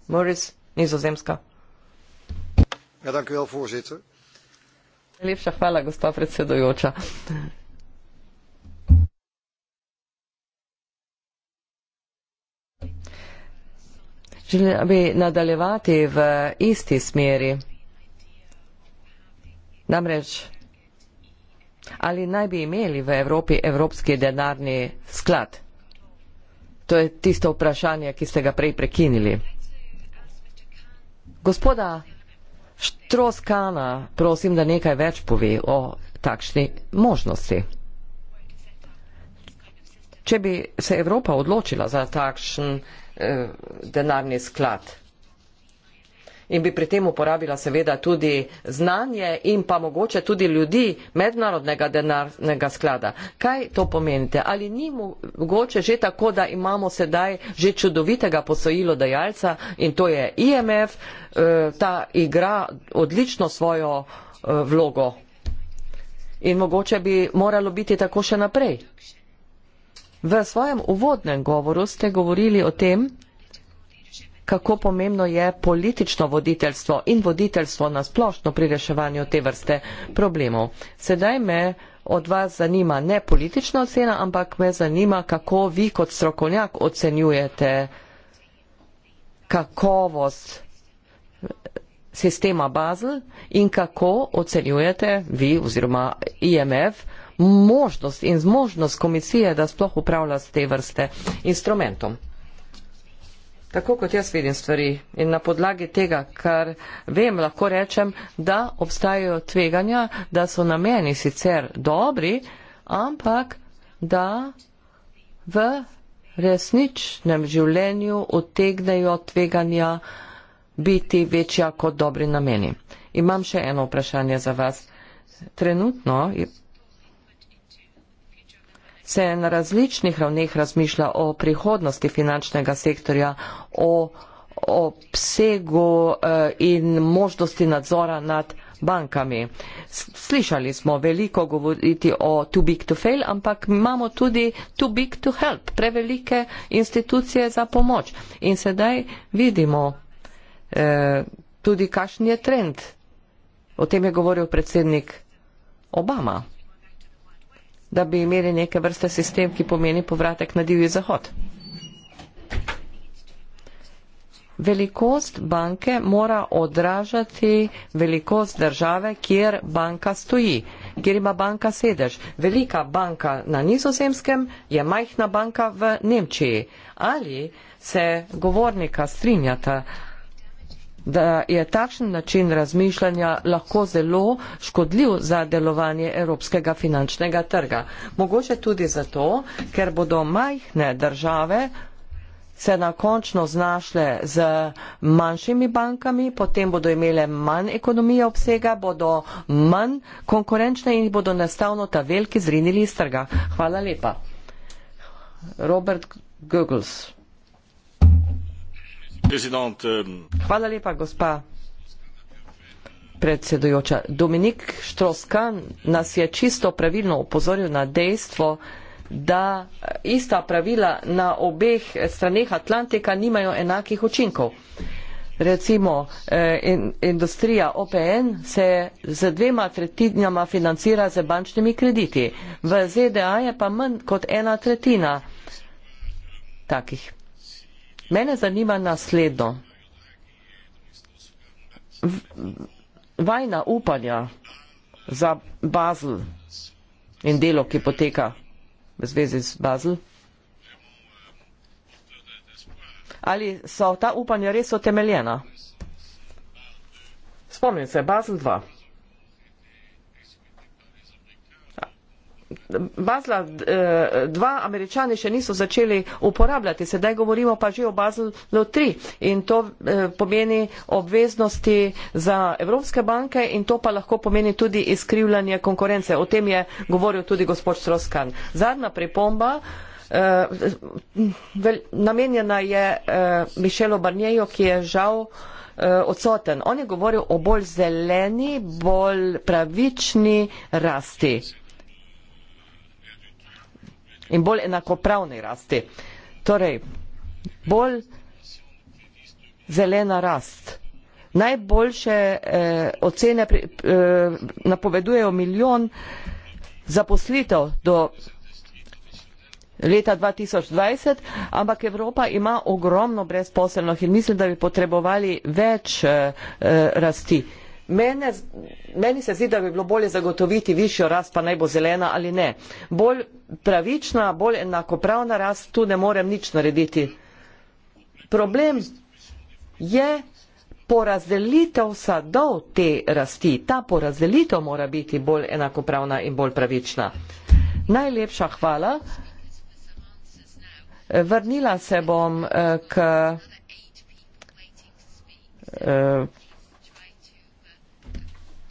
Morris, Nizozemska. Ja, dank u wel, voorzitter. Najlepša hvala, gospa predsedojoča. Želim bi nadaljevati v isti smeri. Namreč, ali naj bi imeli v Evropi evropski denarni sklad? To je tisto vprašanje, ki ste ga prej prekinili. Gospoda Štroskana, prosim, da nekaj več pove o takšni možnosti. Če bi se Evropa odločila za takšen eh, denarni sklad, in bi pri tem uporabila seveda tudi znanje in pa mogoče tudi ljudi mednarodnega denarnega sklada. Kaj to pomenite? Ali ni mogoče že tako, da imamo sedaj že čudovitega posojilo dejalca in to je IMF, eh, ta igra odlično svojo eh, vlogo in mogoče bi moralo biti tako še naprej? V svojem uvodnem govoru ste govorili o tem, kako pomembno je politično voditeljstvo in voditeljstvo na splošno pri reševanju te vrste problemov. Sedaj me od vas zanima ne politična ocena, ampak me zanima, kako vi kot strokovnjak ocenjujete kakovost sistema Basel in kako ocenjujete vi oziroma IMF možnost in zmožnost komisije, da sploh upravlja s te vrste instrumentom. Tako kot jaz vidim stvari in na podlagi tega, kar vem, lahko rečem, da obstajajo tveganja, da so nameni sicer dobri, ampak da v resničnem življenju utegnejo tveganja biti večja kot dobri nameni. Imam še eno vprašanje za vas. Trenutno se na različnih ravneh razmišlja o prihodnosti finančnega sektorja, o obsegu eh, in možnosti nadzora nad bankami. Slišali smo veliko govoriti o too big to fail, ampak imamo tudi too big to help, prevelike institucije za pomoč. In sedaj vidimo eh, tudi, kakšen je trend. O tem je govoril predsednik Obama da bi imeli neke vrste sistem, ki pomeni povratek na divji zahod. Velikost banke mora odražati velikost države, kjer banka stoji, kjer ima banka sedež. Velika banka na nizozemskem je majhna banka v Nemčiji. Ali se govornika strinjata? da je takšen način razmišljanja lahko zelo škodljiv za delovanje evropskega finančnega trga. Mogoče tudi zato, ker bodo majhne države se nakončno znašle z manjšimi bankami, potem bodo imele manj ekonomije obsega, bodo manj konkurenčne in bodo nastavno ta veliki zrinili iz trga. Hvala lepa. Robert Goggles. Ehm, Hvala lepa, gospa predsedujoča. Dominik Štroskan nas je čisto pravilno upozoril na dejstvo, da ista pravila na obeh straneh Atlantika nimajo enakih učinkov. Recimo, eh, in, industrija OPN se z dvema tretjinama financira z bančnimi krediti. V ZDA je pa manj kot ena tretjina takih. Mene zanima nasledno. Vajna upanja za Bazl in delo, ki poteka v zvezi z Bazl. Ali so ta upanja res otemeljena? Spomnim se, Bazl 2. Bazla 2 eh, američani še niso začeli uporabljati, sedaj govorimo pa že o Bazlu 3 in to eh, pomeni obveznosti za evropske banke in to pa lahko pomeni tudi izkrivljanje konkurence. O tem je govoril tudi gospod Stroskan. Zadnja pripomba. Eh, namenjena je Mišelu Barnjeju, ki je žal odsoten. On je govoril o bolj zeleni, bolj pravični rasti in bolj enakopravni rasti. Torej, bolj zelena rast. Najboljše eh, ocene pri, eh, napovedujejo milijon zaposlitev do leta 2020, ampak Evropa ima ogromno brezposelnih in mislim, da bi potrebovali več eh, eh, rasti. Mene, meni se zdi, da bi bilo bolje zagotoviti višjo rast, pa naj bo zelena ali ne. Bolj pravična, bolj enakopravna rast, tu ne morem nič narediti. Problem je porazdelitev sadov te rasti. Ta porazdelitev mora biti bolj enakopravna in bolj pravična. Najlepša hvala. Vrnila se bom eh, k. Eh,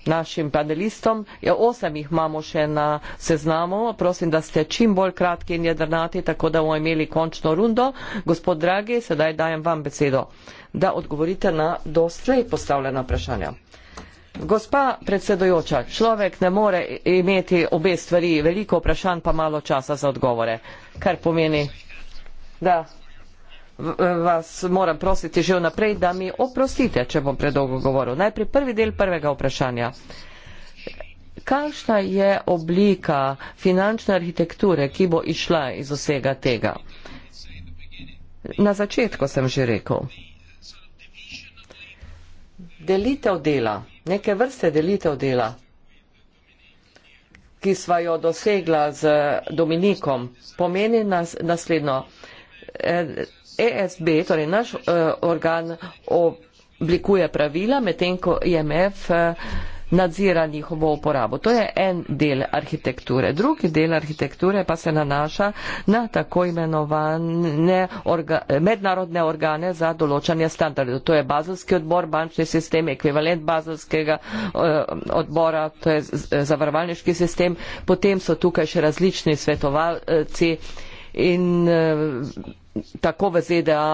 našim panelistom. Ja, osem jih imamo še na seznamu. Prosim, da ste čim bolj kratki in jedrnati, tako da bomo imeli končno rundo. Gospod Dragi, sedaj dajem vam besedo, da odgovorite na doslej postavljena vprašanja. Gospa predsedojoča, človek ne more imeti obe stvari, veliko vprašanj pa malo časa za odgovore, kar pomeni, da vas moram prositi že vnaprej, da mi oprostite, če bom predolgo govoril. Najprej prvi del prvega vprašanja. Kakšna je oblika finančne arhitekture, ki bo išla iz vsega tega? Na začetku sem že rekel. Delitev dela, neke vrste delitev dela, ki sva jo dosegla z Dominikom, pomeni nas, naslednjo. Eh, ESB, torej naš uh, organ, oblikuje pravila, medtem ko IMF uh, eh, nadzira njihovo uporabo. To je en del arhitekture. Drugi del arhitekture pa se nanaša na tako imenovane orga, mednarodne organe za določanje standardov. To je bazalski odbor, bančni sistem, ekvivalent bazalskega uh, eh, odbora, to je zavarovalniški sistem. Potem so tukaj še različni svetovalci in. Uh, tako v ZDA,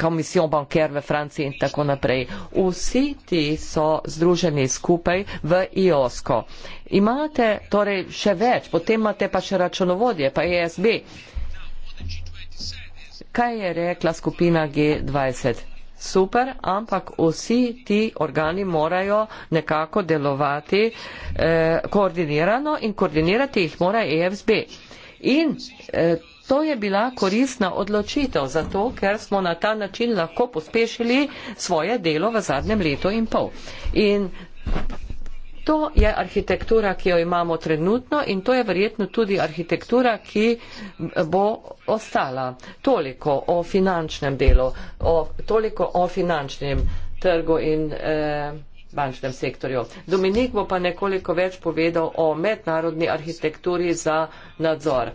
komisijo eh, banker v Franciji in tako naprej. Vsi ti so združeni skupaj v IOSKO. Imate torej še več, potem imate pa še računovodje, pa ESB. Kaj je rekla skupina G20? Super, ampak vsi ti organi morajo nekako delovati eh, koordinirano in koordinirati jih mora ESB. In eh, to je bila koristna odločitev, zato ker smo na ta način lahko pospešili svoje delo v zadnjem letu in pol. In To je arhitektura, ki jo imamo trenutno in to je verjetno tudi arhitektura, ki bo ostala. Toliko o finančnem delu, o, toliko o finančnem trgu in eh, bančnem sektorju. Dominik bo pa nekoliko več povedal o mednarodni arhitekturi za nadzor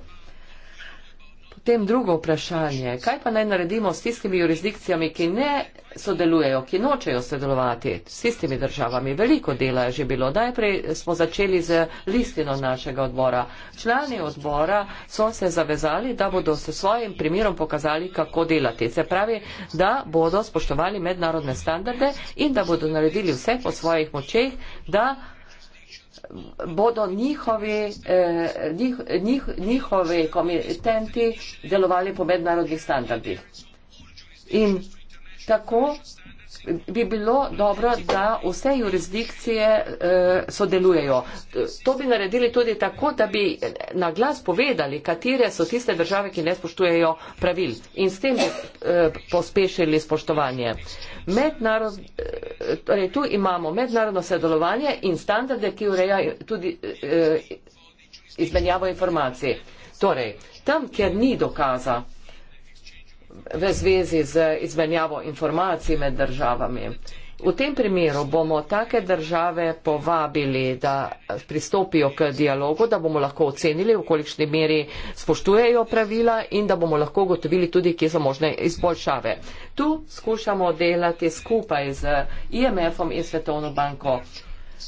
potem drugo vprašanje. Kaj pa naj naredimo s tistimi jurisdikcijami, ki ne sodelujejo, ki nočejo sodelovati s tistimi državami? Veliko dela je že bilo. Najprej smo začeli z listino našega odbora. Člani odbora so se zavezali, da bodo s svojim primerom pokazali, kako delati. Se pravi, da bodo spoštovali mednarodne standarde in da bodo naredili vse po svojih močeh, da bodo njihovi, eh, njih, njihovi komitenti delovali po mednarodnih standardih. In tako bi bilo dobro, da vse jurisdikcije eh, sodelujejo. To bi naredili tudi tako, da bi na glas povedali, katere so tiste države, ki ne spoštujejo pravil in s tem bi eh, pospešili spoštovanje. Mednarod, eh, torej, tu imamo mednarodno sodelovanje in standarde, ki urejajo tudi izmenjavo informacij. Torej, tam, kjer ni dokaza, v zvezi z izmenjavo informacij med državami. V tem primeru bomo take države povabili, da pristopijo k dialogu, da bomo lahko ocenili, v kolikšni meri spoštujejo pravila in da bomo lahko gotovili tudi, kje so možne izboljšave. Tu skušamo delati skupaj z IMF-om in Svetovno banko.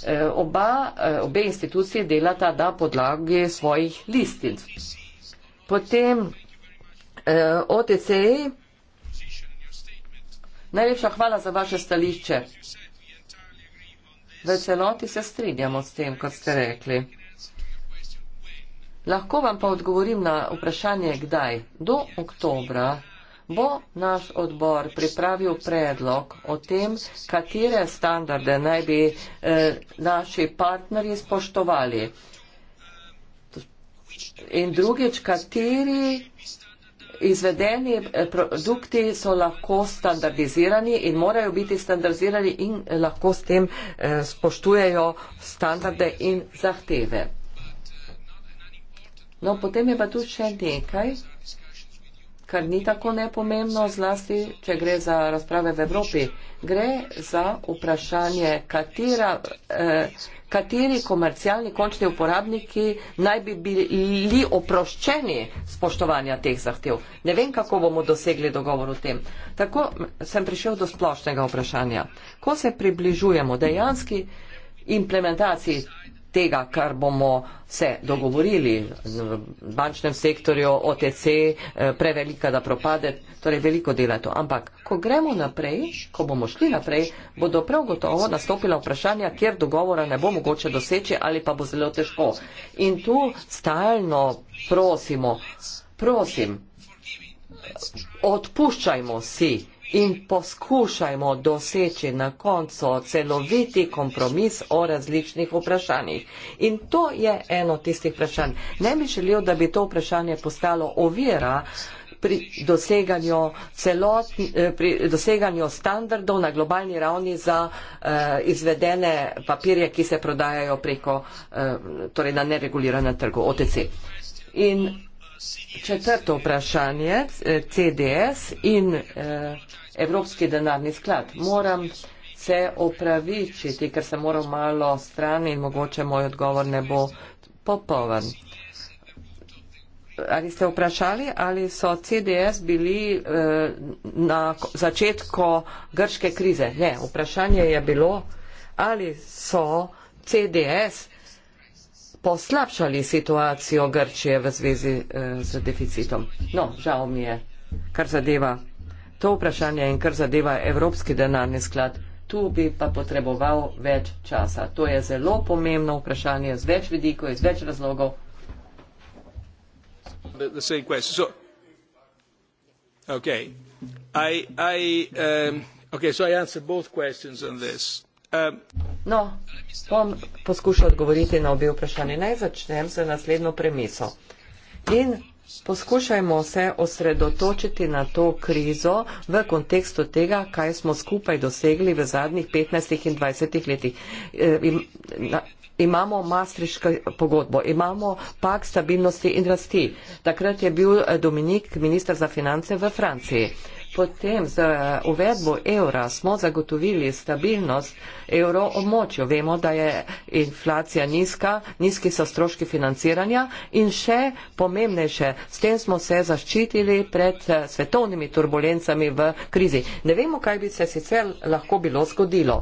Eh, oba, eh, obe institucije delata na podlagi svojih listin. Potem eh, OTC. Najlepša hvala za vaše stališče. V celoti se strinjamo s tem, kot ste rekli. Lahko vam pa odgovorim na vprašanje, kdaj. Do oktobra bo naš odbor pripravil predlog o tem, katere standarde naj bi eh, naši partnerji spoštovali. In drugič, kateri izvedeni eh, produkti so lahko standardizirani in morajo biti standardizirani in lahko s tem eh, spoštujejo standarde in zahteve. No, potem je pa tu še nekaj, kar ni tako nepomembno, zlasti, če gre za razprave v Evropi. Gre za vprašanje, katera. Eh, kateri komercialni končni uporabniki naj bi bili oproščeni spoštovanja teh zahtev. Ne vem, kako bomo dosegli dogovor o tem. Tako sem prišel do splošnega vprašanja. Ko se približujemo dejanski implementaciji tega, kar bomo se dogovorili z bančnem sektorju, OTC, eh, prevelika, da propade, torej veliko dela to. Ampak, ko gremo naprej, ko bomo šli naprej, bodo prav gotovo nastopila vprašanja, kjer dogovora ne bo mogoče doseči ali pa bo zelo težko. In tu stalno prosimo, prosim, odpuščajmo si in poskušajmo doseči na koncu celoviti kompromis o različnih vprašanjih. In to je eno tistih vprašanj. Ne bi želel, da bi to vprašanje postalo ovira pri doseganju, celot, eh, pri doseganju standardov na globalni ravni za eh, izvedene papirje, ki se prodajajo preko, eh, torej na nereguliranem trgu OTC. In četrto vprašanje, CDS in. Eh, Evropski denarni sklad. Moram se opravičiti, ker sem moral malo stran in mogoče moj odgovor ne bo popoln. Ali ste vprašali, ali so CDS bili eh, na začetku grške krize? Ne, vprašanje je bilo, ali so CDS poslabšali situacijo Grčije v zvezi eh, z deficitom. No, žal mi je, kar zadeva To vprašanje in kar zadeva Evropski denarni sklad, tu bi pa potreboval več časa. To je zelo pomembno vprašanje z več vidikov, iz več razlogov. Um, um, no, bom poskušal odgovoriti na obe vprašanje. Naj začnem z naslednjo premiso. In Poskušajmo se osredotočiti na to krizo v kontekstu tega, kaj smo skupaj dosegli v zadnjih 15 in 20 letih. E, imamo mastriško pogodbo, imamo pak stabilnosti in rasti. Takrat je bil e, Dominik, minister za finance v Franciji. Potem z eh, uvedbo evra smo zagotovili stabilnost evro območju. Vemo, da je inflacija nizka, nizki so stroški financiranja in še pomembnejše, s tem smo se zaščitili pred eh, svetovnimi turbulencami v krizi. Ne vemo, kaj bi se sicer lahko bilo zgodilo.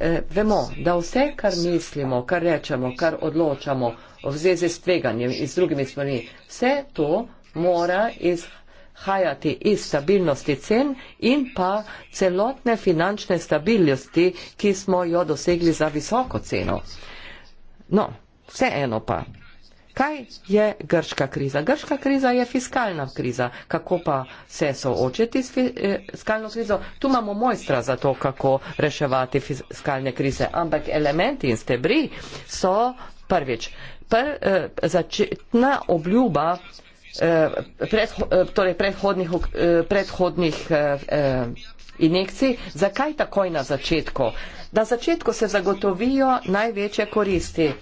Eh, vemo, da vse, kar mislimo, kar rečemo, kar odločamo v zvezi s tveganjem in z drugimi stvarmi, vse to mora iz hajati iz stabilnosti cen in pa celotne finančne stabilnosti, ki smo jo dosegli za visoko ceno. No, vseeno pa. Kaj je grška kriza? Grška kriza je fiskalna kriza. Kako pa se soočiti s eh, fiskalno krizo? Tu imamo mojstra za to, kako reševati fiskalne krize. Ampak elementi in stebri so prvič. Prv, eh, začetna obljuba Eh, predho, eh, torej predhodnih, eh, predhodnih injekcij. Zakaj takoj na začetku? Na začetku se zagotovijo največje koristi.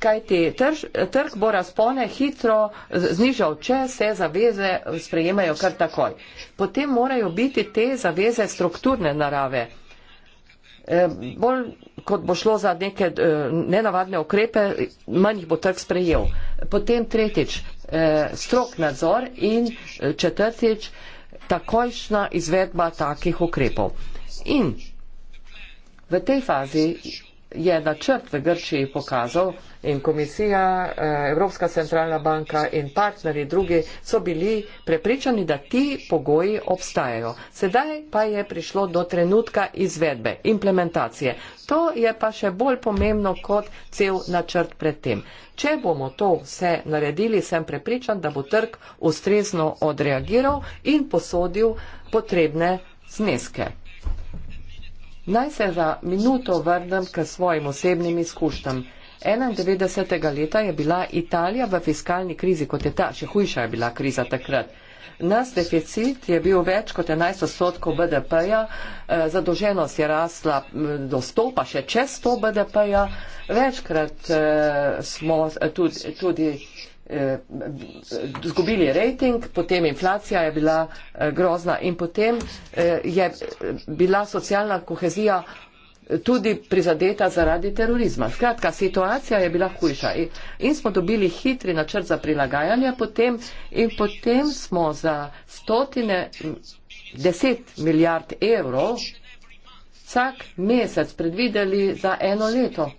Kajti trž, trg bo razpone hitro znižal, če se zaveze sprejemajo kar takoj. Potem morajo biti te zaveze strukturne narave. E, bolj kot bo šlo za neke e, nenavadne okrepe, manj jih bo trg sprejel. Potem tretjič, eh, strok nadzor in eh, četrtič takojšna izvedba takih ukrepov. In v tej fazi je načrt v Grčiji pokazal in komisija, eh, Evropska centralna banka in partnerji drugi so bili prepričani, da ti pogoji obstajajo. Sedaj pa je prišlo do trenutka izvedbe, implementacije. To je pa še bolj pomembno kot cel načrt predtem. Če bomo to vse naredili, sem prepričan, da bo trg ustrezno odreagiral in posodil potrebne zneske. Naj se za minuto vrnem k svojim osebnim izkušnjam. 91. leta je bila Italija v fiskalni krizi, kot je ta, še hujša je bila kriza takrat. Nas deficit je bil več kot 11 odstotkov BDP-ja, eh, zadolženost je rasla mm, do 100, pa še čez 100 BDP-ja, večkrat eh, smo tudi, tudi Eh, izgubili eh, rejting, potem inflacija je bila eh, grozna in potem eh, je eh, bila socialna kohezija eh, tudi prizadeta zaradi terorizma. Skratka, situacija je bila hujša in, in smo dobili hitri načrt za prilagajanje potem in potem smo za stotine deset milijard evrov vsak mesec predvideli za eno leto.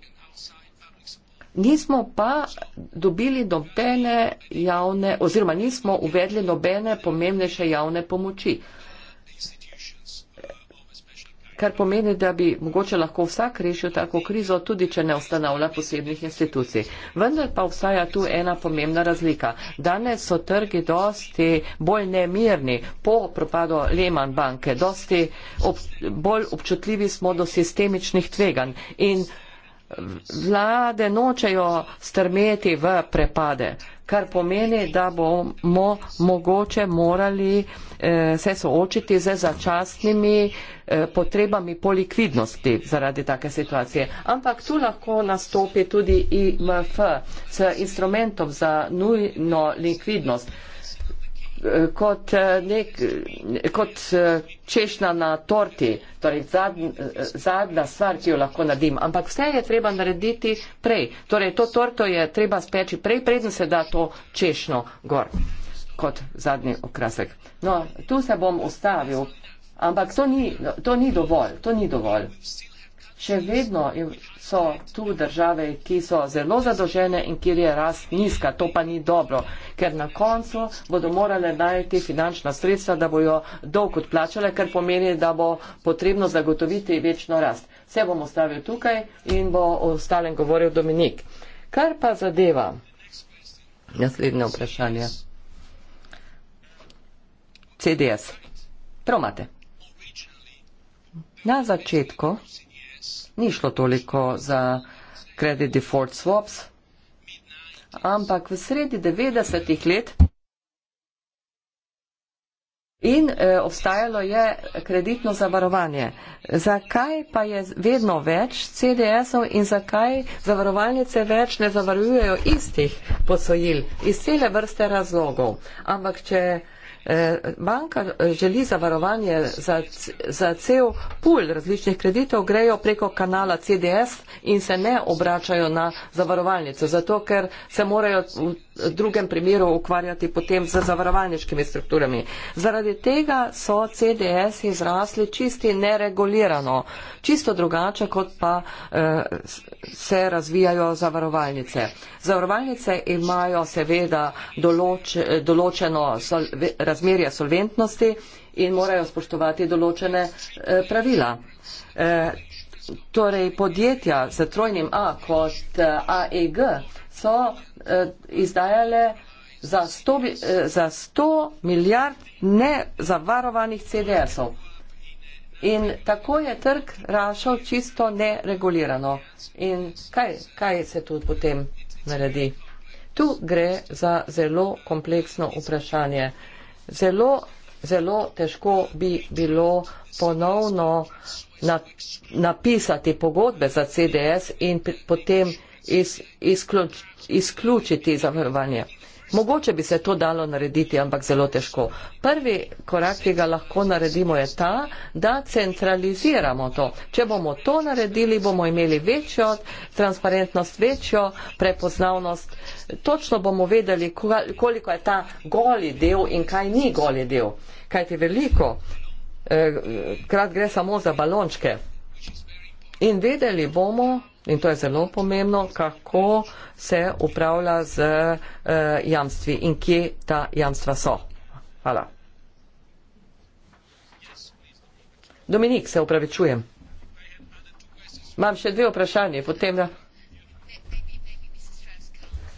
Nismo pa dobili nobene javne oziroma nismo uvedli nobene pomembnejše javne pomoči. Kar pomeni, da bi mogoče lahko vsak rešil tako krizo, tudi če ne ustanavlja posebnih institucij. Vendar pa obstaja tu ena pomembna razlika. Danes so trgi dosti bolj nemirni po propado Lehman banke, dosti ob, bolj občutljivi smo do sistemičnih tveganj vlade nočejo strmeti v prepade, kar pomeni, da bomo mogoče morali eh, se soočiti z začasnimi eh, potrebami po likvidnosti zaradi take situacije. Ampak tu lahko nastopi tudi IMF s instrumentom za nujno likvidnost kot, eh, nek, eh, kot eh, češna na torti, torej zadnja, zadnja stvar, ki jo lahko naredim. Ampak vse je treba narediti prej. Torej, to torto je treba speči prej, preden se da to češno gor kot zadnji okrasek. No, tu se bom ustavil, ampak to ni, no, to ni dovolj. To ni dovolj. Še vedno so tu države, ki so zelo zadožene in kjer je rast nizka. To pa ni dobro, ker na koncu bodo morale najti finančna sredstva, da bojo dolg odplačale, ker pomeni, da bo potrebno zagotoviti večno rast. Vse bom ostavil tukaj in bo ostalen govoril Dominik. Kar pa zadeva naslednje vprašanje. CDS. Promate. Na začetku ni šlo toliko za credit default swaps, ampak v sredi 90-ih let in eh, obstajalo je kreditno zavarovanje. Zakaj pa je vedno več CDS-ov in zakaj zavarovalnice več ne zavarujejo istih posojil? Iz cele vrste razlogov. Ampak če eh, Eh, banka eh, želi zavarovanje za, za cel pul različnih kreditov, grejo preko kanala CDS in se ne obračajo na zavarovalnico, zato ker se morajo v drugem primeru ukvarjati potem z zavarovalniškimi strukturami. Zaradi tega so CDS izrasli čisti neregulirano, čisto drugače kot pa eh, se razvijajo zavarovalnice. Zavarovalnice imajo seveda določ, določeno sol, razmerje solventnosti in morajo spoštovati določene eh, pravila. Eh, torej podjetja z trojnim A kot eh, AEG so eh, izdajale za 100, eh, za 100 milijard nezavarovanih CDS-ov. In tako je trg rašel čisto neregulirano. In kaj, kaj se tu potem naredi? Tu gre za zelo kompleksno vprašanje. Zelo, zelo težko bi bilo ponovno na, napisati pogodbe za CDS in potem iz, izključ, izključiti zavarovanje. Mogoče bi se to dalo narediti, ampak zelo težko. Prvi korak, ki ga lahko naredimo, je ta, da centraliziramo to. Če bomo to naredili, bomo imeli večjo transparentnost, večjo prepoznavnost. Točno bomo vedeli, koliko je ta goli del in kaj ni goli del. Kaj ti veliko, eh, krat gre samo za balončke in vedeli bomo, in to je zelo pomembno, kako se upravlja z uh, jamstvi in kje ta jamstva so. Hvala. Dominik, se upravičujem. Imam še dve vprašanje, potem da.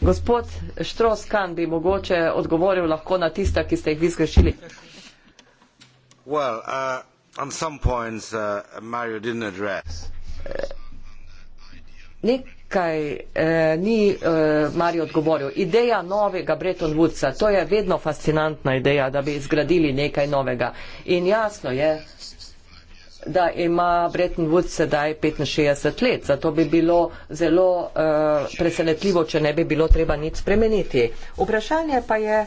Gospod Štroskan bi mogoče odgovoril lahko na tista, ki ste jih vi zgrešili. Well, uh, points, uh, nekaj eh, ni eh, Mari odgovoril. Ideja novega Bretton Woodsa, to je vedno fascinantna ideja, da bi izgradili nekaj novega. In jasno je, da ima Bretton Woods sedaj 65 let, zato bi bilo zelo eh, presenetljivo, če ne bi bilo treba nič spremeniti. Vprašanje pa je,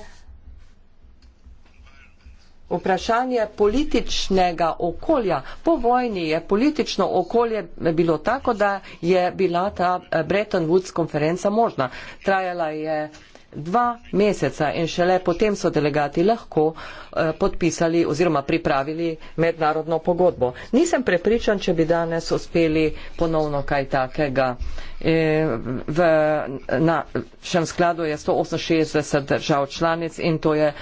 vprašanje političnega okolja. Po vojni je politično okolje bilo tako, da je bila ta eh, Bretton Woods konferenca možna. Trajala je dva meseca in šele potem so delegati lahko eh, podpisali oziroma pripravili mednarodno pogodbo. Nisem prepričan, če bi danes uspeli ponovno kaj takega. Eh, v našem skladu je 168 držav članic in to je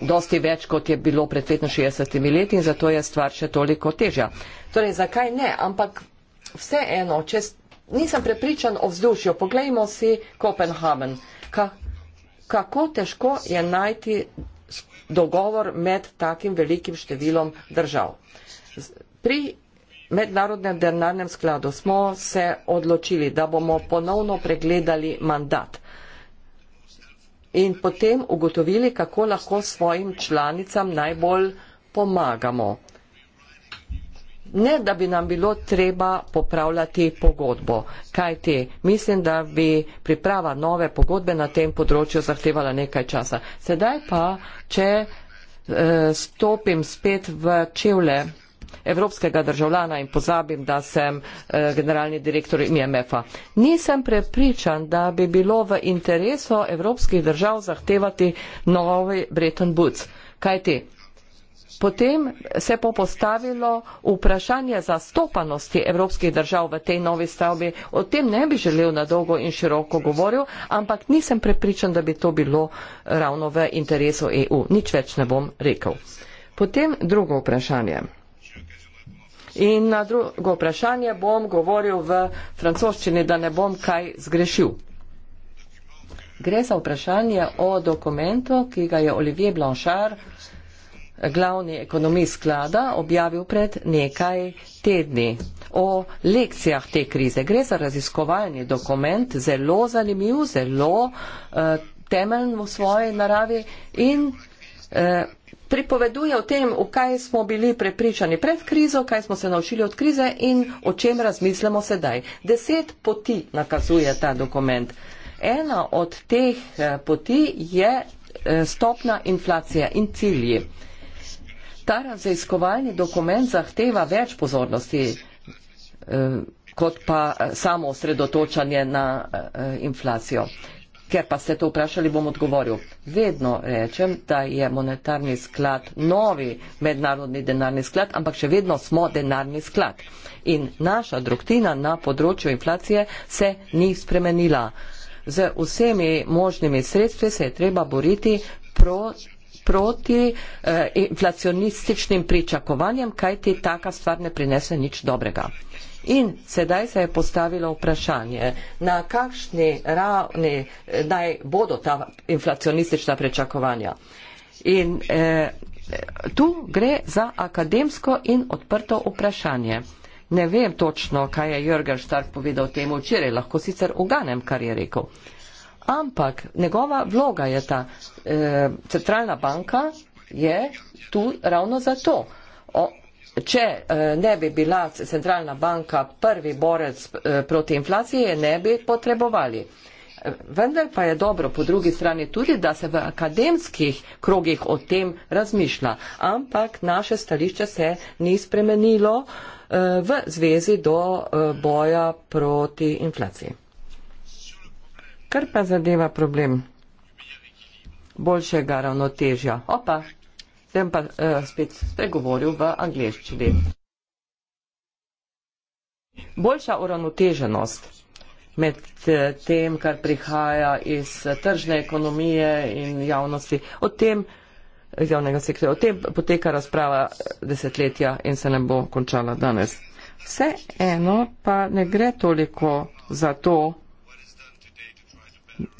dosti več, kot je bilo pred 65 leti in zato je stvar še toliko težja. Torej, zakaj ne? Ampak vse eno, če nisem prepričan o vzdušju, poglejmo si Kopenhagen. Ka, kako težko je najti dogovor med takim velikim številom držav. Pri mednarodnem denarnem skladu smo se odločili, da bomo ponovno pregledali mandat in potem ugotovili, kako lahko svojim članicam najbolj pomagamo. Ne, da bi nam bilo treba popravljati pogodbo, kajti mislim, da bi priprava nove pogodbe na tem področju zahtevala nekaj časa. Sedaj pa, če e, stopim spet v čevle evropskega državljana in pozabim, da sem eh, generalni direktor IMF-a. Nisem prepričan, da bi bilo v interesu evropskih držav zahtevati novi Bretton Woods. Kaj ti? Potem se je po postavilo vprašanje zastopanosti evropskih držav v tej novi stavbi. O tem ne bi želel na dolgo in široko govoril, ampak nisem prepričan, da bi to bilo eh, ravno v interesu EU. Nič več ne bom rekel. Potem drugo vprašanje. In na drugo vprašanje bom govoril v francoščini, da ne bom kaj zgrešil. Gre za vprašanje o dokumentu, ki ga je Olivier Blanchard, glavni ekonomist sklada, objavil pred nekaj tedni o lekcijah te krize. Gre za raziskovalni dokument, zelo zanimiv, zelo uh, eh, temeljn v svoji naravi in uh, pripoveduje o tem, v kaj smo bili prepričani pred krizo, kaj smo se naučili od krize in o čem razmislimo sedaj. Deset poti nakazuje ta dokument. Ena od teh eh, poti je eh, stopna inflacija in cilji. Ta raziskovalni dokument zahteva več pozornosti eh, kot pa samo osredotočanje na inflacijo. Ker pa ste to vprašali, bom odgovoril. Vedno rečem, da je monetarni sklad novi mednarodni denarni sklad, ampak še vedno smo denarni sklad. In naša druktina na področju inflacije se ni spremenila. Z vsemi možnimi sredstvi se je treba boriti pro proti eh, inflacionističnim pričakovanjem, kajti taka stvar ne prinese nič dobrega. In sedaj se je postavilo vprašanje, na kakšni ravni eh, naj bodo ta inflacionistična prečakovanja. In eh, tu gre za akademsko in odprto vprašanje. Ne vem točno, kaj je Jürgen Stark povedal temu včeraj, lahko sicer uganem, kar je rekel. Ampak njegova vloga je ta. Eh, centralna banka je tu ravno zato. Če eh, ne bi bila centralna banka prvi borec eh, proti inflaciji, je ne bi potrebovali. Eh, vendar pa je dobro po drugi strani tudi, da se v akademskih krogih o tem razmišlja, ampak naše stališče se ni spremenilo v zvezi do boja proti inflaciji. Kar pa zadeva problem boljšega ravnotežja. Opa, sem pa uh, spet spregovoril v angliščini. Boljša uravnoteženost med eh, tem, kar prihaja iz eh, tržne ekonomije in javnosti, o tem, javnega sektorja, o tem poteka razprava desetletja in se ne bo končala danes. Vse eno pa ne gre toliko za to,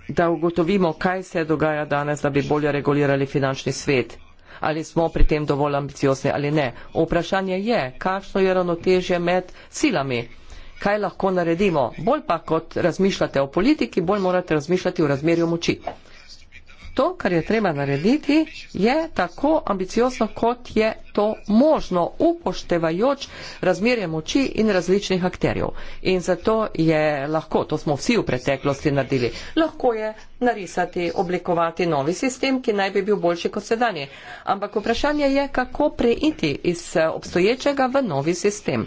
da ugotovimo, kaj se dogaja danes, da bi bolje regulirali finančni svet ali smo pri tem dovolj ambiciozni ali ne. Vprašanje je, kakšno je ravnotežje med silami. Kaj lahko naredimo? Bolj pa kot razmišljate o politiki, bolj morate razmišljati o razmerju moči. To, kar je treba narediti, je tako ambiciozno, kot je to možno, upoštevajoč razmerje moči in različnih akterjev. In zato je lahko, to smo vsi v preteklosti naredili, lahko je narisati, oblikovati novi sistem, ki naj bi bil boljši kot sedanje. Ampak vprašanje je, kako preiti iz eh, obstoječega v novi sistem.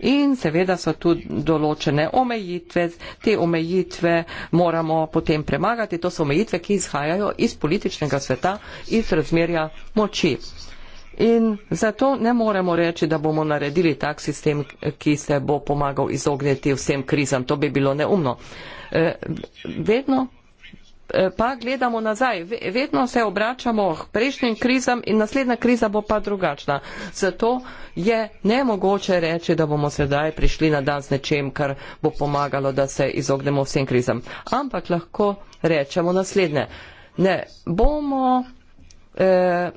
In seveda so tu določene omejitve, te omejitve moramo potem premagati, to so omejitve, ki izhajajo iz političnega sveta, iz razmerja moči. In zato ne moremo reči, da bomo naredili tak sistem, ki se bo pomagal izogniti vsem krizam. To bi bilo neumno. E, vedno Eh, pa gledamo nazaj. Vedno se obračamo k prejšnjim krizam in naslednja kriza bo pa drugačna. Zato je nemogoče reči, da bomo sedaj prišli na dan z nečem, kar bo pomagalo, da se izognemo vsem krizam. Ampak lahko rečemo naslednje. Ne bomo eh,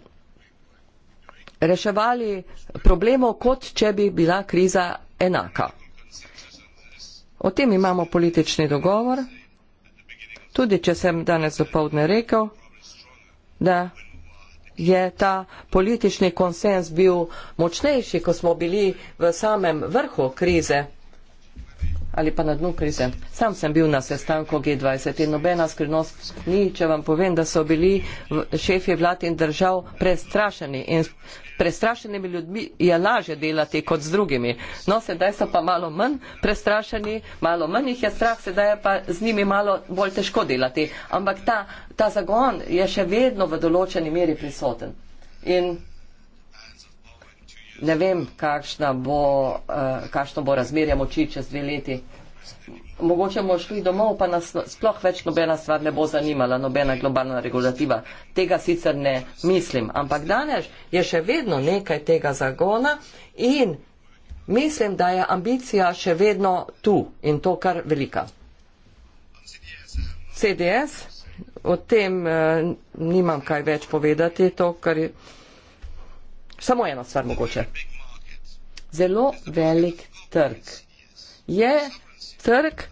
reševali problemov, kot če bi bila kriza enaka. O tem imamo politični dogovor. Tudi če sem danes dopoldne rekel, da je ta politični konsens bil močnejši, ko smo bili v samem vrhu krize ali pa na dnu krize. Sam sem bil na sestanku G20 in nobena skrivnost ni, če vam povem, da so bili šefi vlad in držav prestrašeni in prestrašenimi ljudmi je lažje delati kot z drugimi. No, sedaj so pa malo manj prestrašeni, malo manj jih je strah, sedaj je pa z njimi malo bolj težko delati. Ampak ta, ta zagon je še vedno v določeni meri prisoten. In ne vem, eh, kakšno bo, uh, bo razmerje moči čez dve leti mogoče bomo šli domov, pa nas no- sploh več nobena stvar ne bo zanimala, nobena globalna regulativa. Tega sicer ne mislim, ampak danes je še vedno nekaj tega zagona in mislim, da je ambicija še vedno tu in to kar velika. CDS, o tem eh, nimam kaj več povedati, to kar je. Samo eno stvar mogoče. Zelo velik trg. Je trg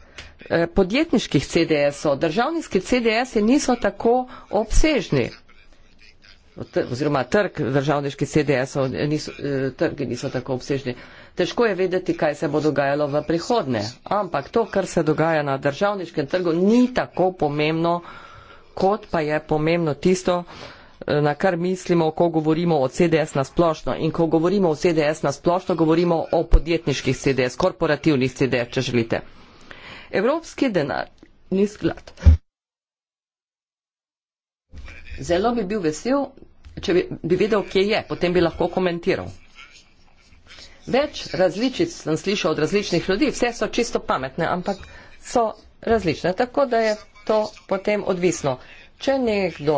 Eh, podjetniških CDS-ov. Državniški CDS-i niso tako obsežni oziroma trg državniških CDS-ov, eh, trgi niso tako obsežni. Težko je vedeti, kaj se bo dogajalo v prihodne, ampak to, kar se dogaja na državniškem trgu, ni tako pomembno, kot pa je pomembno tisto, eh, na kar mislimo, ko govorimo o CDS na splošno. In ko govorimo o CDS na splošno, govorimo o podjetniških CDS, korporativnih CDS, če želite. Evropski denar ni sklad. Zelo bi bil vesel, če bi, bi vedel, kje je, potem bi lahko komentiral. Več različic sem slišal od različnih ljudi, vse so čisto pametne, ampak so različne, tako da je to potem odvisno. Če nekdo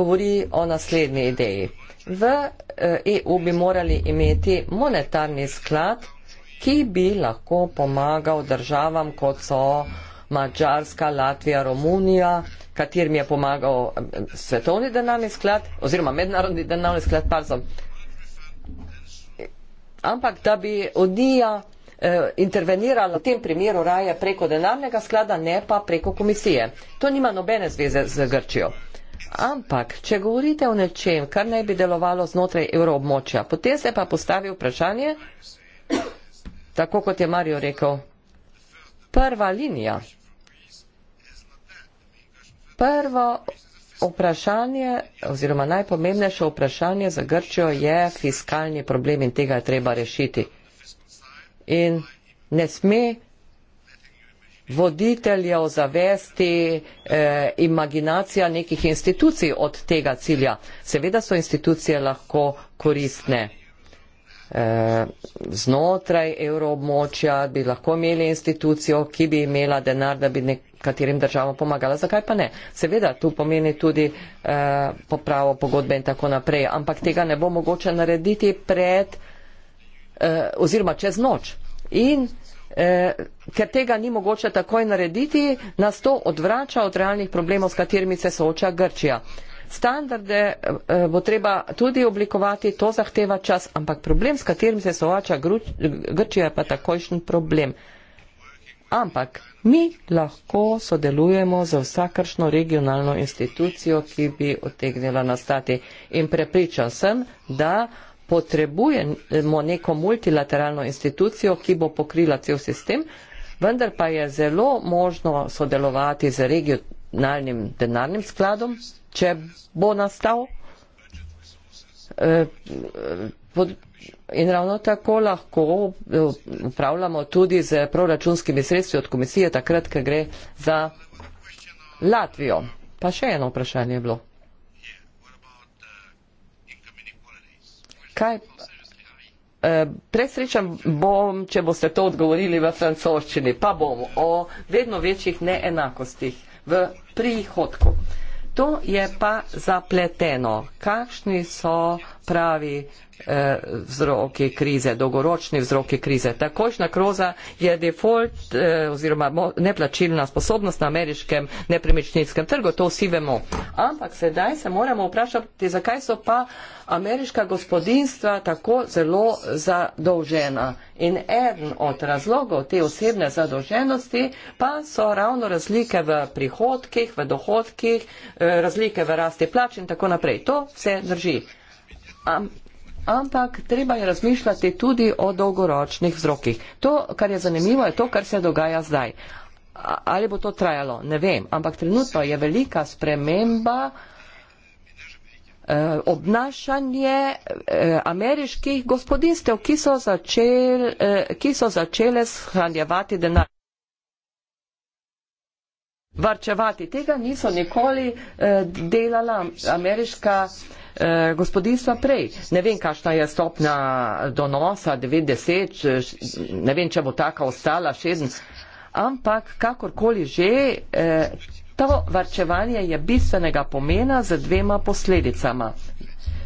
govori o naslednji ideji, v EU eh, e bi morali imeti monetarni sklad, ki bi lahko pomagal državam, kot so Mačarska, Latvija, Romunija, katerim je pomagal svetovni denarni sklad oziroma mednarodni denarni sklad. Pardon. Ampak da bi Unija eh, intervenirala v tem primeru raje preko denarnega sklada, ne pa preko komisije. To nima nobene zveze z Grčijo. Ampak, če govorite o nečem, kar naj bi delovalo znotraj evroobmočja, potem se pa postavi vprašanje, tako kot je Mario rekel, prva linija, prvo vprašanje oziroma najpomembnejše vprašanje za Grčijo je fiskalni problem in tega je treba rešiti. In ne sme voditeljev zavesti eh, imaginacija nekih institucij od tega cilja. Seveda so institucije lahko koristne eh, znotraj evroobmočja, bi lahko imeli institucijo, ki bi imela denar, da bi nekaterim državam pomagala. Zakaj pa ne? Seveda, tu pomeni tudi eh, popravo pogodbe in tako naprej, ampak tega ne bo mogoče narediti pred eh, oziroma čez noč. In eh, ker tega ni mogoče takoj narediti, nas to odvrača od realnih problemov, s katerimi se sooča Grčija. Eh, standarde eh, bo treba tudi oblikovati, to zahteva čas, ampak problem, s katerim se soča Grčija, je pa takojšen problem. Ampak mi lahko sodelujemo z vsakršno regionalno institucijo, ki bi otegnila nastati. In prepričan sem, da potrebujemo neko multilateralno institucijo, ki bo pokrila cel sistem, vendar pa je zelo možno sodelovati z regionalnim denarnim skladom če bo nastal. Eh, in ravno tako lahko eh, upravljamo tudi z proračunskimi sredstvi od komisije, takrat, ker gre za Latvijo. Pa še eno vprašanje je bilo. Kaj? Eh, presrečen bom, če boste to odgovorili v francoščini, pa bom o vedno večjih neenakostih v prihodku. To je pa zapleteno. Kakšni so pravi eh, vzroki krize, dolgoročni vzroki krize. Takošna kroza je default eh, oziroma neplačilna sposobnost na ameriškem nepremičninskem trgu, to vsi vemo. Ampak sedaj se moramo vprašati, zakaj so pa ameriška gospodinstva tako zelo zadolžena. In eden od razlogov te osebne zadolženosti pa so ravno razlike v prihodkih, v dohodkih, eh, razlike v rasti plač in tako naprej. To vse drži. Am, ampak treba je razmišljati tudi o dolgoročnih vzrokih. To, kar je zanimivo, je to, kar se dogaja zdaj. A, ali bo to trajalo, ne vem. Ampak trenutno je velika sprememba eh, obnašanje eh, ameriških gospodinstev, ki so, začel, eh, ki so začele shranjevati denar. Varčevati. Tega niso nikoli eh, delala ameriška. Eh, eh, gospodinstva prej. Ne vem, kakšna je stopna donosa 90, ne vem, če bo taka ostala 60, ampak kakorkoli že, eh, to varčevanje je bistvenega pomena z dvema posledicama.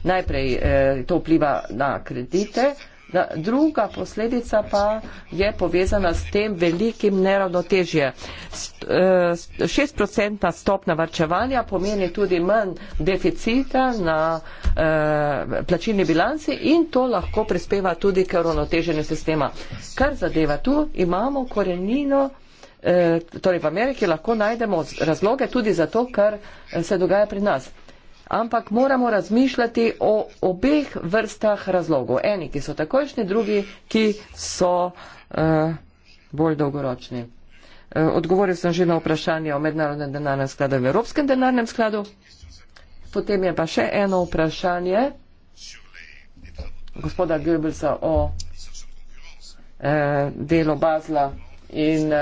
Najprej eh, to vpliva na kredite, Da, druga posledica pa je povezana s tem velikim neravnotežje. Eh, šest procentna stopna varčevanja pomeni tudi manj deficita na eh, plačilni bilanci in to lahko prispeva tudi k ravnoteženju sistema. Kar zadeva tu, imamo korenino. Eh, torej v Ameriki lahko najdemo razloge tudi za to, kar se dogaja pri nas ampak moramo razmišljati o obeh vrstah razlogov. Eni, ki so takojšnji, drugi, ki so uh, bolj dolgoročni. Uh, odgovoril sem že na vprašanje o mednarodnem denarnem skladu in Evropskem denarnem skladu. Potem je pa še eno vprašanje gospoda Goebbelsa o uh, delu Bazla in uh,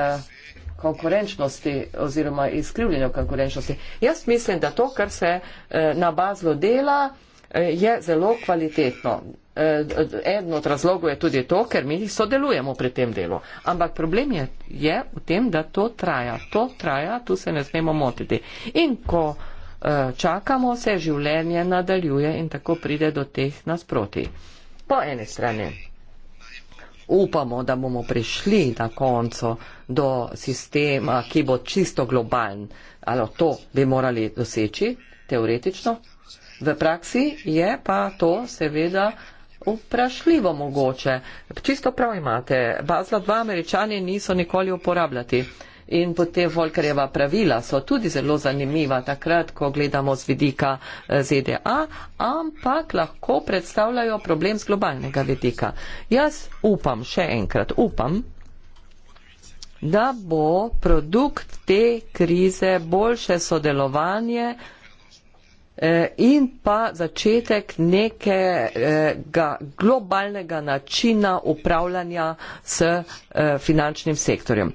konkurenčnosti oziroma izkrivljenju konkurenčnosti. Jaz mislim, da to, kar se eh, na bazlu dela, eh, je zelo kvalitetno. Eh, eden od razlogov je tudi to, ker mi sodelujemo pri tem delu. Ampak problem je, je v tem, da to traja. To traja, tu se ne smemo motiti. In ko čakamo, se življenje nadaljuje in tako pride do teh nasproti. Po eni strani upamo, da bomo prišli na koncu do sistema, ki bo čisto globalen. Ali to bi morali doseči, teoretično. V praksi je pa to seveda vprašljivo mogoče. Čisto prav imate. Bazla dva američani niso nikoli uporabljati. In potem Volkerjeva pravila so tudi zelo zanimiva takrat, ko gledamo z vidika eh, ZDA, ampak lahko predstavljajo problem z globalnega vidika. Jaz upam, še enkrat upam, da bo produkt te krize boljše sodelovanje Eh, in pa začetek nekega globalnega načina upravljanja s eh, finančnim sektorjem.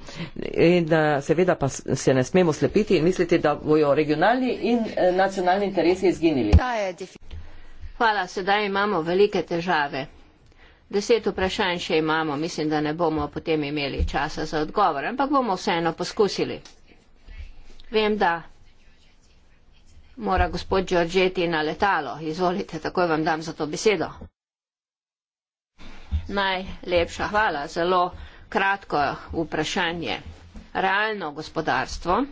In eh, seveda pa se ne smemo slepiti in misliti, da bojo regionalni in nacionalni interesi izginili. Hvala, sedaj imamo velike težave. Deset vprašanj še imamo, mislim, da ne bomo potem imeli časa za odgovor, ampak bomo vseeno poskusili. Vem, da mora gospod Giorgetti na letalo. Izvolite, takoj vam dam za to besedo. Najlepša hvala, zelo kratko vprašanje. Realno gospodarstvo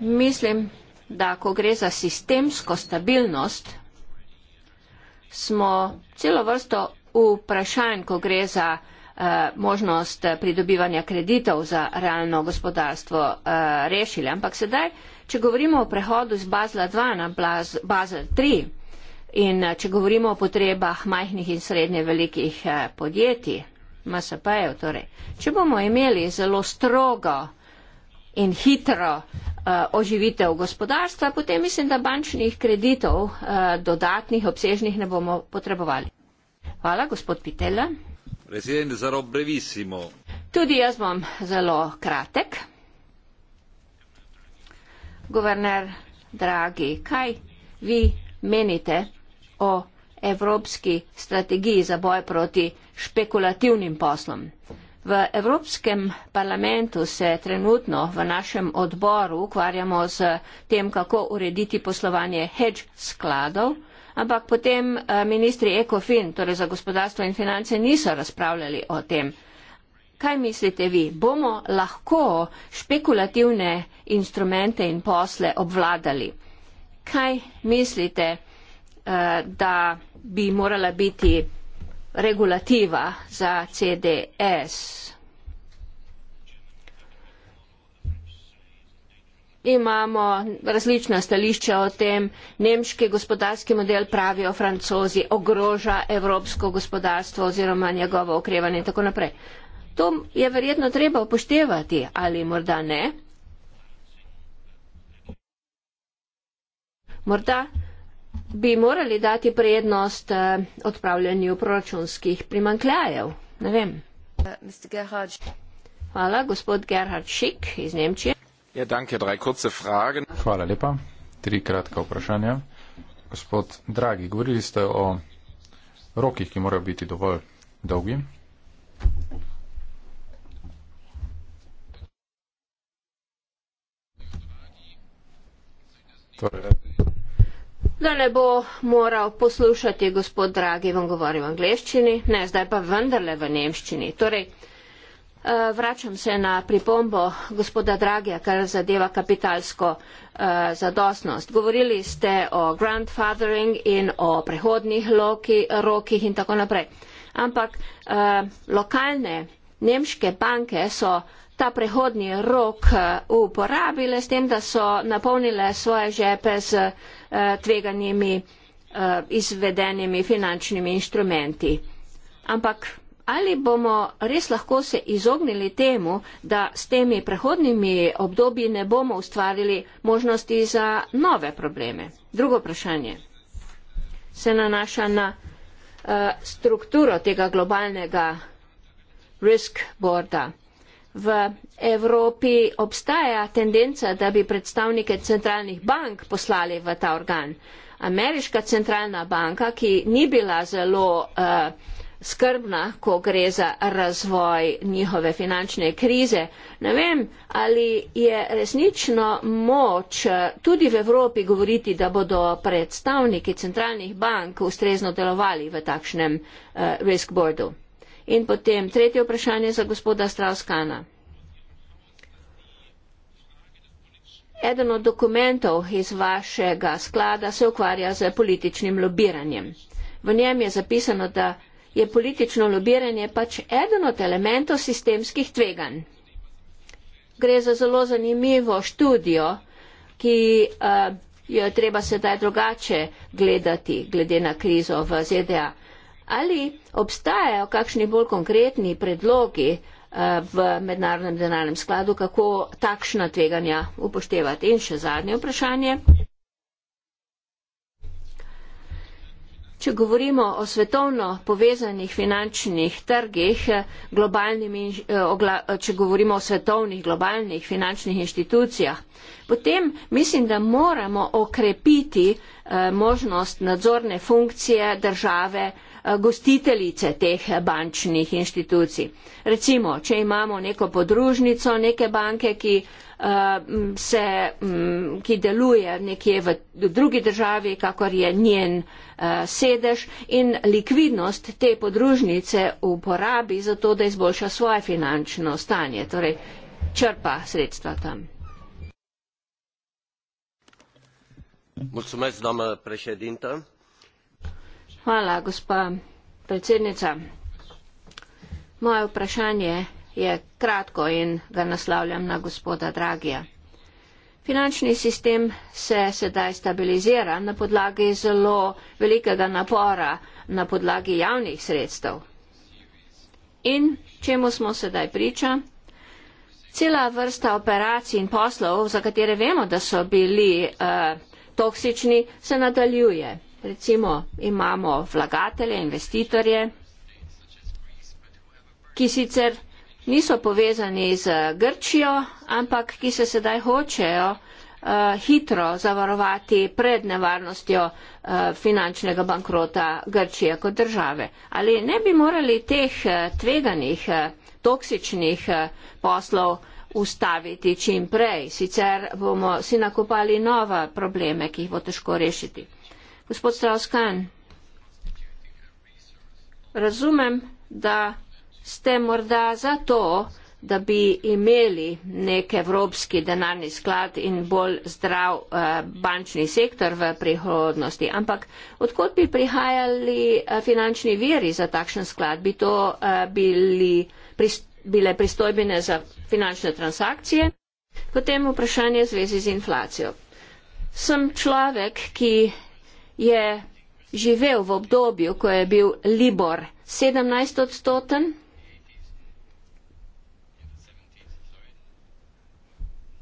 mislim, da ko gre za sistemsko stabilnost, smo celo vrsto vprašanj, ko gre za Eh, možnost pridobivanja kreditov za realno gospodarstvo eh, rešili. Ampak sedaj, če govorimo o prehodu iz Bazla 2 na Bazel 3 in eh, če govorimo o potrebah majhnih in srednje velikih podjetij, MSP-jev, torej, če bomo imeli zelo strogo in hitro oživitev gospodarstva, potem mislim, da bančnih kreditov dodatnih, obsežnih ne bomo potrebovali. Hvala, gospod Pitela tudi jaz bom zelo kratek. Guverner, dragi, kaj vi menite o evropski strategiji za boj proti špekulativnim poslom? V Evropskem parlamentu se trenutno v našem odboru ukvarjamo z tem, kako urediti poslovanje hedge skladov, ampak potem eh, ministri ECOFIN, torej za gospodarstvo in finance, niso razpravljali o tem. Kaj mislite vi? Bomo lahko špekulativne instrumente in posle obvladali? Kaj mislite, eh, da bi morala biti regulativa za CDS? imamo različna stališča o tem. Nemški gospodarski model pravijo francozi, ogroža evropsko gospodarstvo oziroma njegovo okrevanje in tako naprej. To je verjetno treba upoštevati ali morda ne. Morda bi morali dati prednost eh, odpravljanju proračunskih primankljajev. Ne vem. Eh, Hvala, gospod Gerhard Šik iz Nemčije. Ja, danke, drei kurze Fragen. Hvala lepa. Tri kratka vprašanja. Gospod Dragi, govorili ste o rokih, ki morajo biti dovolj dolgi. Torej. Da ne bo moral poslušati gospod Dragi, vam govorim v angleščini, ne zdaj pa vendarle v nemščini. Torej, Eh, vračam se na pripombo gospoda Dragija, kar zadeva kapitalsko eh, zadostnost. Govorili ste o grandfathering in o prehodnih loki, rokih in tako naprej. Ampak eh, lokalne nemške banke so ta prehodni rok uporabile s tem, da so napolnile svoje žepe z tveganimi izvedenimi finančnimi inštrumenti. Ampak ali bomo res lahko se izognili temu, da s temi prehodnimi obdobji ne bomo ustvarili možnosti za nove probleme? Drugo vprašanje se nanaša na uh, strukturo tega globalnega risk boarda. V Evropi obstaja tendenca, da bi predstavnike centralnih bank poslali v ta organ. Ameriška centralna banka, ki ni bila zelo uh, skrbna, ko gre za razvoj njihove finančne krize. Ne vem, ali je resnično moč eh, tudi v Evropi govoriti, da bodo predstavniki centralnih bank ustrezno delovali v takšnem uh, risk boardu. In potem tretje vprašanje za gospoda Strauskana. Eden od dokumentov iz vašega sklada se ukvarja z političnim lobiranjem. V njem je zapisano, da je politično lobiranje pač eden od elementov sistemskih tveganj. Gre za zelo zanimivo študijo, ki uh, jo je treba sedaj drugače gledati, glede na krizo v ZDA. Ali obstajajo kakšni bolj konkretni predlogi uh, v mednarodnem denarnem skladu, kako takšna tveganja upoštevati? In še zadnje vprašanje. Če govorimo o svetovno povezanih finančnih trgih, eh, eh, eh, če govorimo o svetovnih globalnih finančnih inštitucijah, potem mislim, da moramo okrepiti možnost nadzorne funkcije države gostiteljice teh bančnih inštitucij. Recimo, če imamo neko podružnico neke banke, ki Um, se, um, ki deluje nekje v drugi državi, kakor je njen uh, sedež in likvidnost te podružnice uporabi za to, da izboljša svoje finančno stanje, torej črpa sredstva tam. Mulțumesc, doamnă președintă. Hvala, gospa predsednica. Moje vprašanje je, je kratko in ga naslavljam na gospoda Dragija. Finančni sistem se sedaj stabilizira na podlagi zelo velikega napora, na podlagi javnih sredstev. In čemu smo sedaj priča? Cela vrsta operacij in poslov, za katere vemo, da so bili uh, toksični, se nadaljuje. Recimo imamo vlagatelje, investitorje, ki sicer niso povezani z Grčijo, ampak ki se sedaj hočejo eh, hitro zavarovati pred nevarnostjo eh, finančnega bankrota Grčije kot države. Ali ne bi morali teh eh, tveganih, toksičnih poslov ustaviti čim prej, sicer bomo si nakupali nova probleme, ki jih bo težko rešiti. Gospod Strauskan, razumem, da ste morda za to, da bi imeli nek evropski denarni sklad in bolj zdrav eh, bančni sektor v prihodnosti. Ampak odkot bi prihajali eh, finančni veri za takšen sklad? Bi to eh, bili, prist, bile pristojbine za finančne transakcije? Potem vprašanje v zvezi z inflacijo. Sem človek, ki je živel v obdobju, ko je bil Libor 17 odstoten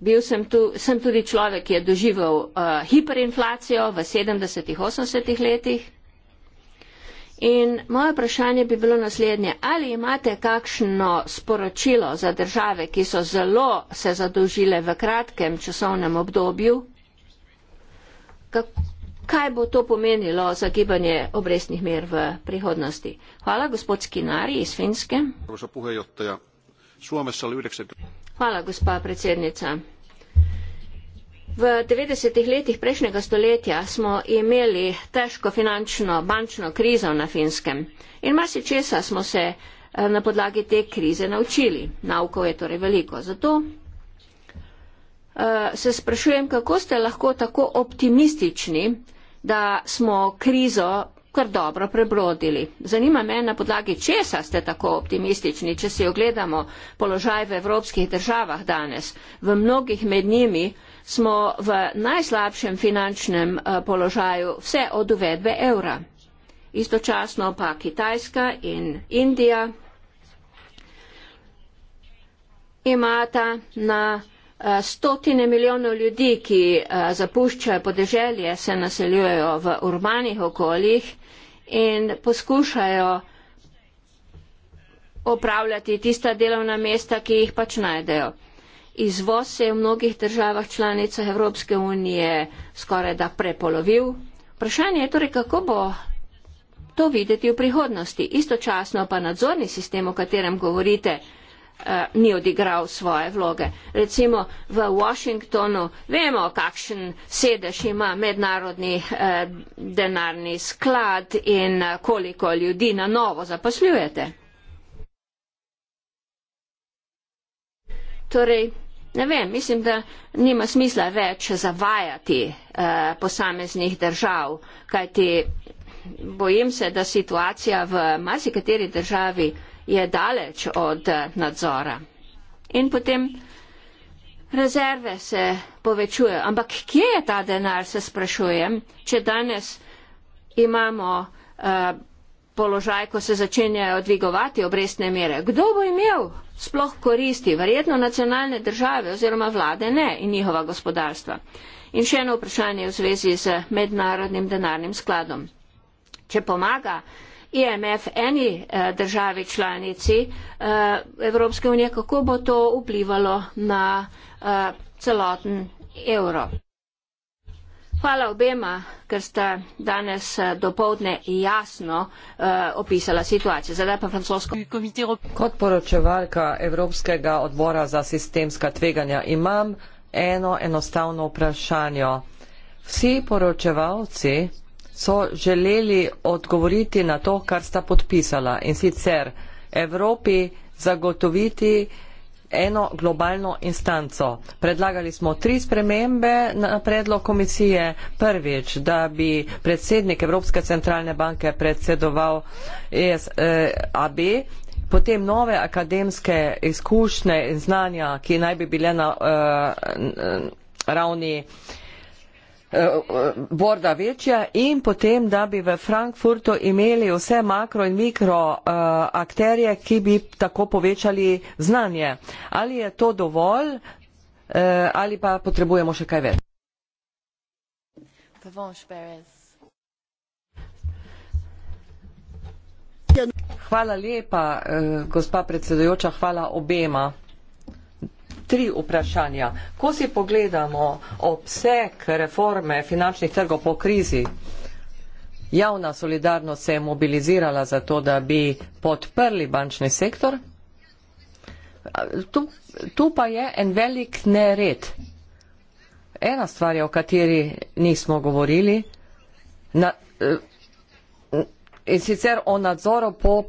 bil sem tu, sem tudi človek, ki je doživel uh, hiperinflacijo v 70-ih, 80-ih letih. In moje vprašanje bi bilo naslednje, ali imate kakšno sporočilo za države, ki so zelo se zadolžile v kratkem časovnem obdobju? Kaj bo to pomenilo za gibanje obrestnih mer v prihodnosti? Hvala, gospod Skinari iz Finske. Hvala, gospa predsednica. V 90-ih letih prejšnjega stoletja smo imeli težko finančno bančno krizo na finskem in marsičesa smo se eh, na podlagi te krize naučili. Naukov je torej veliko. Zato eh, se sprašujem, kako ste lahko tako optimistični, da smo krizo kar dobro prebrodili. Zanima me, na podlagi česa ste tako optimistični, če si ogledamo položaj v evropskih državah danes. V mnogih med njimi smo v najslabšem finančnem eh, položaju vse od uvedbe evra. Istočasno pa Kitajska in Indija imata na eh, stotine milijonov ljudi, ki eh, zapuščajo podeželje, se naseljujejo v urbanih okoljih in poskušajo opravljati tista delovna mesta, ki jih pač najdejo. Izvoz se je v mnogih državah članicah Evropske unije skoraj da prepolovil. Vprašanje je torej, kako bo to videti v prihodnosti. Istočasno pa nadzorni sistem, o katerem govorite, eh, ni odigral svoje vloge. Recimo v Washingtonu vemo, kakšen sedež ima mednarodni eh, denarni sklad in eh, koliko ljudi na novo zaposlujete. Torej, ne vem, mislim, da nima smisla več zavajati uh, posameznih držav, kajti bojim se, da situacija v marsikateri državi je daleč od eh, nadzora. In potem rezerve se povečujejo. Ampak kje je ta denar, se sprašujem, če danes imamo. Uh, položaj, ko se začenjajo dvigovati obrestne mere. Kdo bo imel sploh koristi? Verjetno nacionalne države oziroma vlade ne in njihova gospodarstva. In še eno vprašanje v zvezi z mednarodnim denarnim skladom. Če pomaga IMF eni eh, državi članici eh, Evropske unije, kako bo to vplivalo na eh, celoten evro? Hvala obema, ker sta danes eh, dopovdne jasno uh, opisala situacijo. Zdaj pa francosko. Kot poročevalka Evropskega odbora za sistemska tveganja imam eno enostavno vprašanje. Vsi poročevalci so želeli odgovoriti na to, kar sta podpisala in sicer Evropi zagotoviti eno globalno instanco. Predlagali smo tri spremembe na predlog komisije. Prvič, da bi predsednik Evropske centralne banke predsedoval ESAB, e, potem nove akademske izkušnje in znanja, ki naj bi bile na uh, ravni uh, Eh, borda večja in potem, da bi v Frankfurtu imeli vse makro in mikro uh, akterje, ki bi tako povečali znanje. Ali je to dovolj uh, ali pa potrebujemo še kaj več? Hvala lepa, gospa predsedujoča, hvala obema tri vprašanja. Ko si pogledamo obseg reforme finančnih trgov po krizi, javna solidarnost se je mobilizirala za to, da bi podprli bančni sektor, tu, tu pa je en velik nered. Ena stvar je, o kateri nismo govorili, na, eh, in sicer o nadzoru po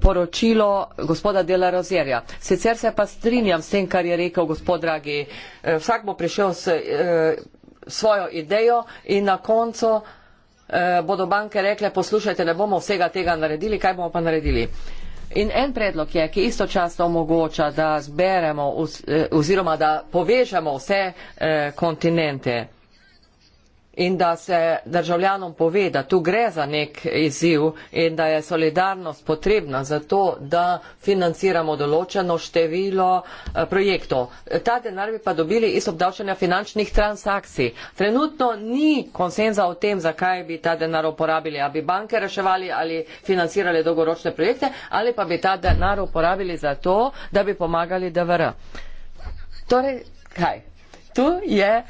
poročilu gospoda Dela Razjerja. Sicer se pa strinjam s tem, kar je rekel gospod Dragi, eh, vsak bo prišel s eh, svojo idejo in na koncu eh, bodo banke rekle, poslušajte, ne bomo vsega tega naredili, kaj bomo pa naredili. In en predlog je, ki istočasno omogoča, da zberemo oziroma da povežemo vse kontinente in da se državljanom pove, da tu gre za nek izziv in da je solidarnost potrebna za to, da financiramo določeno število eh, projektov. Ta denar bi pa dobili iz obdavčanja finančnih transakcij. Trenutno ni konsenza o tem, zakaj bi ta denar uporabili, ali bi banke reševali ali financirali dolgoročne projekte, ali pa bi ta denar uporabili za to, da bi pomagali DVR. Torej, kaj? tu je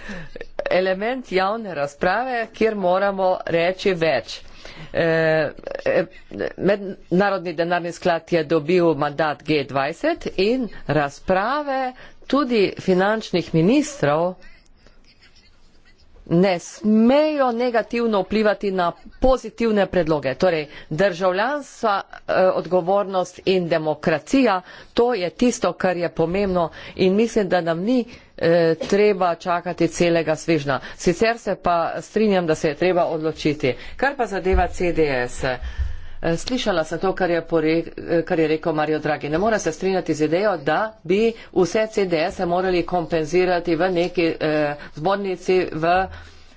element javne razprave, kjer moramo reči več. E, e, mednarodni denarni sklad je dobil mandat G20 in razprave tudi finančnih ministrov ne smejo negativno vplivati na pozitivne predloge. Torej, državljanstva, e, odgovornost in demokracija, to je tisto, kar je pomembno in mislim, da nam ni Eh, treba čakati celega svežna. Sicer se pa strinjam, da se je treba odločiti. Kar pa zadeva CDS? Eh, slišala sem to, kar je, pore, eh, kar je rekel Mario Draghi. Ne more se strinjati z idejo, da bi vse CDS-e morali kompenzirati v neki eh, zbornici v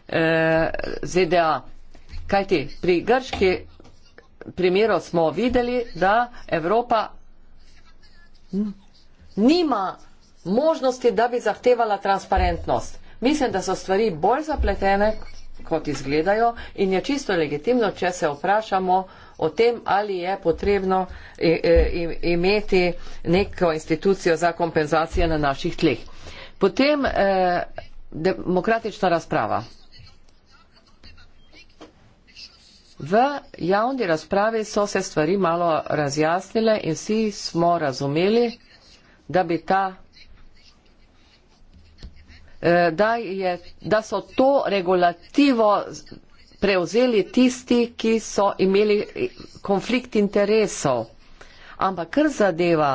eh, ZDA. Kaj ti? Pri grški primeru smo videli, da Evropa nima možnosti, da bi zahtevala transparentnost. Mislim, da so stvari bolj zapletene, kot izgledajo in je čisto legitimno, če se vprašamo o tem, ali je potrebno e, e, imeti neko institucijo za kompenzacije na naših tleh. Potem eh, demokratična razprava. V javni razpravi so se stvari malo razjasnile in vsi smo razumeli, da bi ta Eh, da, je, da so to regulativo prevzeli tisti, ki so imeli eh, konflikt interesov. Ampak kar zadeva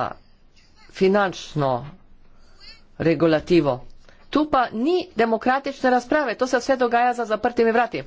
finančno regulativo, tu pa ni demokratične razprave, to se vse dogaja za zaprtimi vrati.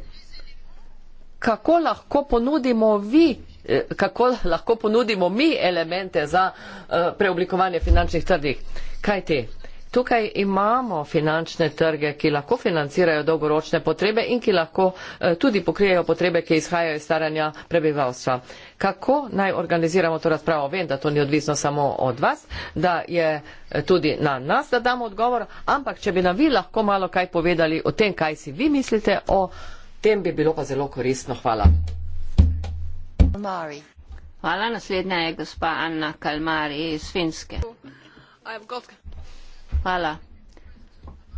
Kako lahko ponudimo vi? Eh, kako lahko ponudimo mi elemente za uh, preoblikovanje finančnih trdih. Kaj te? Tukaj imamo finančne trge, ki lahko financirajo dolgoročne potrebe in ki lahko eh, tudi pokrijejo potrebe, ki izhajajo iz staranja prebivalstva. Kako naj organiziramo to razpravo? Vem, da to ni odvisno samo od vas, da je eh, tudi na nas, da damo odgovor, ampak če bi nam vi lahko malo kaj povedali o tem, kaj si vi mislite o tem, bi bilo pa zelo koristno. Hvala. Mari. Hvala, naslednja je gospa Anna Kalmari iz Finske. Hvala.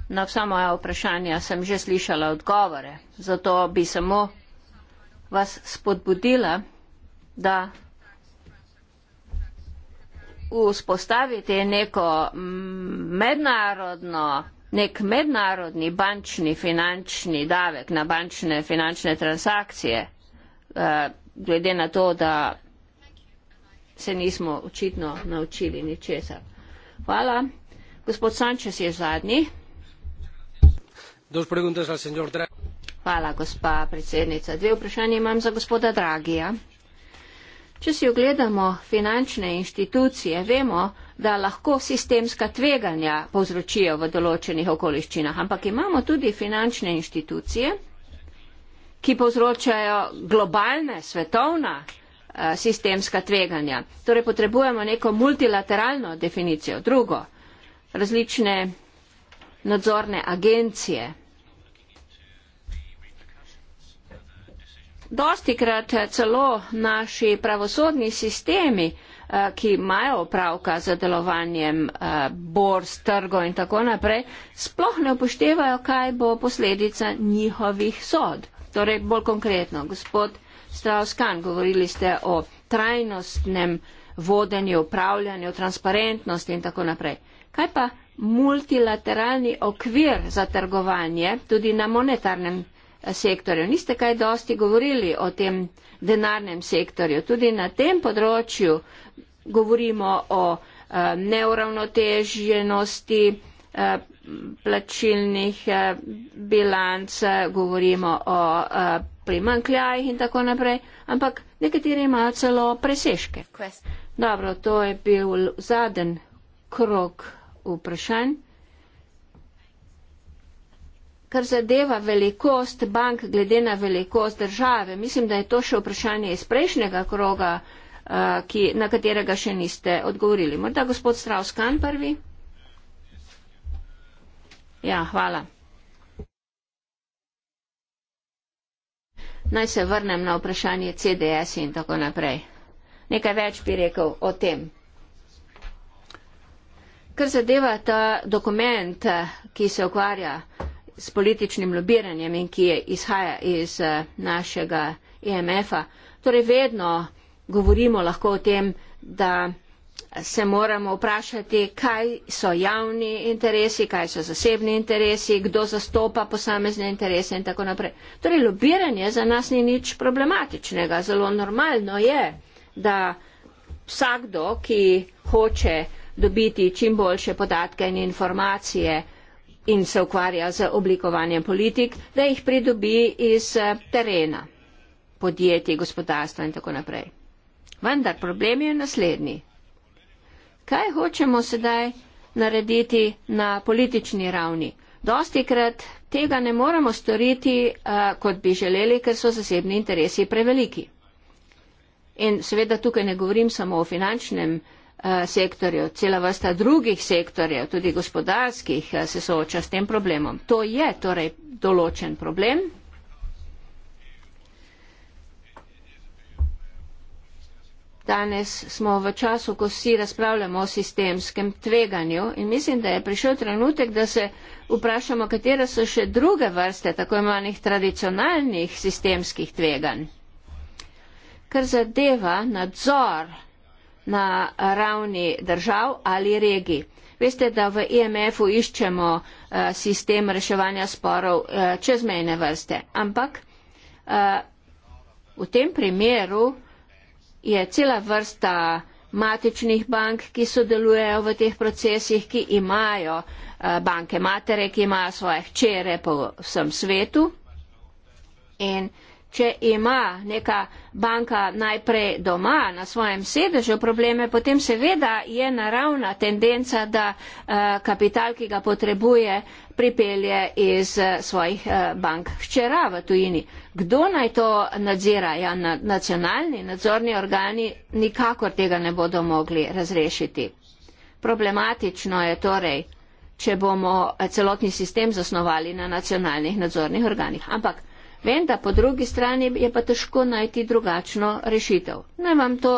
Na vsa moja vprašanja sem že slišala odgovore, zato bi samo vas spodbudila, da vzpostavite neko mm, mednarodno, nek mednarodni bančni finančni davek na bančne finančne transakcije, eh, glede na to, da se nismo očitno naučili ničesar. Hvala gospod sanchez je zadnji. gospa predsednica dve vprašanje imam za gospoda dragija. če si ogledamo finančne inštitucije vemo da lahko sistemska tveganja povzročijo v določenih okoliščinah ampak imamo tudi finančne inštitucije ki povzročajo globalne svetovna eh, sistemska tveganja torej potrebujemo neko multilateralno definicijo drugo različne nadzorne agencije. Dosti krat eh, celo naši pravosodni sistemi, eh, ki imajo opravka z delovanjem eh, borz, trgov in tako naprej, sploh ne upoštevajo, kaj bo posledica njihovih sod. Torej, bolj konkretno, gospod Strauskan, govorili ste o trajnostnem vodenju, upravljanju, transparentnosti in tako naprej. Kaj pa multilateralni okvir za trgovanje tudi na monetarnem eh, sektorju? Niste kaj dosti govorili o tem denarnem sektorju. Tudi na tem področju govorimo o eh, neuravnoteženosti eh, plačilnih bilanc, govorimo o primankljajih in tako naprej, ampak nekateri imajo celo presežke. Dobro, to je bil zadnji krok vprašanj. Kar zadeva velikost bank glede na velikost države, mislim, da je to še vprašanje iz prejšnjega kroga, eh, ki, na katerega še niste odgovorili. Morda gospod Strauskan prvi. Ja, hvala. Naj se vrnem na vprašanje CDS in tako naprej. Nekaj več bi rekel o tem. Kar zadeva ta dokument, ki se ukvarja s političnim lobiranjem in ki izhaja iz eh, našega IMF-a, e torej vedno govorimo lahko o tem, da se moramo vprašati, kaj so javni interesi, kaj so zasebni interesi, kdo zastopa posamezne interese in tako naprej. Torej, lobiranje za nas ni nič problematičnega. Zelo normalno je, da vsakdo, ki hoče dobiti čim boljše podatke in informacije in se ukvarja z oblikovanjem politik, da jih pridobi iz eh, terena, podjetij, gospodarstva in tako naprej. Vendar problem je naslednji. Kaj hočemo sedaj narediti na politični ravni? Dosti krat tega ne moremo storiti, eh, kot bi želeli, ker so zasebni interesi preveliki. In seveda tukaj ne govorim samo o finančnem Eh, sektorjev, cela vrsta drugih sektorjev, tudi gospodarskih, eh, se sooča s tem problemom. To je torej določen problem. Danes smo v času, ko vsi razpravljamo o sistemskem tveganju in mislim, da je prišel trenutek, da se vprašamo, katere so še druge vrste tako imenih tradicionalnih sistemskih tveganj. Kar zadeva nadzor na ravni držav ali regij. Veste, da v IMF-u e iščemo uh, sistem reševanja sporov uh, čezmejne vrste, ampak uh, v tem primeru je cela vrsta matičnih bank, ki sodelujejo v teh procesih, ki imajo uh, banke matere, ki imajo svoje hčere po vsem svetu. In uh, Če ima neka banka najprej doma na svojem sedežu probleme, potem seveda je naravna tendenca, da eh, kapital, ki ga potrebuje, pripelje iz eh, svojih eh, bank včera v tujini. Kdo naj to nadzira? Ja, nacionalni nadzorni organi nikakor tega ne bodo mogli razrešiti. Problematično je torej, če bomo celotni sistem zasnovali na nacionalnih nadzornih organih. Ampak Vendar po drugi strani je pa težko najti drugačno rešitev. Naj vam to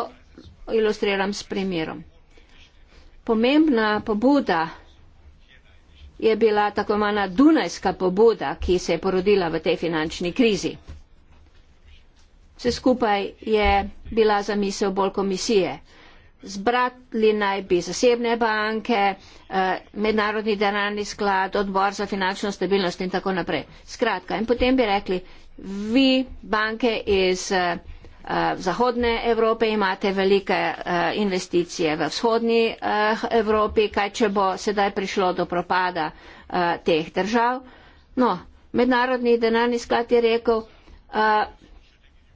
ilustriram s primerom. Pomembna pobuda je bila tako imena Dunajska pobuda, ki se je porodila v tej finančni krizi. Vse skupaj je bila zamisel bolj komisije zbrali naj bi zasebne banke, eh, mednarodni denarni sklad, odbor za finančno stabilnost in tako naprej. Skratka, in potem bi rekli, vi banke iz eh, eh, Zahodne Evrope imate velike investicije v vzhodni Evropi, kaj če bo sedaj prišlo do propada teh držav. No, mednarodni denarni sklad je rekel,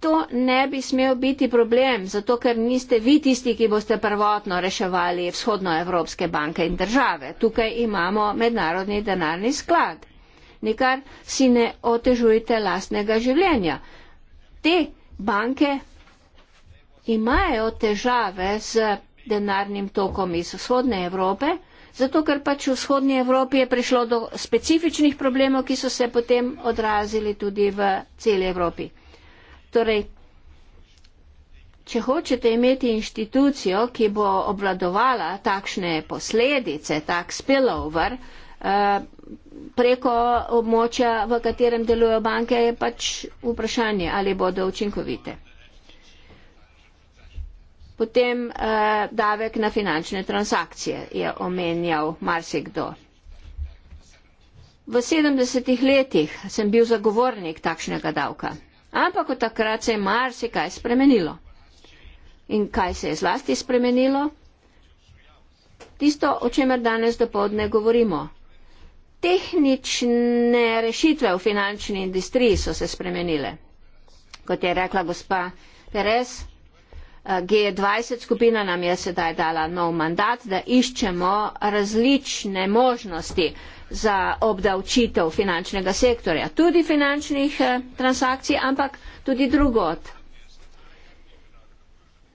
to ne bi smel biti problem, zato ker niste vi tisti, ki boste prvotno reševali vzhodnoevropske banke in države. Tukaj imamo mednarodni denarni sklad. Nikar si ne otežujte lastnega življenja. Te banke imajo težave z denarnim tokom iz vzhodne Evrope, zato ker pač v vzhodni Evropi je prišlo do specifičnih problemov, ki so se potem odrazili tudi v celi Evropi. Torej, če hočete imeti inštitucijo, ki bo obvladovala takšne posledice, tak spillover, eh, preko območja, v katerem delujejo banke, je pač vprašanje, ali bodo učinkovite. Potem eh, davek na finančne transakcije je omenjal marsikdo. V 70-ih letih sem bil zagovornik takšnega davka. Ampak od takrat se je marsikaj spremenilo. In kaj se je zlasti spremenilo? Tisto, o čemer danes dopoledne govorimo. Tehnične rešitve v finančni industriji so se spremenile. Kot je rekla gospa Perez, G20 skupina nam je sedaj dala nov mandat, da iščemo različne možnosti za obdavčitev finančnega sektorja, tudi finančnih eh, transakcij, ampak tudi drugot.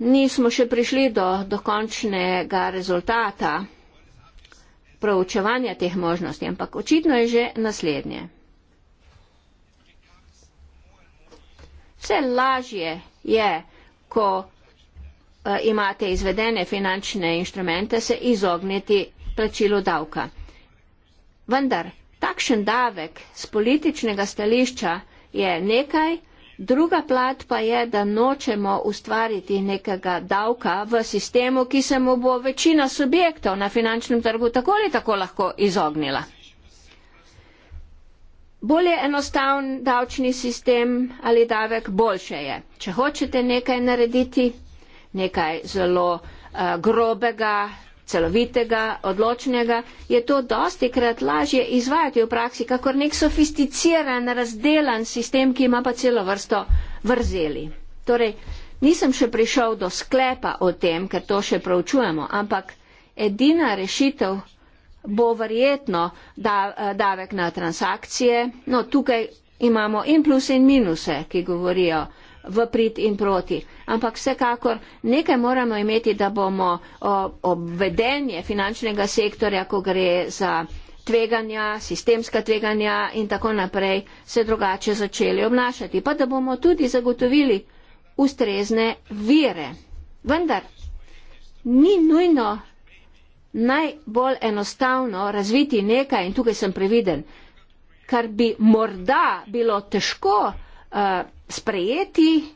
Nismo še prišli do dokončnega rezultata proučevanja teh možnosti, ampak očitno je že naslednje. Vse lažje je, ko Eh, imate izvedene finančne inštrumente, se izogniti plačilu davka. Vendar takšen davek z političnega stališča je nekaj, druga plat pa je, da nočemo ustvariti nekega davka v sistemu, ki se mu bo večina subjektov na finančnem trgu tako ali tako lahko izognila. Bolje enostavn davčni sistem ali davek boljše je. Če hočete nekaj narediti, nekaj zelo uh, grobega, celovitega, odločnega, je to dosti krat lažje izvajati v praksi, kakor nek sofisticiran, razdelan sistem, ki ima pa celo vrsto vrzeli. Torej, nisem še prišel do sklepa o tem, ker to še preučujemo, ampak edina rešitev bo verjetno da, eh, davek na transakcije. No, tukaj imamo in plus in minuse, ki govorijo v prid in proti. Ampak vsekakor nekaj moramo imeti, da bomo obvedenje finančnega sektorja, ko gre za tveganja, sistemska tveganja in tako naprej, se drugače začeli obnašati. Pa da bomo tudi zagotovili ustrezne vire. Vendar ni nujno najbolj enostavno razviti nekaj in tukaj sem previden, kar bi morda bilo težko Eh, sprejeti,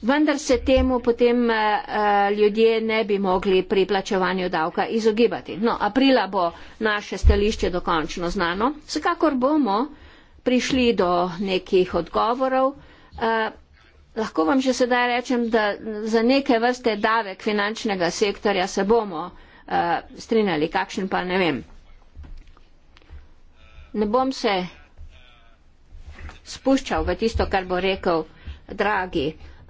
vendar se temu potem eh, eh, ljudje ne bi mogli pri plačevanju davka izogibati. No, aprila bo naše stališče dokončno znano. Vsekakor bomo prišli do nekih odgovorov. Lahko vam že sedaj rečem, da za neke vrste davek finančnega sektorja se bomo strinjali, kakšen pa ne vem. Ne bom se spuščal v tisto, kar bo rekel dragi.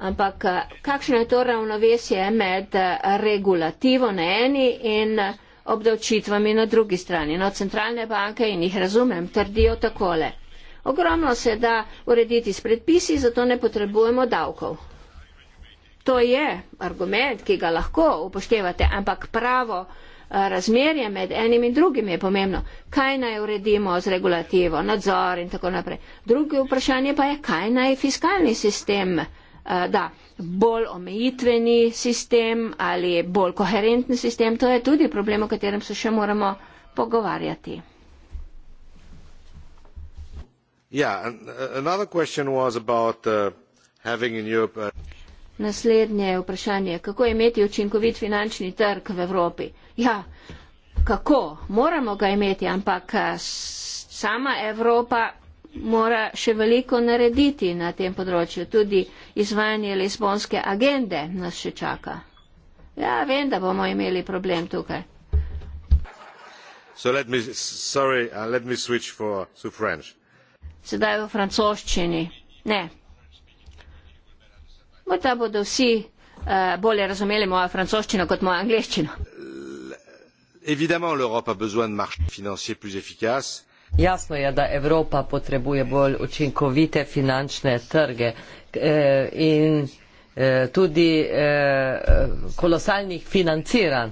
Ampak eh, kakšno je to ravnovesje med eh, regulativo na eni in eh, obdavčitvami na drugi strani? No, centralne banke in jih razumem, trdijo takole. Ogromno se da urediti s predpisi, zato ne potrebujemo davkov. To je argument, ki ga lahko upoštevate, ampak pravo Eh, razmerje med enim in drugim je pomembno. Kaj naj uredimo z regulativo, nadzor in tako naprej. Drugo vprašanje pa je, kaj naj fiskalni sistem eh, da bolj omejitveni sistem ali bolj koherenten sistem, to je tudi problem, o katerem se še moramo pogovarjati. Yeah, uh, another question was about uh, having in Europe. Uh... Naslednje vprašanje. Kako imeti učinkovit finančni trg v Evropi? Ja, kako? Moramo ga imeti, ampak eh, sama Evropa mora še veliko narediti na tem področju. Tudi izvajanje lesbonske agende nas še čaka. Ja, vem, da bomo imeli problem tukaj. So let me, sorry, uh, let me switch for, to French. Sedaj v francoščini. Ne, morda bodo vsi uh, bolje razumeli mojo francoščino kot mojo angliščino. Evidemment, l'Europe a besoin de marchés financiers plus efficaces. Jasno je, da Evropa potrebuje bolj učinkovite finančne trge eh, in eh, tudi eh, eh kolosalnih financiranj.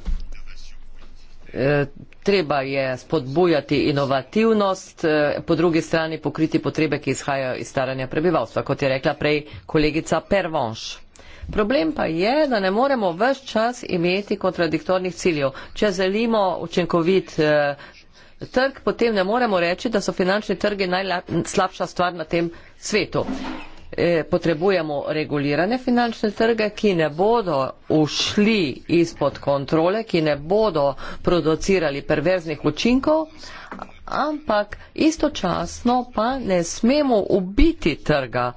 Eh, Treba je spodbujati inovativnost, eh, po drugi strani pokriti potrebe, ki izhajajo iz staranja prebivalstva, kot je rekla prej kolegica Pervonš. Problem pa je, da ne moremo vse čas imeti kontradiktornih ciljev. Če želimo učinkovit eh, trg, potem ne moremo reči, da so finančni trgi najslabša stvar na tem svetu. Eh, potrebujemo regulirane finančne trge, ki ne bodo ušli izpod kontrole, ki ne bodo producirali perverznih učinkov, ampak istočasno pa ne smemo ubiti trga,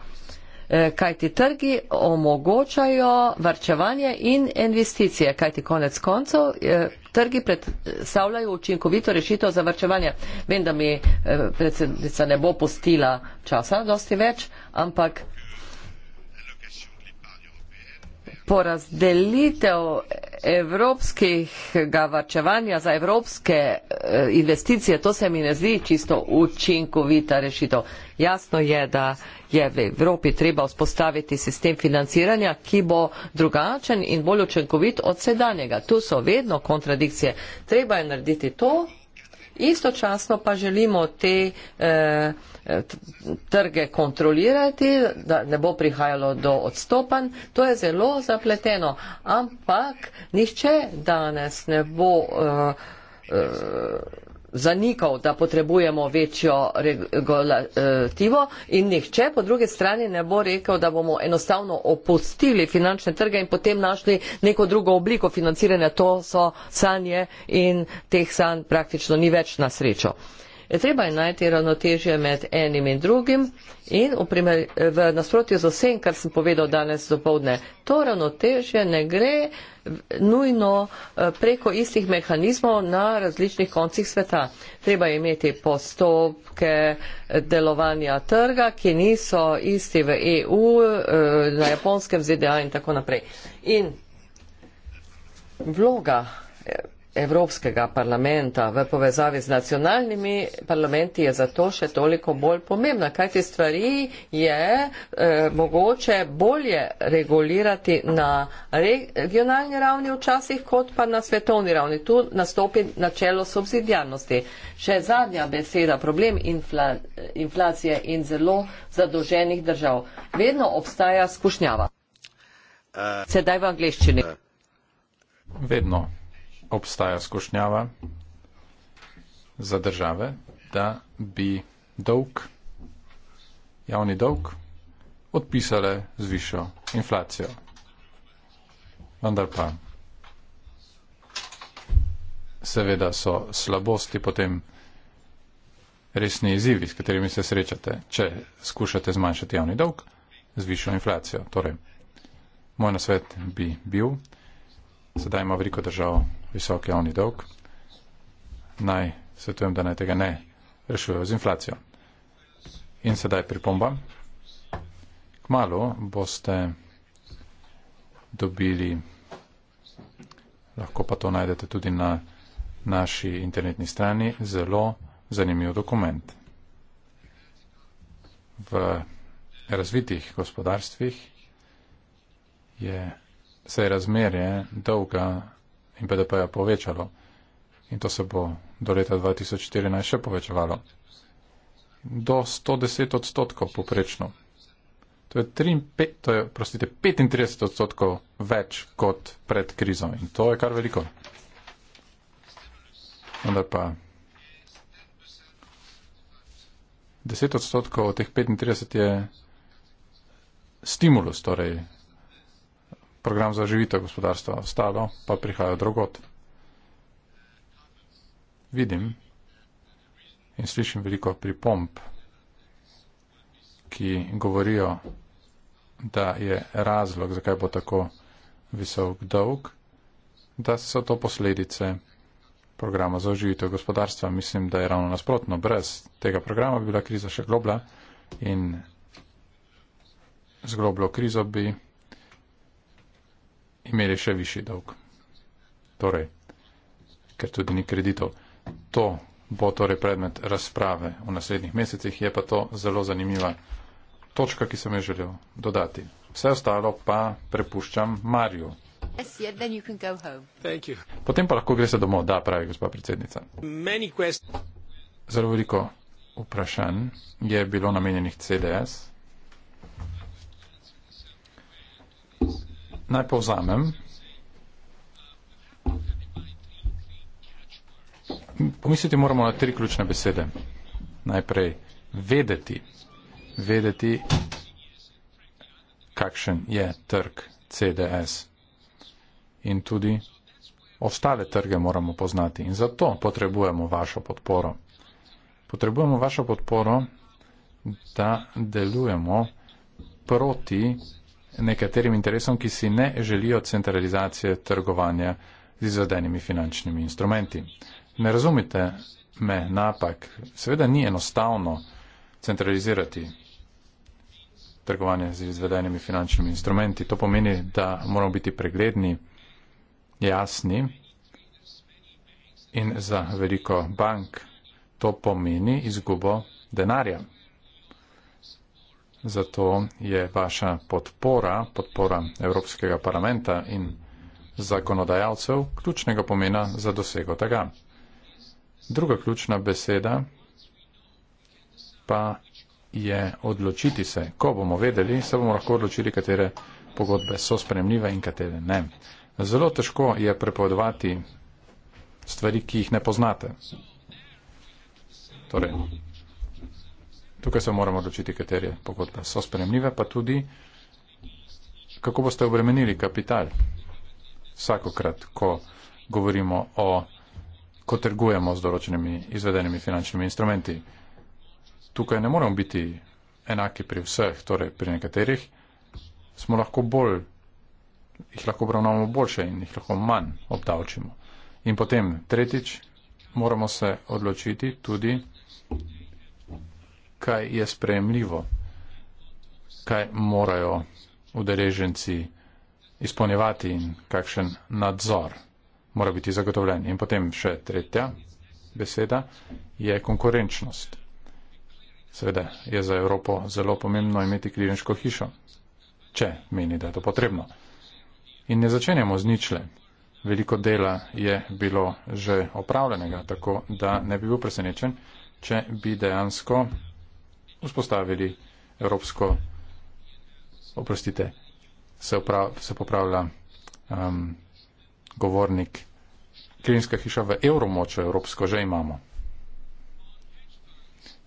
eh, kajti trgi omogočajo varčevanje in investicije, kajti konec koncev eh, trgi predstavljajo učinkovito rešitev za varčevanje. Vem, da mi predsednica ne bo pustila časa dosti več, ampak porazdelitev evropskega varčevanja za evropske eh, investicije, to se mi ne zdi čisto učinkovita rešitev. Jasno je, da je v Evropi treba vzpostaviti sistem financiranja, ki bo drugačen in bolj učinkovit od sedanjega. Tu so vedno kontradikcije. Treba je narediti to, istočasno pa želimo te eh, trge kontrolirati, da ne bo prihajalo do odstopanj. To je zelo zapleteno, ampak nišče danes ne bo. Uh, uh, zanikal, da potrebujemo večjo regulativo in nihče po druge strani ne bo rekel, da bomo enostavno opustili finančne trge in potem našli neko drugo obliko financiranja. To so sanje in teh sanj praktično ni več na srečo treba je najti ravnotežje med enim in drugim in v, primer, v nasprotju z vsem, kar sem povedal danes do povdne, to ravnotežje ne gre nujno eh, preko istih mehanizmov na različnih koncih sveta. Treba je imeti postopke eh, delovanja trga, ki niso isti v EU, eh, na japonskem ZDA in tako naprej. In vloga Evropskega parlamenta v povezavi z nacionalnimi parlamenti je zato še toliko bolj pomembna, kaj te stvari je e, mogoče bolje regulirati na regionalni ravni včasih, kot pa na svetovni ravni. Tu nastopi načelo subsidijarnosti. Še zadnja beseda, problem infla, inflacije in zelo zadolženih držav. Vedno obstaja skušnjava. Eh. Sedaj v angliščini. Eh. Vedno obstaja skušnjava za države, da bi dolg, javni dolg, odpisale z višjo inflacijo. Vendar pa seveda so slabosti potem resni izzivi, s katerimi se srečate, če skušate zmanjšati javni dolg z višjo inflacijo. Torej, moj nasvet bi bil, sedaj ima veliko držav visok javni dolg. Naj svetujem, da naj tega ne rešujejo z inflacijo. In sedaj pripomba. Kmalo boste dobili, lahko pa to najdete tudi na naši internetni strani, zelo zanimiv dokument. V razvitih gospodarstvih je se razmerje dolga in BDP-ja povečalo. In to se bo do leta 2014 še povečevalo. Do 110 odstotkov poprečno. To je, 35, to je prostite, 35 odstotkov več kot pred krizo. In to je kar veliko. Vendar pa 10 odstotkov od teh 35 je stimulus, torej program za živitev gospodarstva. Ostalo pa prihaja drugot. Vidim in slišim veliko pripomp, ki govorijo, da je razlog, zakaj bo tako visok dolg, da so to posledice programa za oživitev gospodarstva. Mislim, da je ravno nasprotno. Brez tega programa bi bila kriza še globla in z globlo krizo bi imeli še višji dolg. Torej, ker tudi ni kreditov. To bo torej predmet razprave v naslednjih mesecih, je pa to zelo zanimiva točka, ki sem jo želel dodati. Vse ostalo pa prepuščam Marju. Yes, yeah, Potem pa lahko greste domov, da pravi gospa predsednica. Zelo veliko vprašanj je bilo namenjenih CDS. Naj povzamem. Pomisliti moramo na tri ključne besede. Najprej vedeti, vedeti, kakšen je trg CDS. In tudi ostale trge moramo poznati. In zato potrebujemo vašo podporo. Potrebujemo vašo podporo, da delujemo proti nekaterim interesom, ki si ne želijo centralizacije trgovanja z izvedenimi finančnimi instrumenti. Ne razumite me napak, seveda ni enostavno centralizirati trgovanje z izvedenimi finančnimi instrumenti. To pomeni, da moramo biti pregledni, jasni in za veliko bank to pomeni izgubo denarja. Zato je vaša podpora, podpora Evropskega parlamenta in zakonodajalcev ključnega pomena za dosego tega. Druga ključna beseda pa je odločiti se. Ko bomo vedeli, se bomo lahko odločili, katere pogodbe so spremljive in katere ne. Zelo težko je prepovedovati stvari, ki jih ne poznate. Torej, Tukaj se moramo odločiti, katere pogodbe so spremljive, pa tudi, kako boste obremenili kapital. Vsakokrat, ko govorimo o, ko trgujemo z določenimi izvedenimi finančnimi instrumenti, tukaj ne moramo biti enaki pri vseh, torej pri nekaterih, smo lahko bolj, jih lahko obravnavamo boljše in jih lahko manj obdavčimo. In potem tretjič, moramo se odločiti tudi, kaj je sprejemljivo, kaj morajo udeleženci izpolnjevati in kakšen nadzor mora biti zagotovljen. In potem še tretja beseda je konkurenčnost. Seveda je za Evropo zelo pomembno imeti klirinško hišo, če meni, da je to potrebno. In ne začenjamo z ničle. Veliko dela je bilo že opravljenega, tako da ne bi bil presenečen, če bi dejansko vzpostavili evropsko, oprostite, se, oprav, se popravlja um, govornik, klinska hiša v evromočo evropsko že imamo.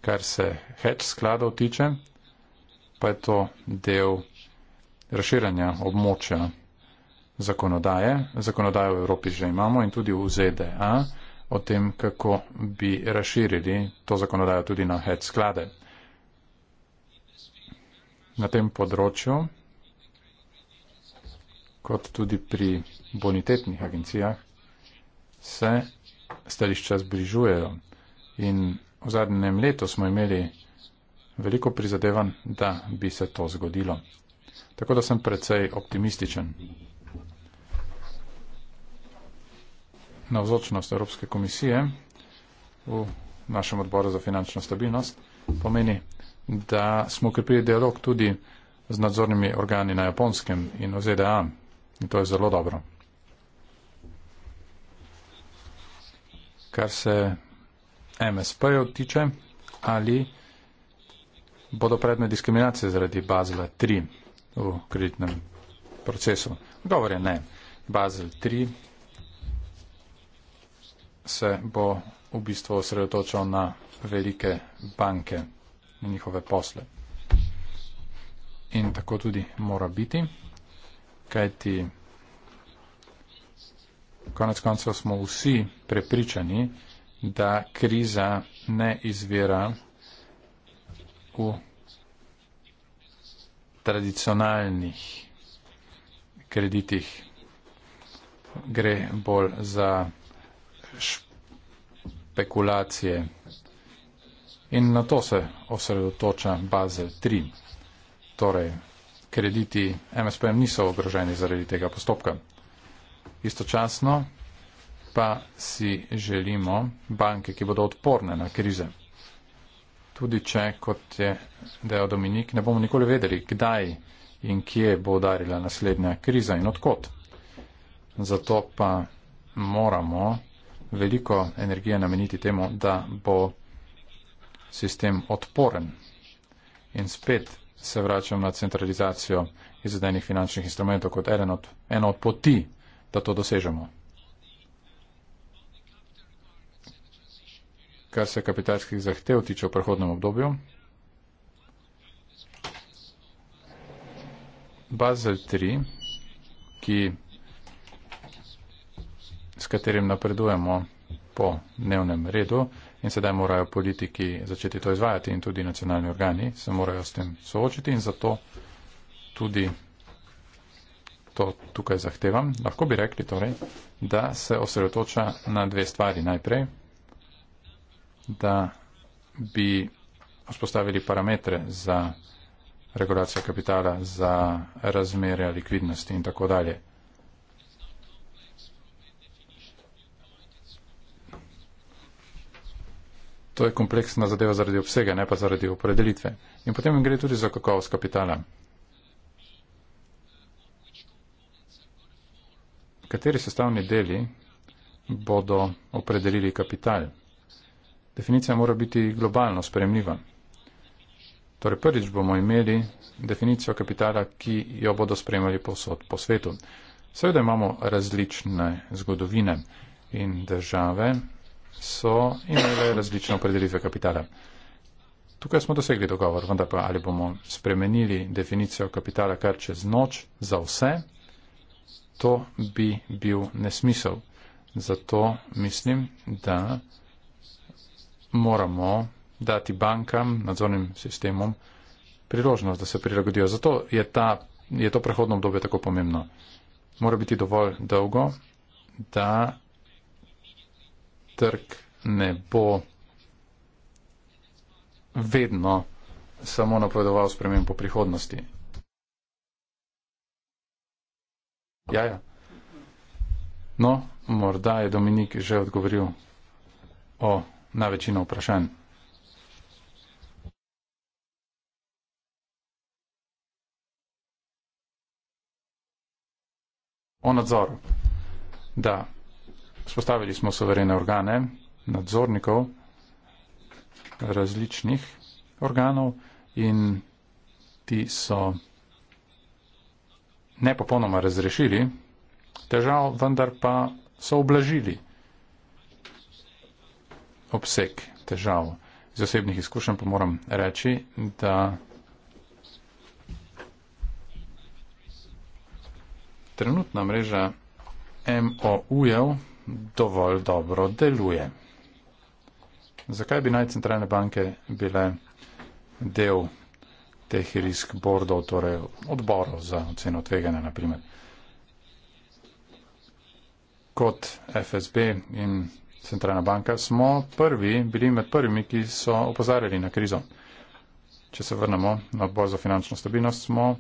Kar se hedge skladov tiče, pa je to del razširanja območja zakonodaje. Zakonodajo v Evropi že imamo in tudi v ZDA o tem, kako bi razširili to zakonodajo tudi na hedge sklade na tem področju, kot tudi pri bonitetnih agencijah, se stališča zbližujejo. In v zadnjem letu smo imeli veliko prizadevanj, da bi se to zgodilo. Tako da sem precej optimističen. Navzočnost Evropske komisije v našem odboru za finančno stabilnost pomeni, da smo ukrepili dialog tudi z nadzornimi organi na japonskem in v ZDA. In to je zelo dobro. Kar se MSP-jev tiče, ali bodo predmet diskriminacije zaradi Basla 3 v kreditnem procesu. Govor je ne. Basel 3 se bo v bistvu osredotočal na velike banke in njihove posle. In tako tudi mora biti, kajti konec koncev smo vsi prepričani, da kriza ne izvira v tradicionalnih kreditih. Gre bolj za špekulacije, In na to se osredotoča Bazel 3. Torej, krediti MSPM niso ogroženi zaradi tega postopka. Istočasno pa si želimo banke, ki bodo odporne na krize. Tudi če, kot je dejal Dominik, ne bomo nikoli vedeli, kdaj in kje bo udarila naslednja kriza in odkot. Zato pa moramo veliko energije nameniti temu, da bo sistem odporen. In spet se vračam na centralizacijo izvedenih finančnih instrumentov kot eno od, eno od poti, da to dosežemo. Kar se kapitalskih zahtev tiče v prehodnem obdobju, Bazel 3, ki, s katerim napredujemo po dnevnem redu, in sedaj morajo politiki začeti to izvajati in tudi nacionalni organi se morajo s tem soočiti in zato tudi to tukaj zahtevam. Lahko bi rekli torej, da se osredotoča na dve stvari najprej, da bi vzpostavili parametre za regulacijo kapitala, za razmerja likvidnosti in tako dalje. To je kompleksna zadeva zaradi obsega, ne pa zaradi opredelitve. In potem gre tudi za kakovost kapitala. Kateri sestavni deli bodo opredelili kapital? Definicija mora biti globalno spremljiva. Torej prvič bomo imeli definicijo kapitala, ki jo bodo spremljali posod po svetu. Seveda imamo različne zgodovine in države, so imele različne opredelitve kapitala. Tukaj smo dosegli dogovor, vendar pa ali bomo spremenili definicijo kapitala kar čez noč za vse, to bi bil nesmisel. Zato mislim, da moramo dati bankam, nadzornim sistemom, priložnost, da se prilagodijo. Zato je, ta, je to prehodno obdobje tako pomembno. Mora biti dovolj dolgo, da trg ne bo vedno samo napovedoval spremem po prihodnosti. Ja, ja. No, morda je Dominik že odgovoril o največino vprašanj. O nadzoru. Da, Vzpostavili smo soverene organe nadzornikov različnih organov in ti so nepopolnoma razrešili težav, vendar pa so oblažili obseg težav. Z osebnih izkušenj pa moram reči, da trenutna mreža MOU-jev dovolj dobro deluje. Zakaj bi naj centralne banke bile del teh risk boardov, torej odborov za oceno tveganja, na primer? Kot FSB in centralna banka smo prvi, bili med prvimi, ki so opozarjali na krizo. Če se vrnemo na odbor za finančno stabilnost, smo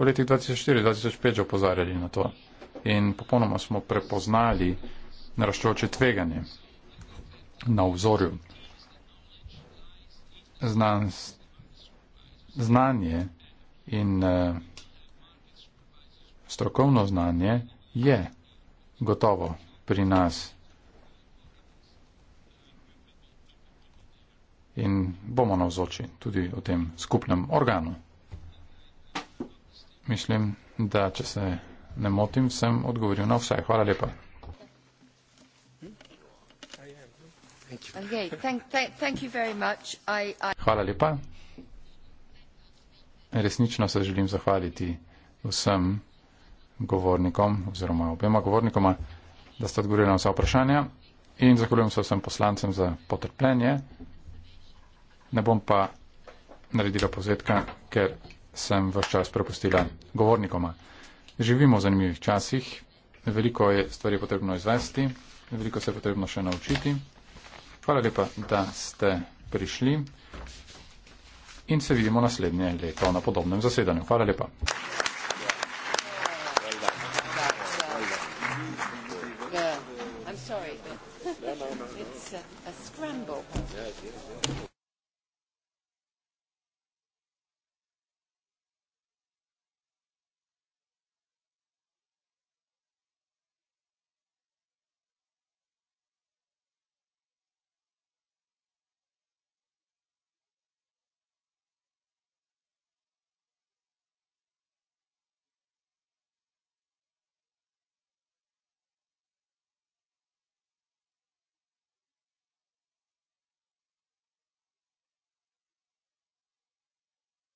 v letih 2004-2005 opozarjali na to in popolnoma smo prepoznali naraščajoče tveganje na obzorju. Znan, znanje in uh, strokovno znanje je gotovo pri nas in bomo navzoči tudi v tem skupnem organu. Mislim, da če se ne motim, sem odgovoril na vse. Hvala lepa. Hvala lepa. Resnično se želim zahvaliti vsem govornikom oziroma obema govornikoma, da ste odgovorili na vsa vprašanja in zahvaljujem se vsem poslancem za potrpljenje. Ne bom pa naredila povzetka, ker sem vse čas prepustila govornikoma živimo v zanimivih časih, veliko je stvari potrebno izvesti, veliko se je potrebno še naučiti. Hvala lepa, da ste prišli in se vidimo naslednje leto na podobnem zasedanju. Hvala lepa.